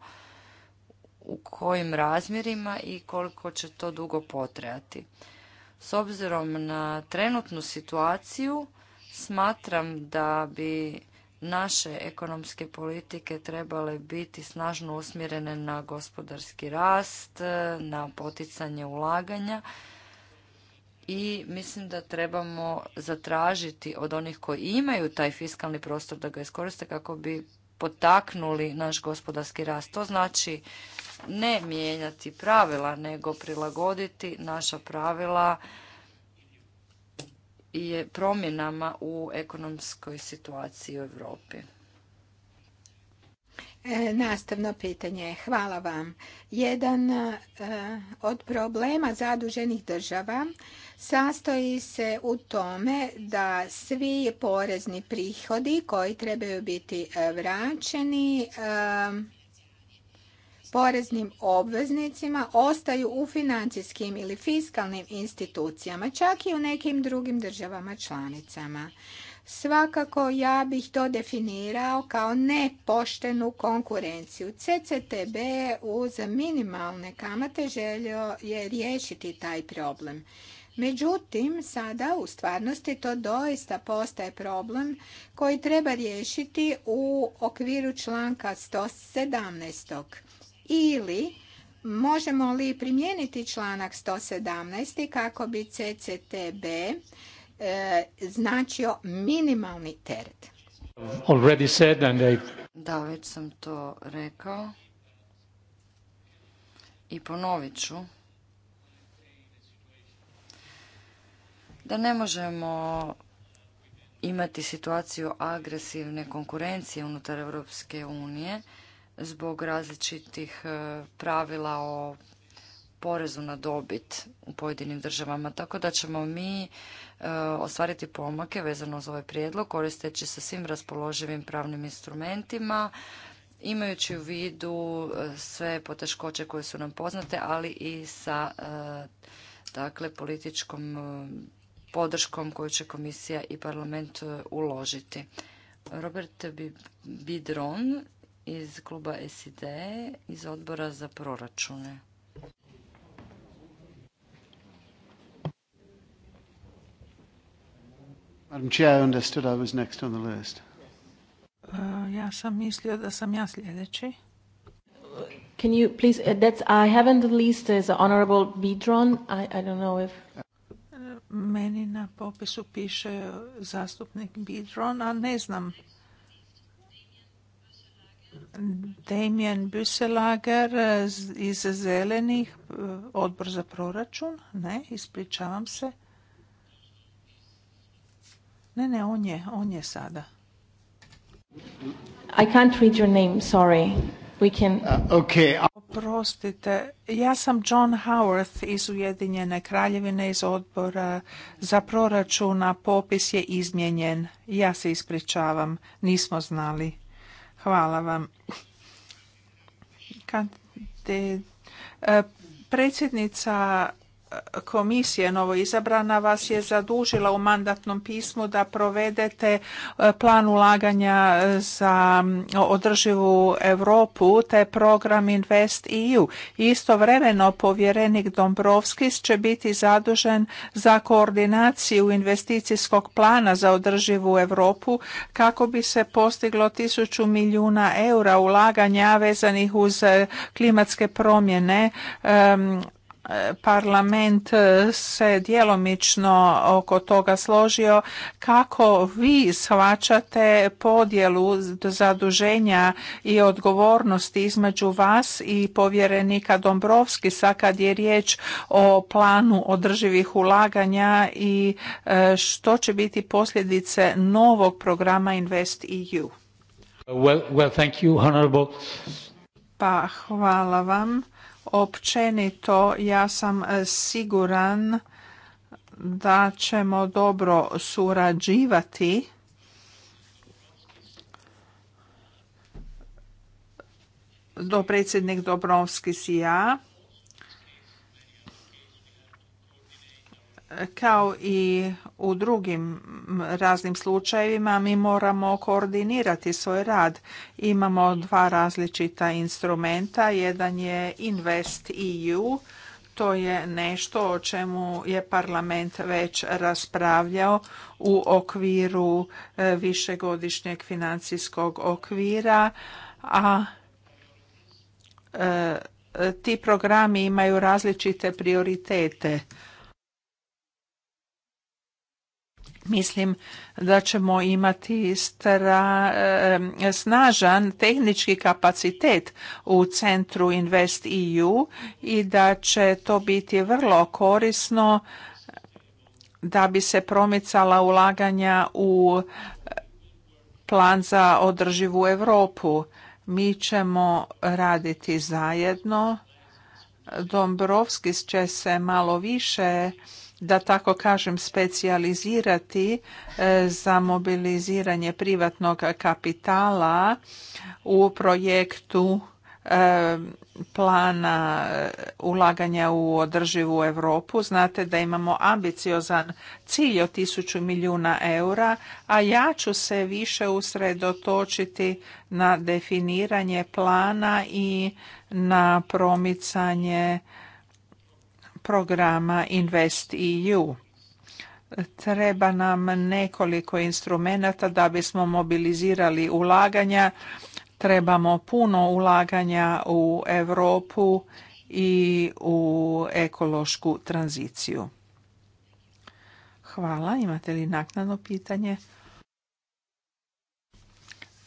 u kojim razmjerima i koliko će to dugo potrajati. S obzirom na trenutnu situaciju smatram da bi naše ekonomske politike trebale biti snažno usmjerene na gospodarski rast, na poticanje ulaganja i mislim da trebamo zatražiti od onih koji imaju taj fiskalni prostor da ga iskoriste kako bi potaknuli naš gospodarski rast. To znači ne mijenjati pravila, nego prilagoditi naša pravila je promjenama u ekonomskoj situaciji u Europi. E, nastavno pitanje. Hvala vam. Jedan e, od problema zaduženih država sastoji se u tome da svi porezni prihodi koji trebaju biti vraćeni e, poreznim obveznicima ostaju u financijskim ili fiskalnim institucijama, čak i u nekim drugim državama članicama. Svakako ja bih to definirao kao nepoštenu konkurenciju. CCTB uz minimalne kamate želio je riješiti taj problem. Međutim, sada u stvarnosti to doista postaje problem koji treba riješiti u okviru članka 117 ili možemo li primijeniti članak 117. kako bi CCTB e, značio minimalni teret? Da, već sam to rekao i ponovit ću da ne možemo imati situaciju agresivne konkurencije unutar Europske unije zbog različitih e, pravila o porezu na dobit u pojedinim državama. Tako da ćemo mi e, ostvariti pomake vezano za ovaj prijedlog koristeći sa svim raspoloživim pravnim instrumentima, imajući u vidu e, sve poteškoće koje su nam poznate, ali i sa dakle, političkom podrškom koju će komisija i parlament uložiti. Robert Bidron iz kluba SID iz odbora za proračune. Ja sam mislio da sam ja sljedeći. Can you please, uh, that's, I haven't the list as honorable Bidron. I, I don't know if... Meni na popisu piše zastupnik Bidron, a ne znam Damien Büselager eh, iz Zelenih, eh, odbor za proračun. Ne, ispričavam se. Ne, ne, on je, on je sada. I can't read your name, sorry. We can... Uh, Oprostite, ja sam John Howarth iz Ujedinjene kraljevine iz odbora za proračun, popis je izmijenjen. Ja se ispričavam, nismo znali. Hvala vam. Kad te, e, predsjednica komisije novo izabrana vas je zadužila u mandatnom pismu da provedete e, plan ulaganja e, za održivu Europu te program Invest EU. Istovremeno povjerenik Dombrovskis će biti zadužen za koordinaciju investicijskog plana za održivu Europu kako bi se postiglo tisuću milijuna eura ulaganja vezanih uz e, klimatske promjene parlament e, se djelomično oko toga složio. Kako vi shvaćate podjelu zaduženja i odgovornosti između vas i povjerenika sa kad je riječ o planu održivih ulaganja i e, što će biti posljedice novog programa Invest EU? Well, well, thank you, honorable. Pa hvala vam. Općenito ja sam e, siguran da ćemo dobro surađivati do predsjednik Dobrovski i ja kao i u drugim raznim slučajevima mi moramo koordinirati svoj rad. Imamo dva različita instrumenta. Jedan je Invest EU. To je nešto o čemu je parlament već raspravljao u okviru e, višegodišnjeg financijskog okvira, a e, e, ti programi imaju različite prioritete Mislim da ćemo imati snažan tehnički kapacitet u centru Invest EU i da će to biti vrlo korisno da bi se promicala ulaganja u plan za održivu Europu. Mi ćemo raditi zajedno. Dombrovski će se malo više da tako kažem, specijalizirati e, za mobiliziranje privatnog kapitala u projektu e, plana e, ulaganja u održivu Europu. Znate da imamo ambiciozan cilj od 1000 milijuna eura, a ja ću se više usredotočiti na definiranje plana i na promicanje programa Invest e Treba nam nekoliko instrumenata da bismo mobilizirali ulaganja. Trebamo puno ulaganja u Europu i u ekološku tranziciju. Hvala. Imate li naknadno pitanje?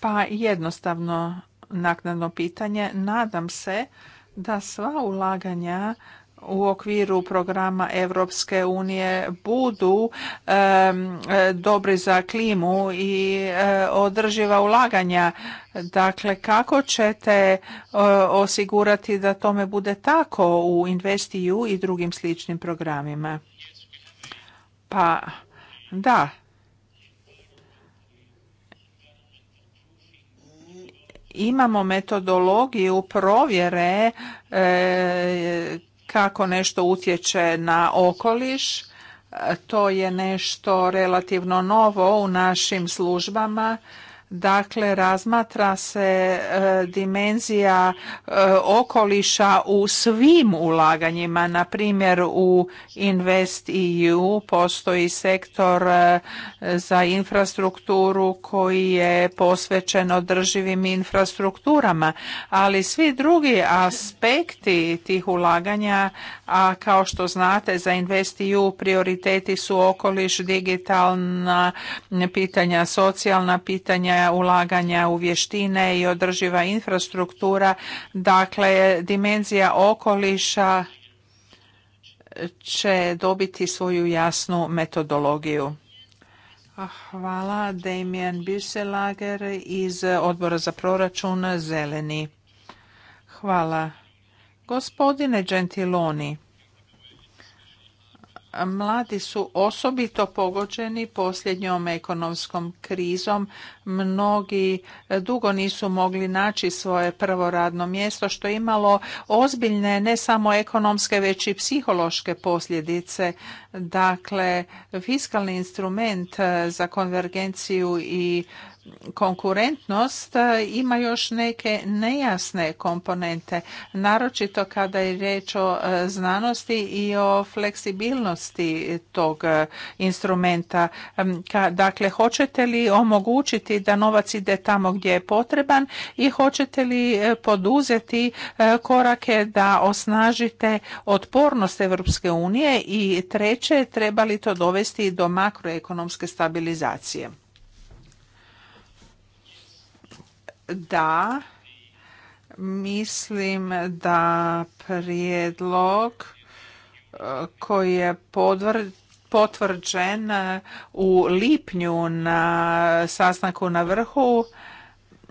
Pa jednostavno naknadno pitanje. Nadam se da sva ulaganja u okviru programa Europske unije budu dobri za klimu i e, održiva ulaganja. Dakle, kako ćete e, osigurati da tome bude tako u Investiju i drugim sličnim programima? Pa da, imamo metodologiju provjere e, kako nešto utječe na okoliš. E, to je nešto relativno novo u našim službama Dakle, razmatra se e, dimenzija e, okoliša u svim ulaganjima. Na primjer, u Invest EU postoji sektor e, za infrastrukturu koji je posvećen održivim infrastrukturama, ali svi drugi aspekti tih ulaganja a kao što znate za investiju prioriteti su okoliš, digitalna pitanja, socijalna pitanja, ulaganja u vještine i održiva infrastruktura. Dakle, dimenzija okoliša će dobiti svoju jasnu metodologiju. Hvala. Damien Biselager iz odbora za proračun Zeleni. Hvala. Gospodine Gentiloni, Mladi su osobito pogođeni posljednjom ekonomskom krizom mnogi e, dugo nisu mogli naći svoje prvo radno mjesto što je imalo ozbiljne ne samo ekonomske već i psihološke posljedice. Dakle, fiskalni instrument e, za konvergenciju i konkurentnost e, ima još neke nejasne komponente, naročito kada je riječ o znanosti i o fleksibilnosti tog instrumenta. Dakle, hoćete li omogućiti da novac ide tamo gdje je potreban i hoćete li e, poduzeti e, korake da osnažite otpornost Europske unije i treće treba li to dovesti do makroekonomske stabilizacije? Da, mislim da prijedlog e, koji je podvrđen potvrđen e, u lipnju na sastanku na vrhu.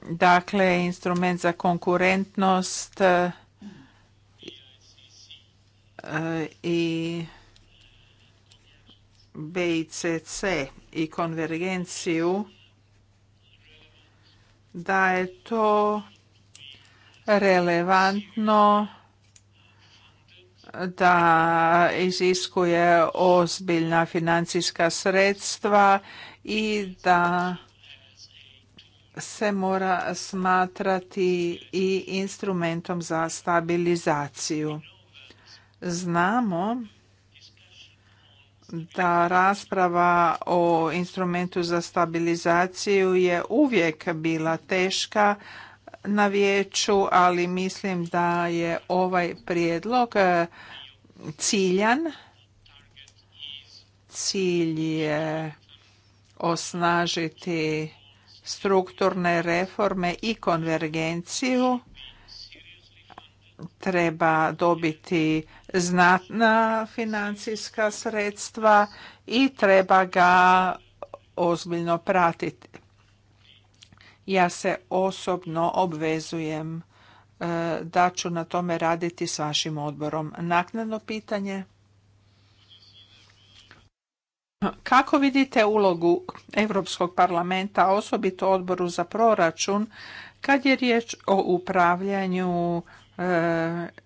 Dakle, instrument za konkurentnost e, i BICC i konvergenciju da je to relevantno da iziskuje ozbiljna financijska sredstva i da se mora smatrati i instrumentom za stabilizaciju. Znamo da rasprava o instrumentu za stabilizaciju je uvijek bila teška, na vijeću, ali mislim da je ovaj prijedlog e, ciljan. Cilj je osnažiti strukturne reforme i konvergenciju treba dobiti znatna financijska sredstva i treba ga ozbiljno pratiti ja se osobno obvezujem e, da ću na tome raditi s vašim odborom. Naknadno pitanje. Kako vidite ulogu Europskog parlamenta, osobito odboru za proračun, kad je riječ o upravljanju e,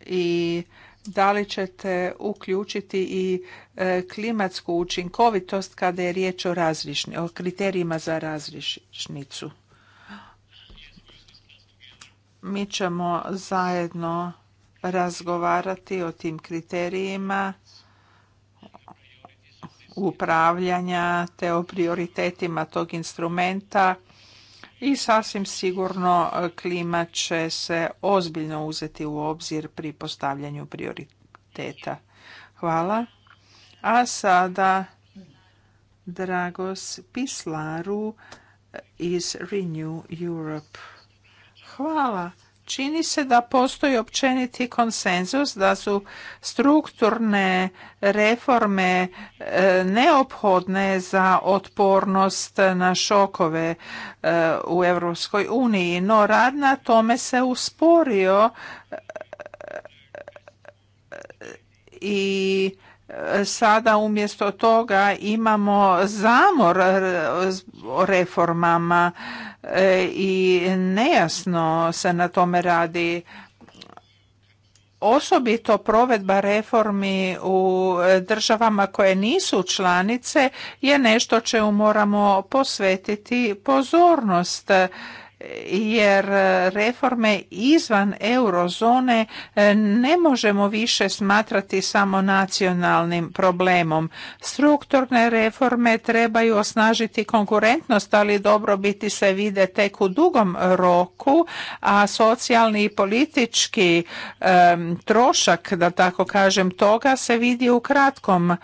i da li ćete uključiti i e, klimatsku učinkovitost kada je riječ o, o kriterijima za razrišnicu? Mi ćemo zajedno razgovarati o tim kriterijima upravljanja te o prioritetima tog instrumenta i sasvim sigurno e, klima će se ozbiljno uzeti u obzir pri postavljanju prioriteta. Hvala. A sada Dragos Pislaru e, iz Renew Europe. Hvala. Čini se da postoji općeniti konsenzus da su strukturne reforme e, neophodne za otpornost na šokove e, u Europskoj uniji, no rad na tome se usporio e, i sada umjesto toga imamo zamor o reformama E, i nejasno se na tome radi osobito provedba reformi u državama koje nisu članice je nešto čemu moramo posvetiti pozornost jer e, reforme izvan eurozone e, ne možemo više smatrati samo nacionalnim problemom. Strukturne reforme trebaju osnažiti konkurentnost, ali dobrobiti se vide tek u dugom roku, a socijalni i politički e, trošak, da tako kažem, toga se vidi u kratkom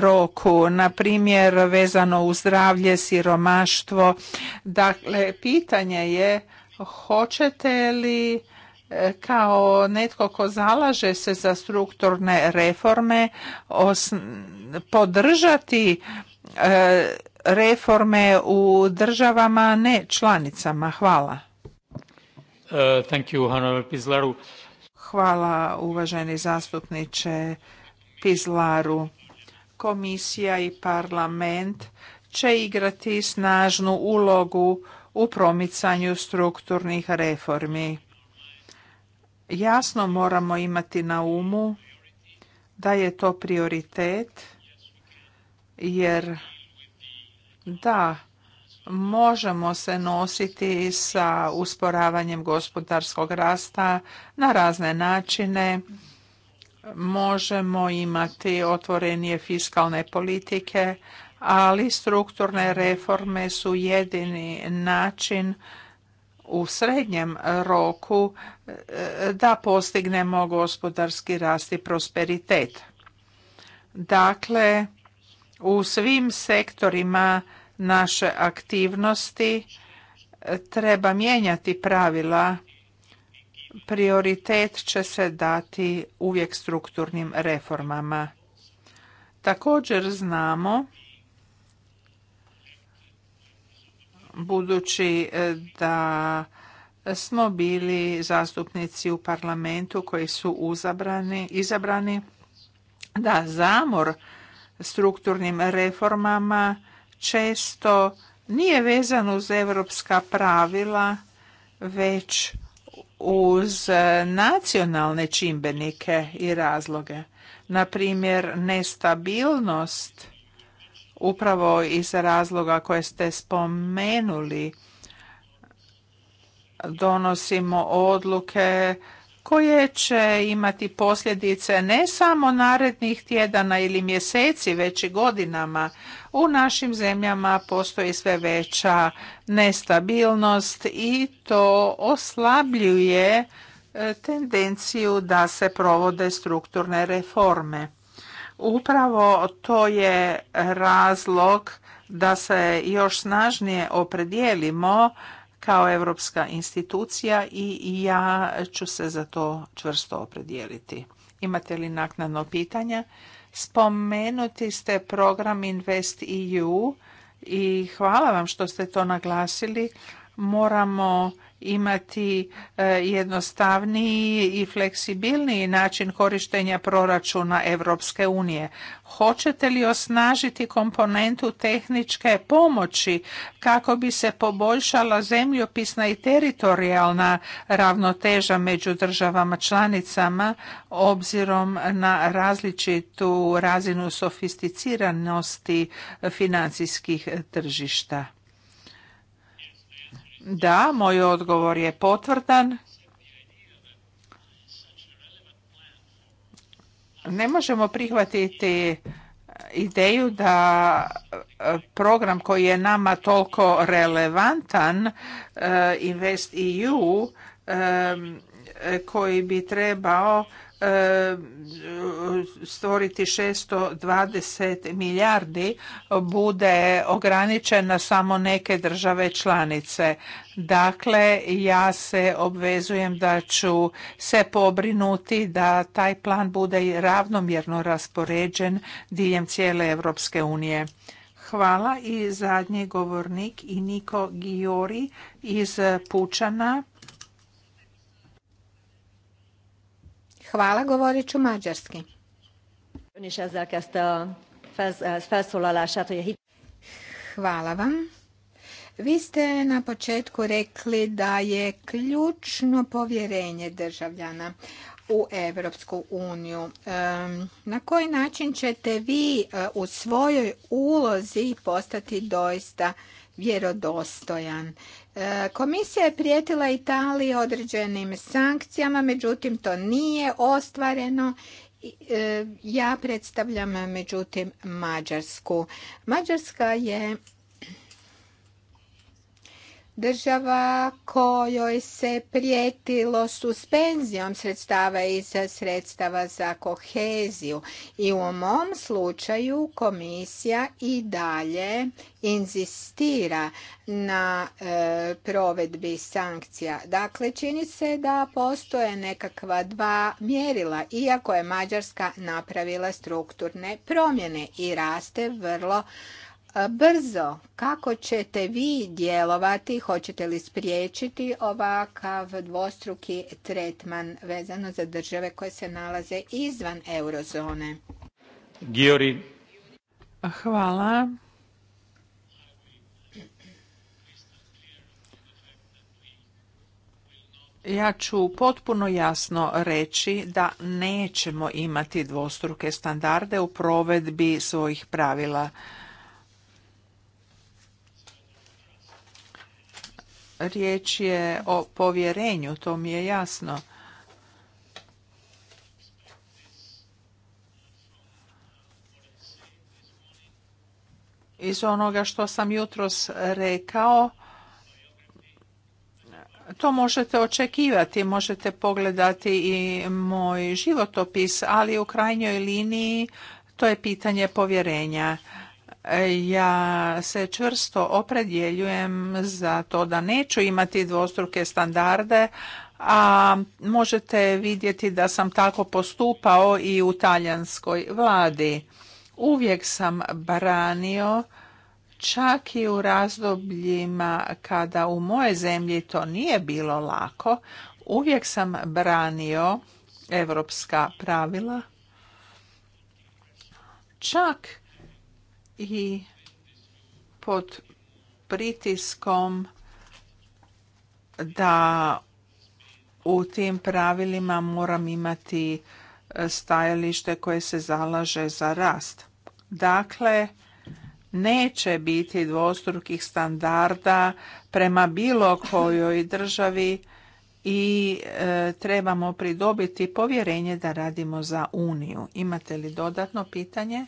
roku, na primjer vezano uz zdravlje, siromaštvo. Dakle, pita pitanje je hoćete li e, kao netko ko zalaže se za strukturne reforme podržati e, reforme u državama ne članicama. Hvala. E, Hvala uvaženi zastupniče Pizlaru. Komisija i parlament će igrati snažnu ulogu u promicanju strukturnih reformi. Jasno moramo imati na umu da je to prioritet jer da možemo se nositi sa usporavanjem gospodarskog rasta na razne načine. Možemo imati otvorenije fiskalne politike, ali strukturne reforme su jedini način u srednjem roku e, da postignemo gospodarski rast i prosperitet. Dakle, u svim sektorima naše aktivnosti e, treba mijenjati pravila. Prioritet će se dati uvijek strukturnim reformama. Također znamo budući e, da smo bili zastupnici u parlamentu koji su uzabrani, izabrani da zamor strukturnim reformama često nije vezan uz europska pravila već uz nacionalne čimbenike i razloge. Na primjer, nestabilnost upravo iz razloga koje ste spomenuli donosimo odluke koje će imati posljedice ne samo narednih tjedana ili mjeseci, već i godinama. U našim zemljama postoji sve veća nestabilnost i to oslabljuje e, tendenciju da se provode strukturne reforme. Upravo to je razlog da se još snažnije opredijelimo kao europska institucija i ja ću se za to čvrsto opredijeliti. Imate li naknadno pitanja? Spomenuti ste program Invest EU i hvala vam što ste to naglasili. Moramo imati e, jednostavniji i fleksibilniji način korištenja proračuna Europske unije. Hoćete li osnažiti komponentu tehničke pomoći kako bi se poboljšala zemljopisna i teritorijalna ravnoteža među državama članicama obzirom na različitu razinu sofisticiranosti financijskih tržišta? Da, moj odgovor je potvrdan. Ne možemo prihvatiti eh, ideju da eh, program koji je nama toliko relevantan, eh, InvestEU, koji bi trebao E, stvoriti 620 milijardi bude ograničen na samo neke države članice. Dakle, ja se obvezujem da ću se pobrinuti da taj plan bude ravnomjerno raspoređen diljem cijele Europske unije. Hvala i zadnji govornik i Niko Giori iz Pučana. Hvala, govorit ću mađarski. Eh, Hvala vam. Vi ste na početku rekli da je ključno povjerenje državljana u Europsku uniju. Na koji način ćete vi eh, u svojoj ulozi postati doista vjerodostojan? E, komisija je prijetila Italiji određenim sankcijama, međutim to nije ostvareno e, ja predstavljam međutim Mađarsku. Mađarska je država kojoj se prijetilo suspenzijom sredstava iz sredstava za koheziju. I u mom slučaju komisija i dalje inzistira na e, provedbi sankcija. Dakle, čini se da postoje nekakva dva mjerila, iako je Mađarska napravila strukturne promjene i raste vrlo E, brzo kako ćete vi djelovati, hoćete li spriječiti ovakav dvostruki tretman vezano za države koje se nalaze izvan eurozone? Giori. Hvala. Ja ću potpuno jasno reći da nećemo imati dvostruke standarde u provedbi svojih pravila. riječ je o povjerenju, to mi je jasno. Iz onoga što sam jutros rekao, to možete očekivati, možete pogledati i moj životopis, ali u krajnjoj liniji to je pitanje povjerenja ja se čvrsto opredjeljujem za to da neću imati dvostruke standarde, a možete vidjeti da sam tako postupao i u talijanskoj vladi. Uvijek sam branio čak i u razdobljima kada u moje zemlji to nije bilo lako, uvijek sam branio evropska pravila. Čak i pod pritiskom da u tim pravilima moram imati e, stajalište koje se zalaže za rast. Dakle, neće biti dvostrukih standarda prema bilo kojoj državi i e, trebamo pridobiti povjerenje da radimo za Uniju. Imate li dodatno pitanje?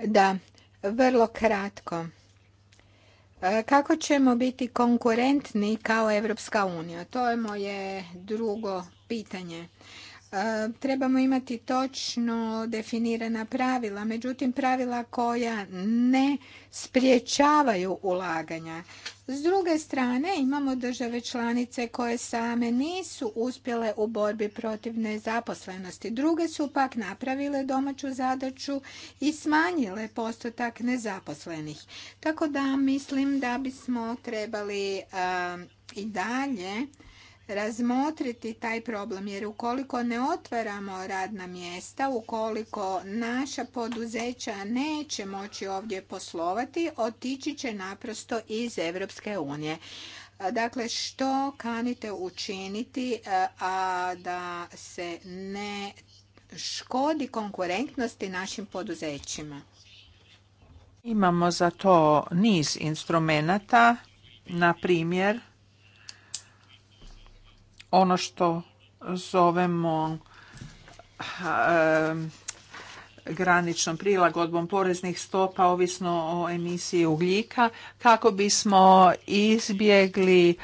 Da, vrlo kratko. E, kako ćemo biti konkurentni kao Evropska unija? To je moje drugo pitanje. E, trebamo imati točno definirana pravila, međutim pravila koja ne spriječavaju ulaganja. S druge strane imamo države članice koje same nisu uspjele u borbi protiv nezaposlenosti. Druge su pak napravile domaću zadaću i smanjile postotak nezaposlenih. Tako da mislim da bismo trebali e, i dalje razmotriti taj problem jer ukoliko ne otvaramo radna mjesta, ukoliko naša poduzeća neće moći ovdje poslovati, otići će naprosto iz Europske unije. Dakle, što kanite učiniti, e, a da se ne škodi konkurentnosti našim poduzećima? Imamo za to niz instrumenata, na primjer ono što zovemo graničnom prilagodbom poreznih stopa ovisno o emisiji ugljika kako bismo izbjegli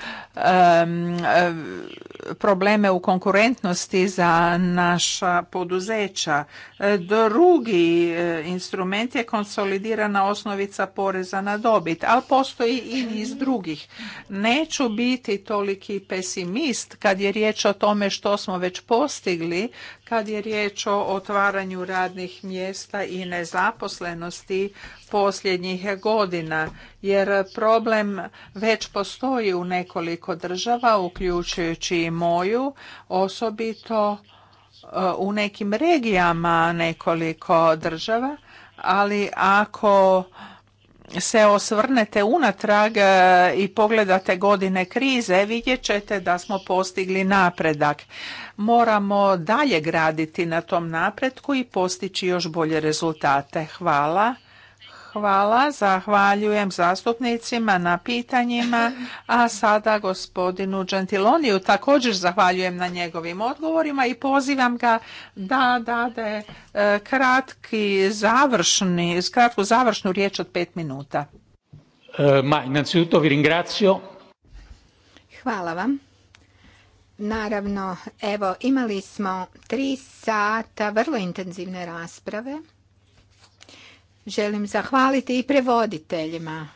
probleme u konkurentnosti za naša poduzeća. E, drugi e, instrument je konsolidirana osnovica poreza na dobit, ali postoji i iz drugih. Neću biti toliki pesimist kad je riječ o tome što smo već postigli, kad je riječ o otvaranju radnih mjesta i nezaposlenosti posljednjih godina jer problem već postoji u nekoliko država, uključujući i moju, osobito e, u nekim regijama nekoliko država, ali ako se osvrnete unatrag e, i pogledate godine krize, vidjet ćete da smo postigli napredak. Moramo dalje graditi na tom napretku i postići još bolje rezultate. Hvala. Hvala, zahvaljujem zastupnicima na pitanjima, a sada gospodinu Gentiloniju također zahvaljujem na njegovim odgovorima i pozivam ga da dade e, kratki završni, kratku završnu riječ od pet minuta. E, ma, Hvala vam. Naravno, evo, imali smo tri sata vrlo intenzivne rasprave. Želim zahvaliti i prevoditeljima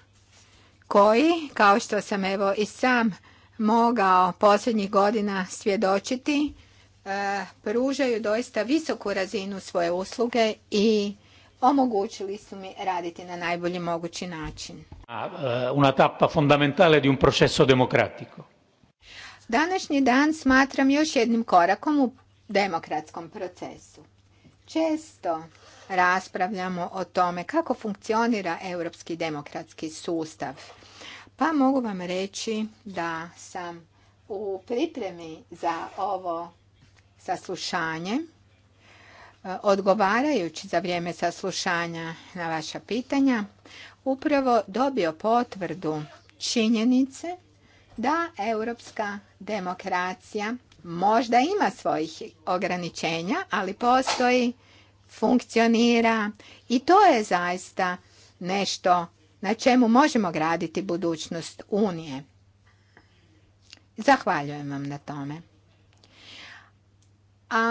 koji, kao što sam evo i sam mogao posljednjih godina svjedočiti, e, pružaju doista visoku razinu svoje usluge i omogućili su mi raditi na najbolji mogući način. E, una tappa fondamentale di un processo democratico. Današnji dan smatram još jednim korakom u demokratskom procesu. Često raspravljamo o tome kako funkcionira europski demokratski sustav. Pa mogu vam reći da sam u pripremi za ovo saslušanje e, odgovarajući za vrijeme saslušanja na vaša pitanja upravo dobio potvrdu činjenice da europska demokracija možda ima svojih ograničenja, ali postoji funkcionira i to je zaista nešto na čemu možemo graditi budućnost Unije. Zahvaljujem vam na tome. A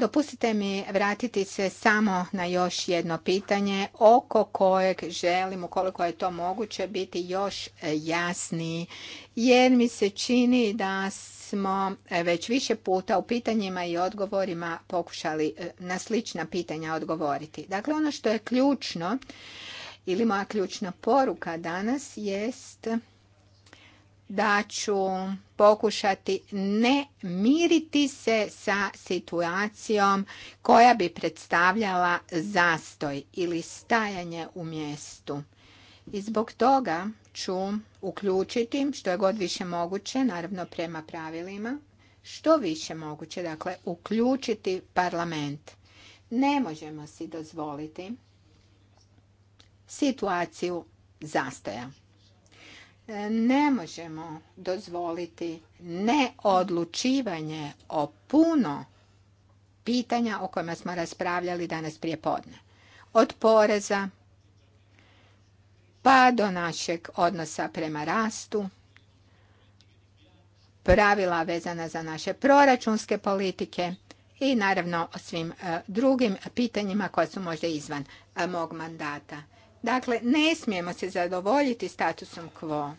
dopustite mi vratiti se samo na još jedno pitanje oko kojeg želim, ukoliko je to moguće, biti još jasniji. Jer mi se čini da smo e, već više puta u pitanjima i odgovorima pokušali e, na slična pitanja odgovoriti. Dakle, ono što je ključno ili moja ključna poruka danas jest da ću pokušati ne miriti se sa situacijom koja bi predstavljala zastoj ili stajanje u mjestu. I zbog toga ću uključiti što je god više moguće, naravno prema pravilima, što više moguće, dakle, uključiti parlament. Ne možemo si dozvoliti situaciju zastaja. Ne možemo dozvoliti neodlučivanje o puno pitanja o kojima smo raspravljali danas prije podne. Od poreza pa do našeg odnosa prema rastu, pravila vezana za naše proračunske politike i naravno o svim e, drugim pitanjima koja su možda izvan e, mog mandata. Dakle, ne smijemo se zadovoljiti statusom quo.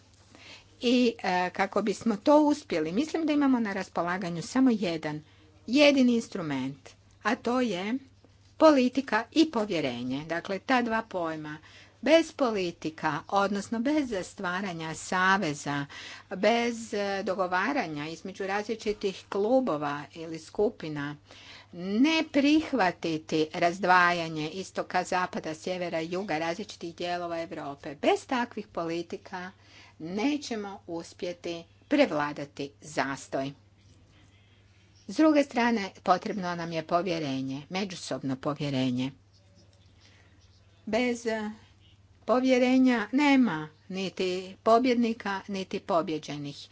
I e, kako bismo to uspjeli, mislim da imamo na raspolaganju samo jedan, jedini instrument, a to je politika i povjerenje. Dakle, ta dva pojma Bez politika, odnosno bez stvaranja saveza, bez e, dogovaranja između različitih klubova ili skupina, ne prihvatiti razdvajanje istoka, zapada, sjevera, juga, različitih dijelova Europe. Bez takvih politika nećemo uspjeti prevladati zastoj. S druge strane, potrebno nam je povjerenje, međusobno povjerenje. Bez Povjerenja nema niti pobjednika, niti pobjeđenih.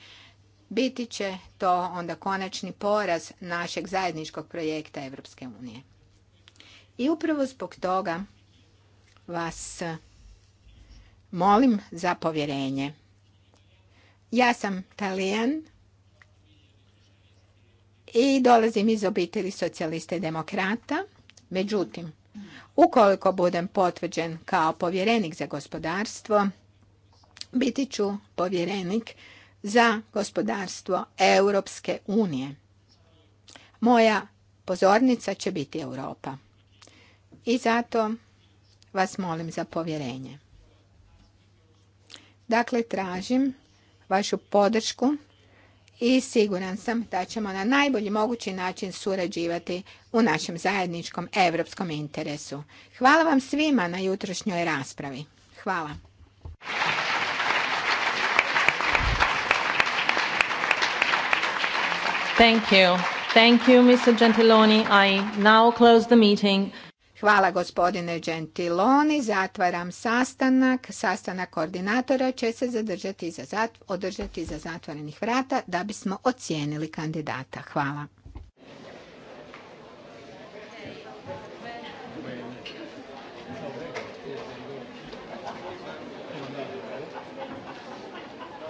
Biti će to onda konačni poraz našeg zajedničkog projekta Europske unije. I upravo zbog toga vas molim za povjerenje. Ja sam Talijan i dolazim iz obitelji socijaliste demokrata. Međutim, Ukoliko budem potvrđen kao povjerenik za gospodarstvo, biti ću povjerenik za gospodarstvo Europske unije. Moja pozornica će biti Europa. I zato vas molim za povjerenje. Dakle, tražim vašu podršku i siguran sam da ćemo na najbolji mogući način surađivati u našem zajedničkom europskom interesu. Hvala vam svima na jutrošnjoj raspravi. Hvala. Thank you. Thank you, Mr. Gentiloni. I now close the meeting. Hvala gospodine Gentiloni, zatvaram sastanak. Sastanak koordinatora će se zadržati za održati za zatvorenih vrata da bismo ocijenili kandidata. Hvala.